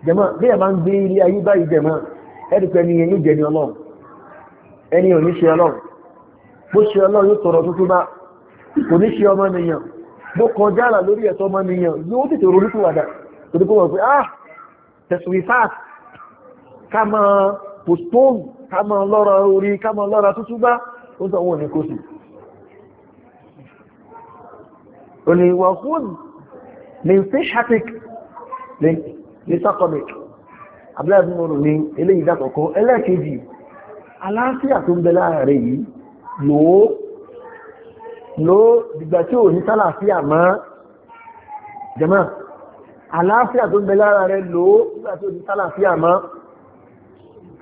jẹ̀mọ́ bí ẹ̀ máa ń gbé ilé ayé báyìí jẹ̀mọ́ ẹ̀rì pé ẹni yẹn yóò jẹ́ bó lórí ẹ̀tọ́ ọmọ nìyàn yóò tètè ah tẹ̀sùn ìfáàt ká máa postpone ká máa lọ́ra orí ká máa lọ́ra tuntun ó ní wọ́n fún mi sí ṣàtìk ní sọ́kọ̀mì abúlé bí mo rò ní eléyìí dákọ̀ọ́kọ́ ẹlẹ́ẹ̀kejì aláàfíà tó ń bẹ láàárẹ̀ yìí lòó lòó dìgbà tí ò ní sálàáfíà mọ́ jẹ́mọ́ àlàáfíà tó ń bẹ lára rẹ̀ lòó nígbà tí ó ti sálàáfíà mọ́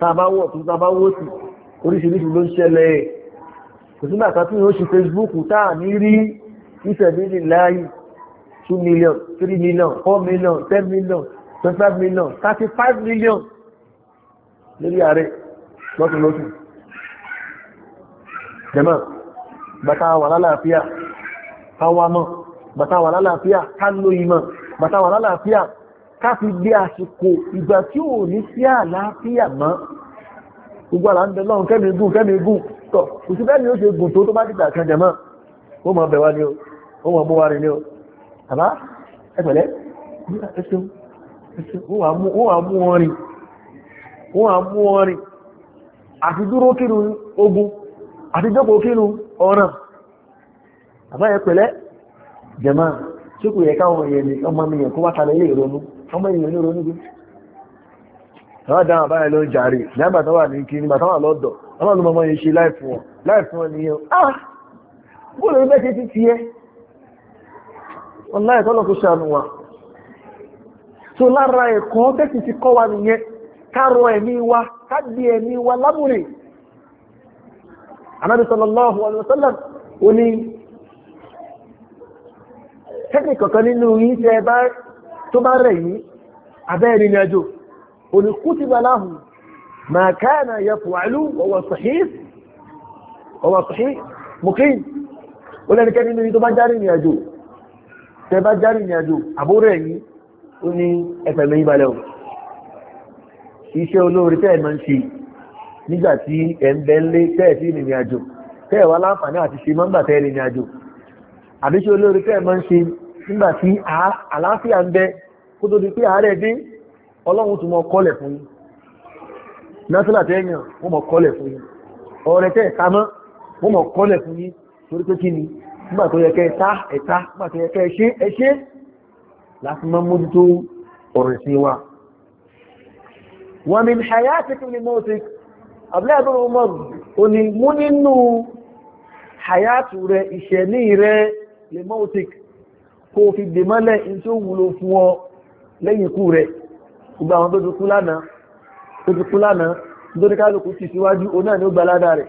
tàbáwọ̀ tó tàbáwọ̀ sí oríṣiríṣi ló ń ṣẹlẹ̀ kò sígbà tá tí ó ṣe Facebook táà ní rí ìṣẹ̀bílì láàyè two million three million four million ten million twenty five million thirty five million lórí ààrẹ lọ́tùlọ́tù jẹ́mọ́ bàtà wà lálàáfíà káwà mọ́ bàtà wà lálàáfíà ká lóyìn mọ́ bàtà wà lálàáfíà ká fi gbé àsìkò ìgbà tí ò ní sí àlàáfíà mọ́ gbogbo àlàáńdẹ́ lọ́run kẹ́mi gùn kẹ́mi gùn tọ̀ kò sí bẹ́ẹ̀ ni ó ṣe gùn tó tó bá dìgbà kan jẹ́mọ́ ó mọ̀ bẹ̀wá ni ó ó mọ̀ múwárí ni ó àbá ẹgbẹ̀lẹ́ ẹṣin wọ́n wà mú wọn rìn wọ́n wà mú wọn rìn àti dúró kínú ogun àti jókòó kínú ọ̀ràn àbá ẹpẹ̀lẹ́ jẹ̀má tí kò yẹ káwọn èèyàn ní ọmọ mi yẹn kó wá tàbí ilé ìrònú ọmọ èèyàn ní ìrònú gbé àwọn dáhùn àbáyẹ ló ń jàre nígbà tó wà ní kí nígbà tó wà lọ́dọ̀ ọlọ́run mọ́mọ́ yẹn ṣe láìfún wọn láìfún wọn nìyẹn ah bó lórí bẹ́ẹ̀ ṣe ti tiẹ́ wallahi tọ́lọ̀ kò ṣàánú wa so lára ẹ̀kọ́ tẹ́sì ti kọ́ wa nìyẹn kárọ ẹ̀mí wa kádì ẹ̀mí wa lábùrè anábì sallallahu alaihi wasallam ó ní tẹ́sì kankan nínú ma kana yaf'alu wa huwa sahih wa huwa ó lẹ́nikẹ́ni nínú tó bá járí ìrìn àjò tẹ bá járí ìrìn àjò àbúrò ẹ̀yìn ó ní ẹ̀fẹ̀ mẹ́yìn balẹ̀ o iṣẹ́ olóore tẹ́ ẹ̀ máa ń ṣe nígbà tí ẹ̀ ń bẹ ńlé tẹ́ ẹ̀ sí ìrìn àjò tẹ́ ẹ̀ wá láǹfààní àti ṣe máa ń gbà tẹ́ ìrìn àjò àbíṣe olóore tẹ́ ẹ̀ máa ń ṣe nígbà tí àlàáfíà ń bẹ kó tó di pé àárẹ̀ dé ọlọ́run tún mọ kọ́lẹ̀ fún yín násìlà tẹ́yìn wọ́n mọ kọ́lẹ̀ fún yín ọ̀rẹ́ tẹ́ ẹ̀ ká wọ́n mọ kọ́lẹ̀ fún yín torí pé kí ni nígbà tó yẹ kẹ́ ẹ̀ta ẹ̀ta nígbà tó yẹ kẹ́ ẹ̀ṣẹ́ ẹ̀ṣẹ́ láti máa mójútó ọ̀rọ̀ ìsìn wa wọ́n min hayatiku li mautik abdullahi bin umar oni mú nínú hayatu rẹ ìṣẹ̀lẹ̀ rẹ li mautik kó fi dè mọ́lẹ̀ in tó kú síwájú onáà ni ó gbaládà rẹ̀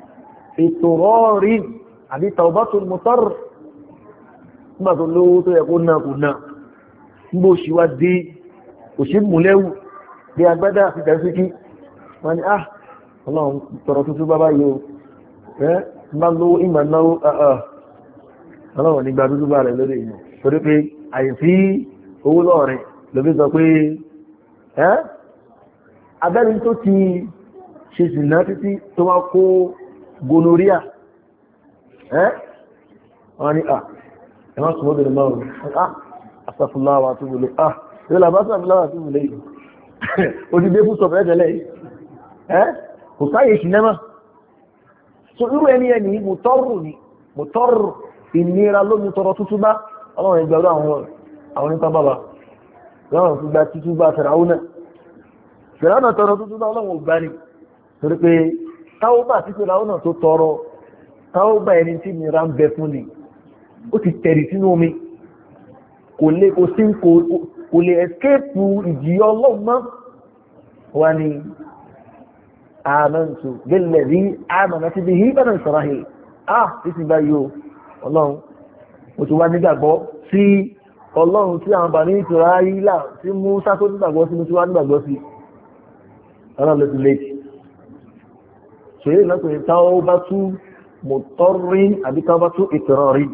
fi turari àbí tawbatul mutar nígbà tó lówó tó yẹ kó náà kò náà nígbà òṣì wá dé òṣì múlẹ́wù bí agbádá àti wọ́n ni ah ọlọ́run tọrọ tuntun bá báyìí o ẹ́ bá lówó ìmọ̀ náwó ọlọ́run nígbà tuntun bá rẹ̀ lórí ìmọ̀ torí pé àyèfí owó lọ́ọ̀rin lóbi sọ pé ẹ́ tó ti ṣe gonorrhea eh? wọ́n ní ah ẹ̀wọ́n sọ mọ́bìnrin máa rùn ah asàfúláwà tó wùlé ah ìrẹ́lẹ̀ àbásàfúláwà tó wùlé yìí ó ti dé fún sọ fẹ́ tẹ́lẹ̀ yìí eh? kò sáyè sí nẹ́mà so irú ẹni ẹni mo tọ́rù ni mo tọ́rù ìnira lómi tọrọ tútú bá torí pé táwọ́bà títí ra ọ̀nà tó toro. táwọ́bà ẹni tí mi ra ń bẹ fún ni ó ti tẹ̀rì sínú omi kò lè kò sí kò lè ẹ̀skẹ́pù ìjìyà ọlọ́run mọ́ wa ni àmọ́ntò gẹ́lẹ̀ rí àmọ́nà ti di hìbẹ̀rẹ̀ sọ̀rọ̀ hì ah títí báyìí o ọlọ́run mo ti wá nígbàgbọ́ sí ọlọ́run tí àwọn bàní ìtura ayílà tí mú sátó nígbàgbọ́ sí mo ti wá nígbàgbọ́ sí ọlọ́run ló ti léèkì e ṣeré náà pé tawbatu mutarrin àbí tawbatu itirari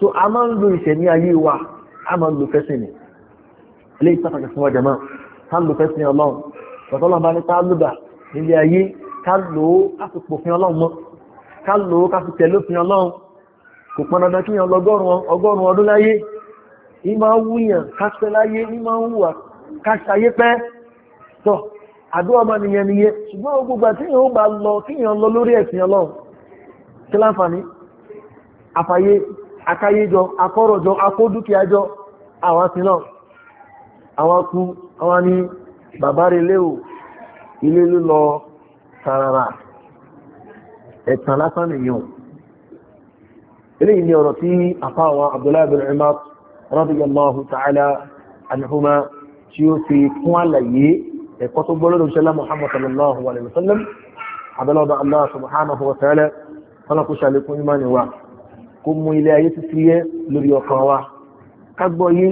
so a máa ń lo ìṣẹ̀ ní ayé wa a máa ń lo fẹ́sìn ní ilé ìtàkàkì fún ọjà náà ká lo fẹ́sìn ọlọ́run tọ́tọ́lọ́n bá ní ká lùgbà nílé ayé ká lò ó ká fi pòfin ọlọ́run mọ́ ká lò ó ká ọlọ́run kò pọn dandan kí yàn lọ́gọ́rùn-ún ọdún láyé ìmọ̀ wúyàn káṣẹ́ láyé ìmọ̀ wùwà káṣayé pẹ́ tọ́ àdó ọmọ nìyẹn nìyẹn ṣùgbọ́n gbogbo àti ìyẹn ó bá lọ kí ìyẹn lọ lórí ẹ̀sìn ọlọ́run kí láǹfààní àfàyè akáyéjọ akọ́rọ̀jọ akódúkìájọ àwọn asin náà àwọn kú àwọn ní bàbá rẹ̀ léwu ilé lílọ tààrà ẹ̀tàn lásán nìyẹn eléyìí ni ọ̀rọ̀ tí àpá àwọn Abdullahi bin Umar radiyallahu ta'ala anhuma tí ó fi kún àlàyé ẹ̀kọ́ tó gbọ́ lọ́dọ̀ ìṣẹ́lá muhammad sallallahu alayhi wa sallam abẹ́lọ́dọ̀ allah subhanahu wa ta'ala wọn kò ṣàlékún ìmánì wa kó mú ilé ayé ti fi yẹ lórí ọkàn wa ká gbọ́ yé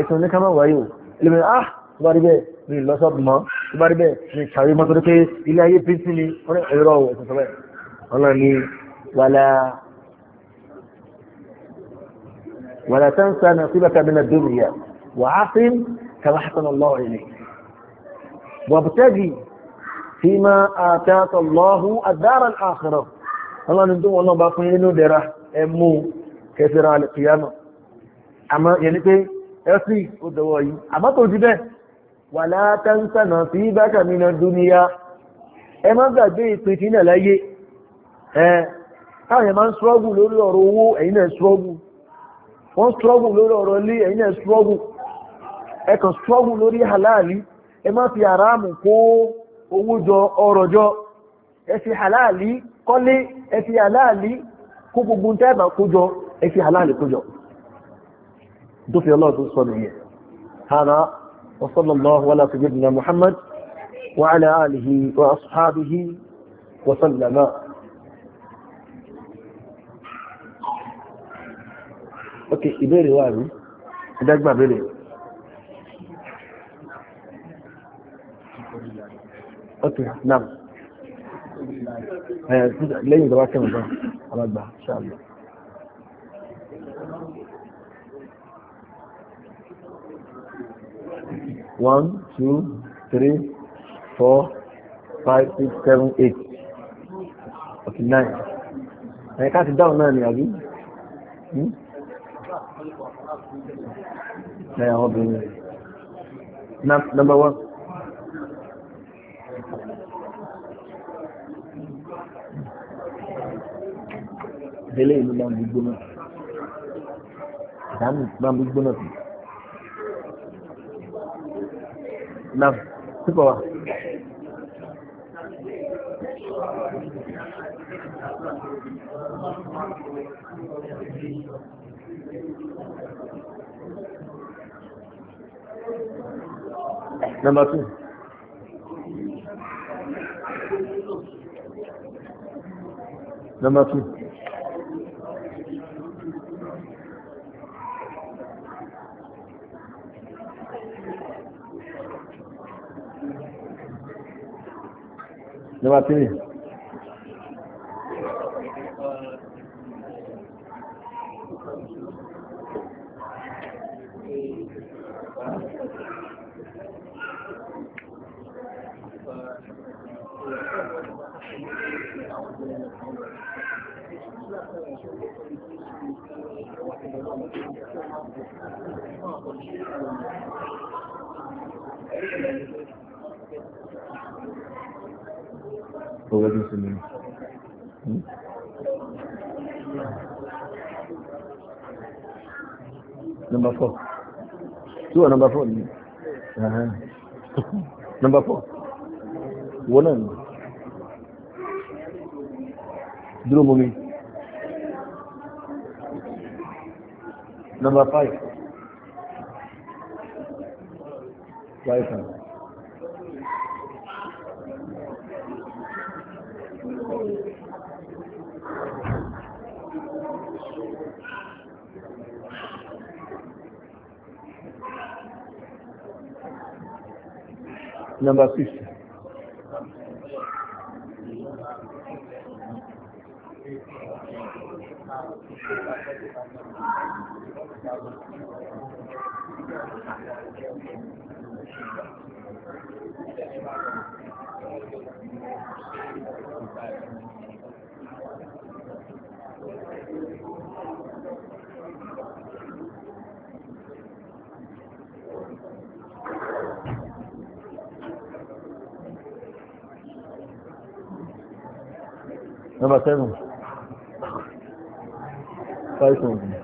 ẹ̀sìn ní kámá wáyé o ẹlẹ́mi ah tó bá rí bẹ́ẹ̀ mi lọ sọ́ọ̀bù mọ́ tó bá rí bẹ́ẹ̀ mi kàwé mọ́ torí pé ilé ayé pínpín ni wọ́n ẹ̀rọ ẹ̀sìn sọ́bẹ̀ ọ̀nà ni wàlà wàlà tẹ́ǹsà náà síbẹ̀ kábínà dóríyà wàá fín kàwé hasan allah ilẹ̀ wàbùtẹ́gì fi máa àtàtà lọ́hù àdára àkàrà ọlọ́run tó wọ́n bá fún inú ẹmú kẹsìrà alìkìyàmà yẹni pé ó yìí tó ti wà sí bákà dúníyà ẹ má gbàgbé ìpè náà láyé ẹ máa ń lórí ọ̀rọ̀ owó náà wọ́n halali ẹ má fi àràmù kó owó jọ ọrọ̀ jọ ẹ fi àláàlì kọ́lé ẹ fi àláàlì kó gbogbo tẹ́ẹ̀bà kó jọ ẹ fi àláàlì kó tó fi ọlọ́run tó sọ الله على سيدنا محمد وعلى آله وأصحابه وسلم اوكي ìbéèrè wà rí ìdágbà béèrè ok naam eh, lẹ́yìn ìjọba kẹ́mọ̀ bá alágbà ṣáàlù. one two three four five six seven eight ok nine ẹ̀yìn eh, ká ti dáhùn náà ni àbí ẹ̀yìn hmm? eh, àwọn obìnrin number one. tẹ́lẹ̀ ìlú máa ń gbígbóná ìdáàmú máa ń gbígbóná sí. náà sípò wa. Number two. Number two. nígbà tí kewajiban sendiri. Hmm? Nombor 4. Dua lah nombor 4 ni. Nombor 4. Wanan. Dulu bumi. Nombor 5. Baiklah. number 6 não Number não Five seven.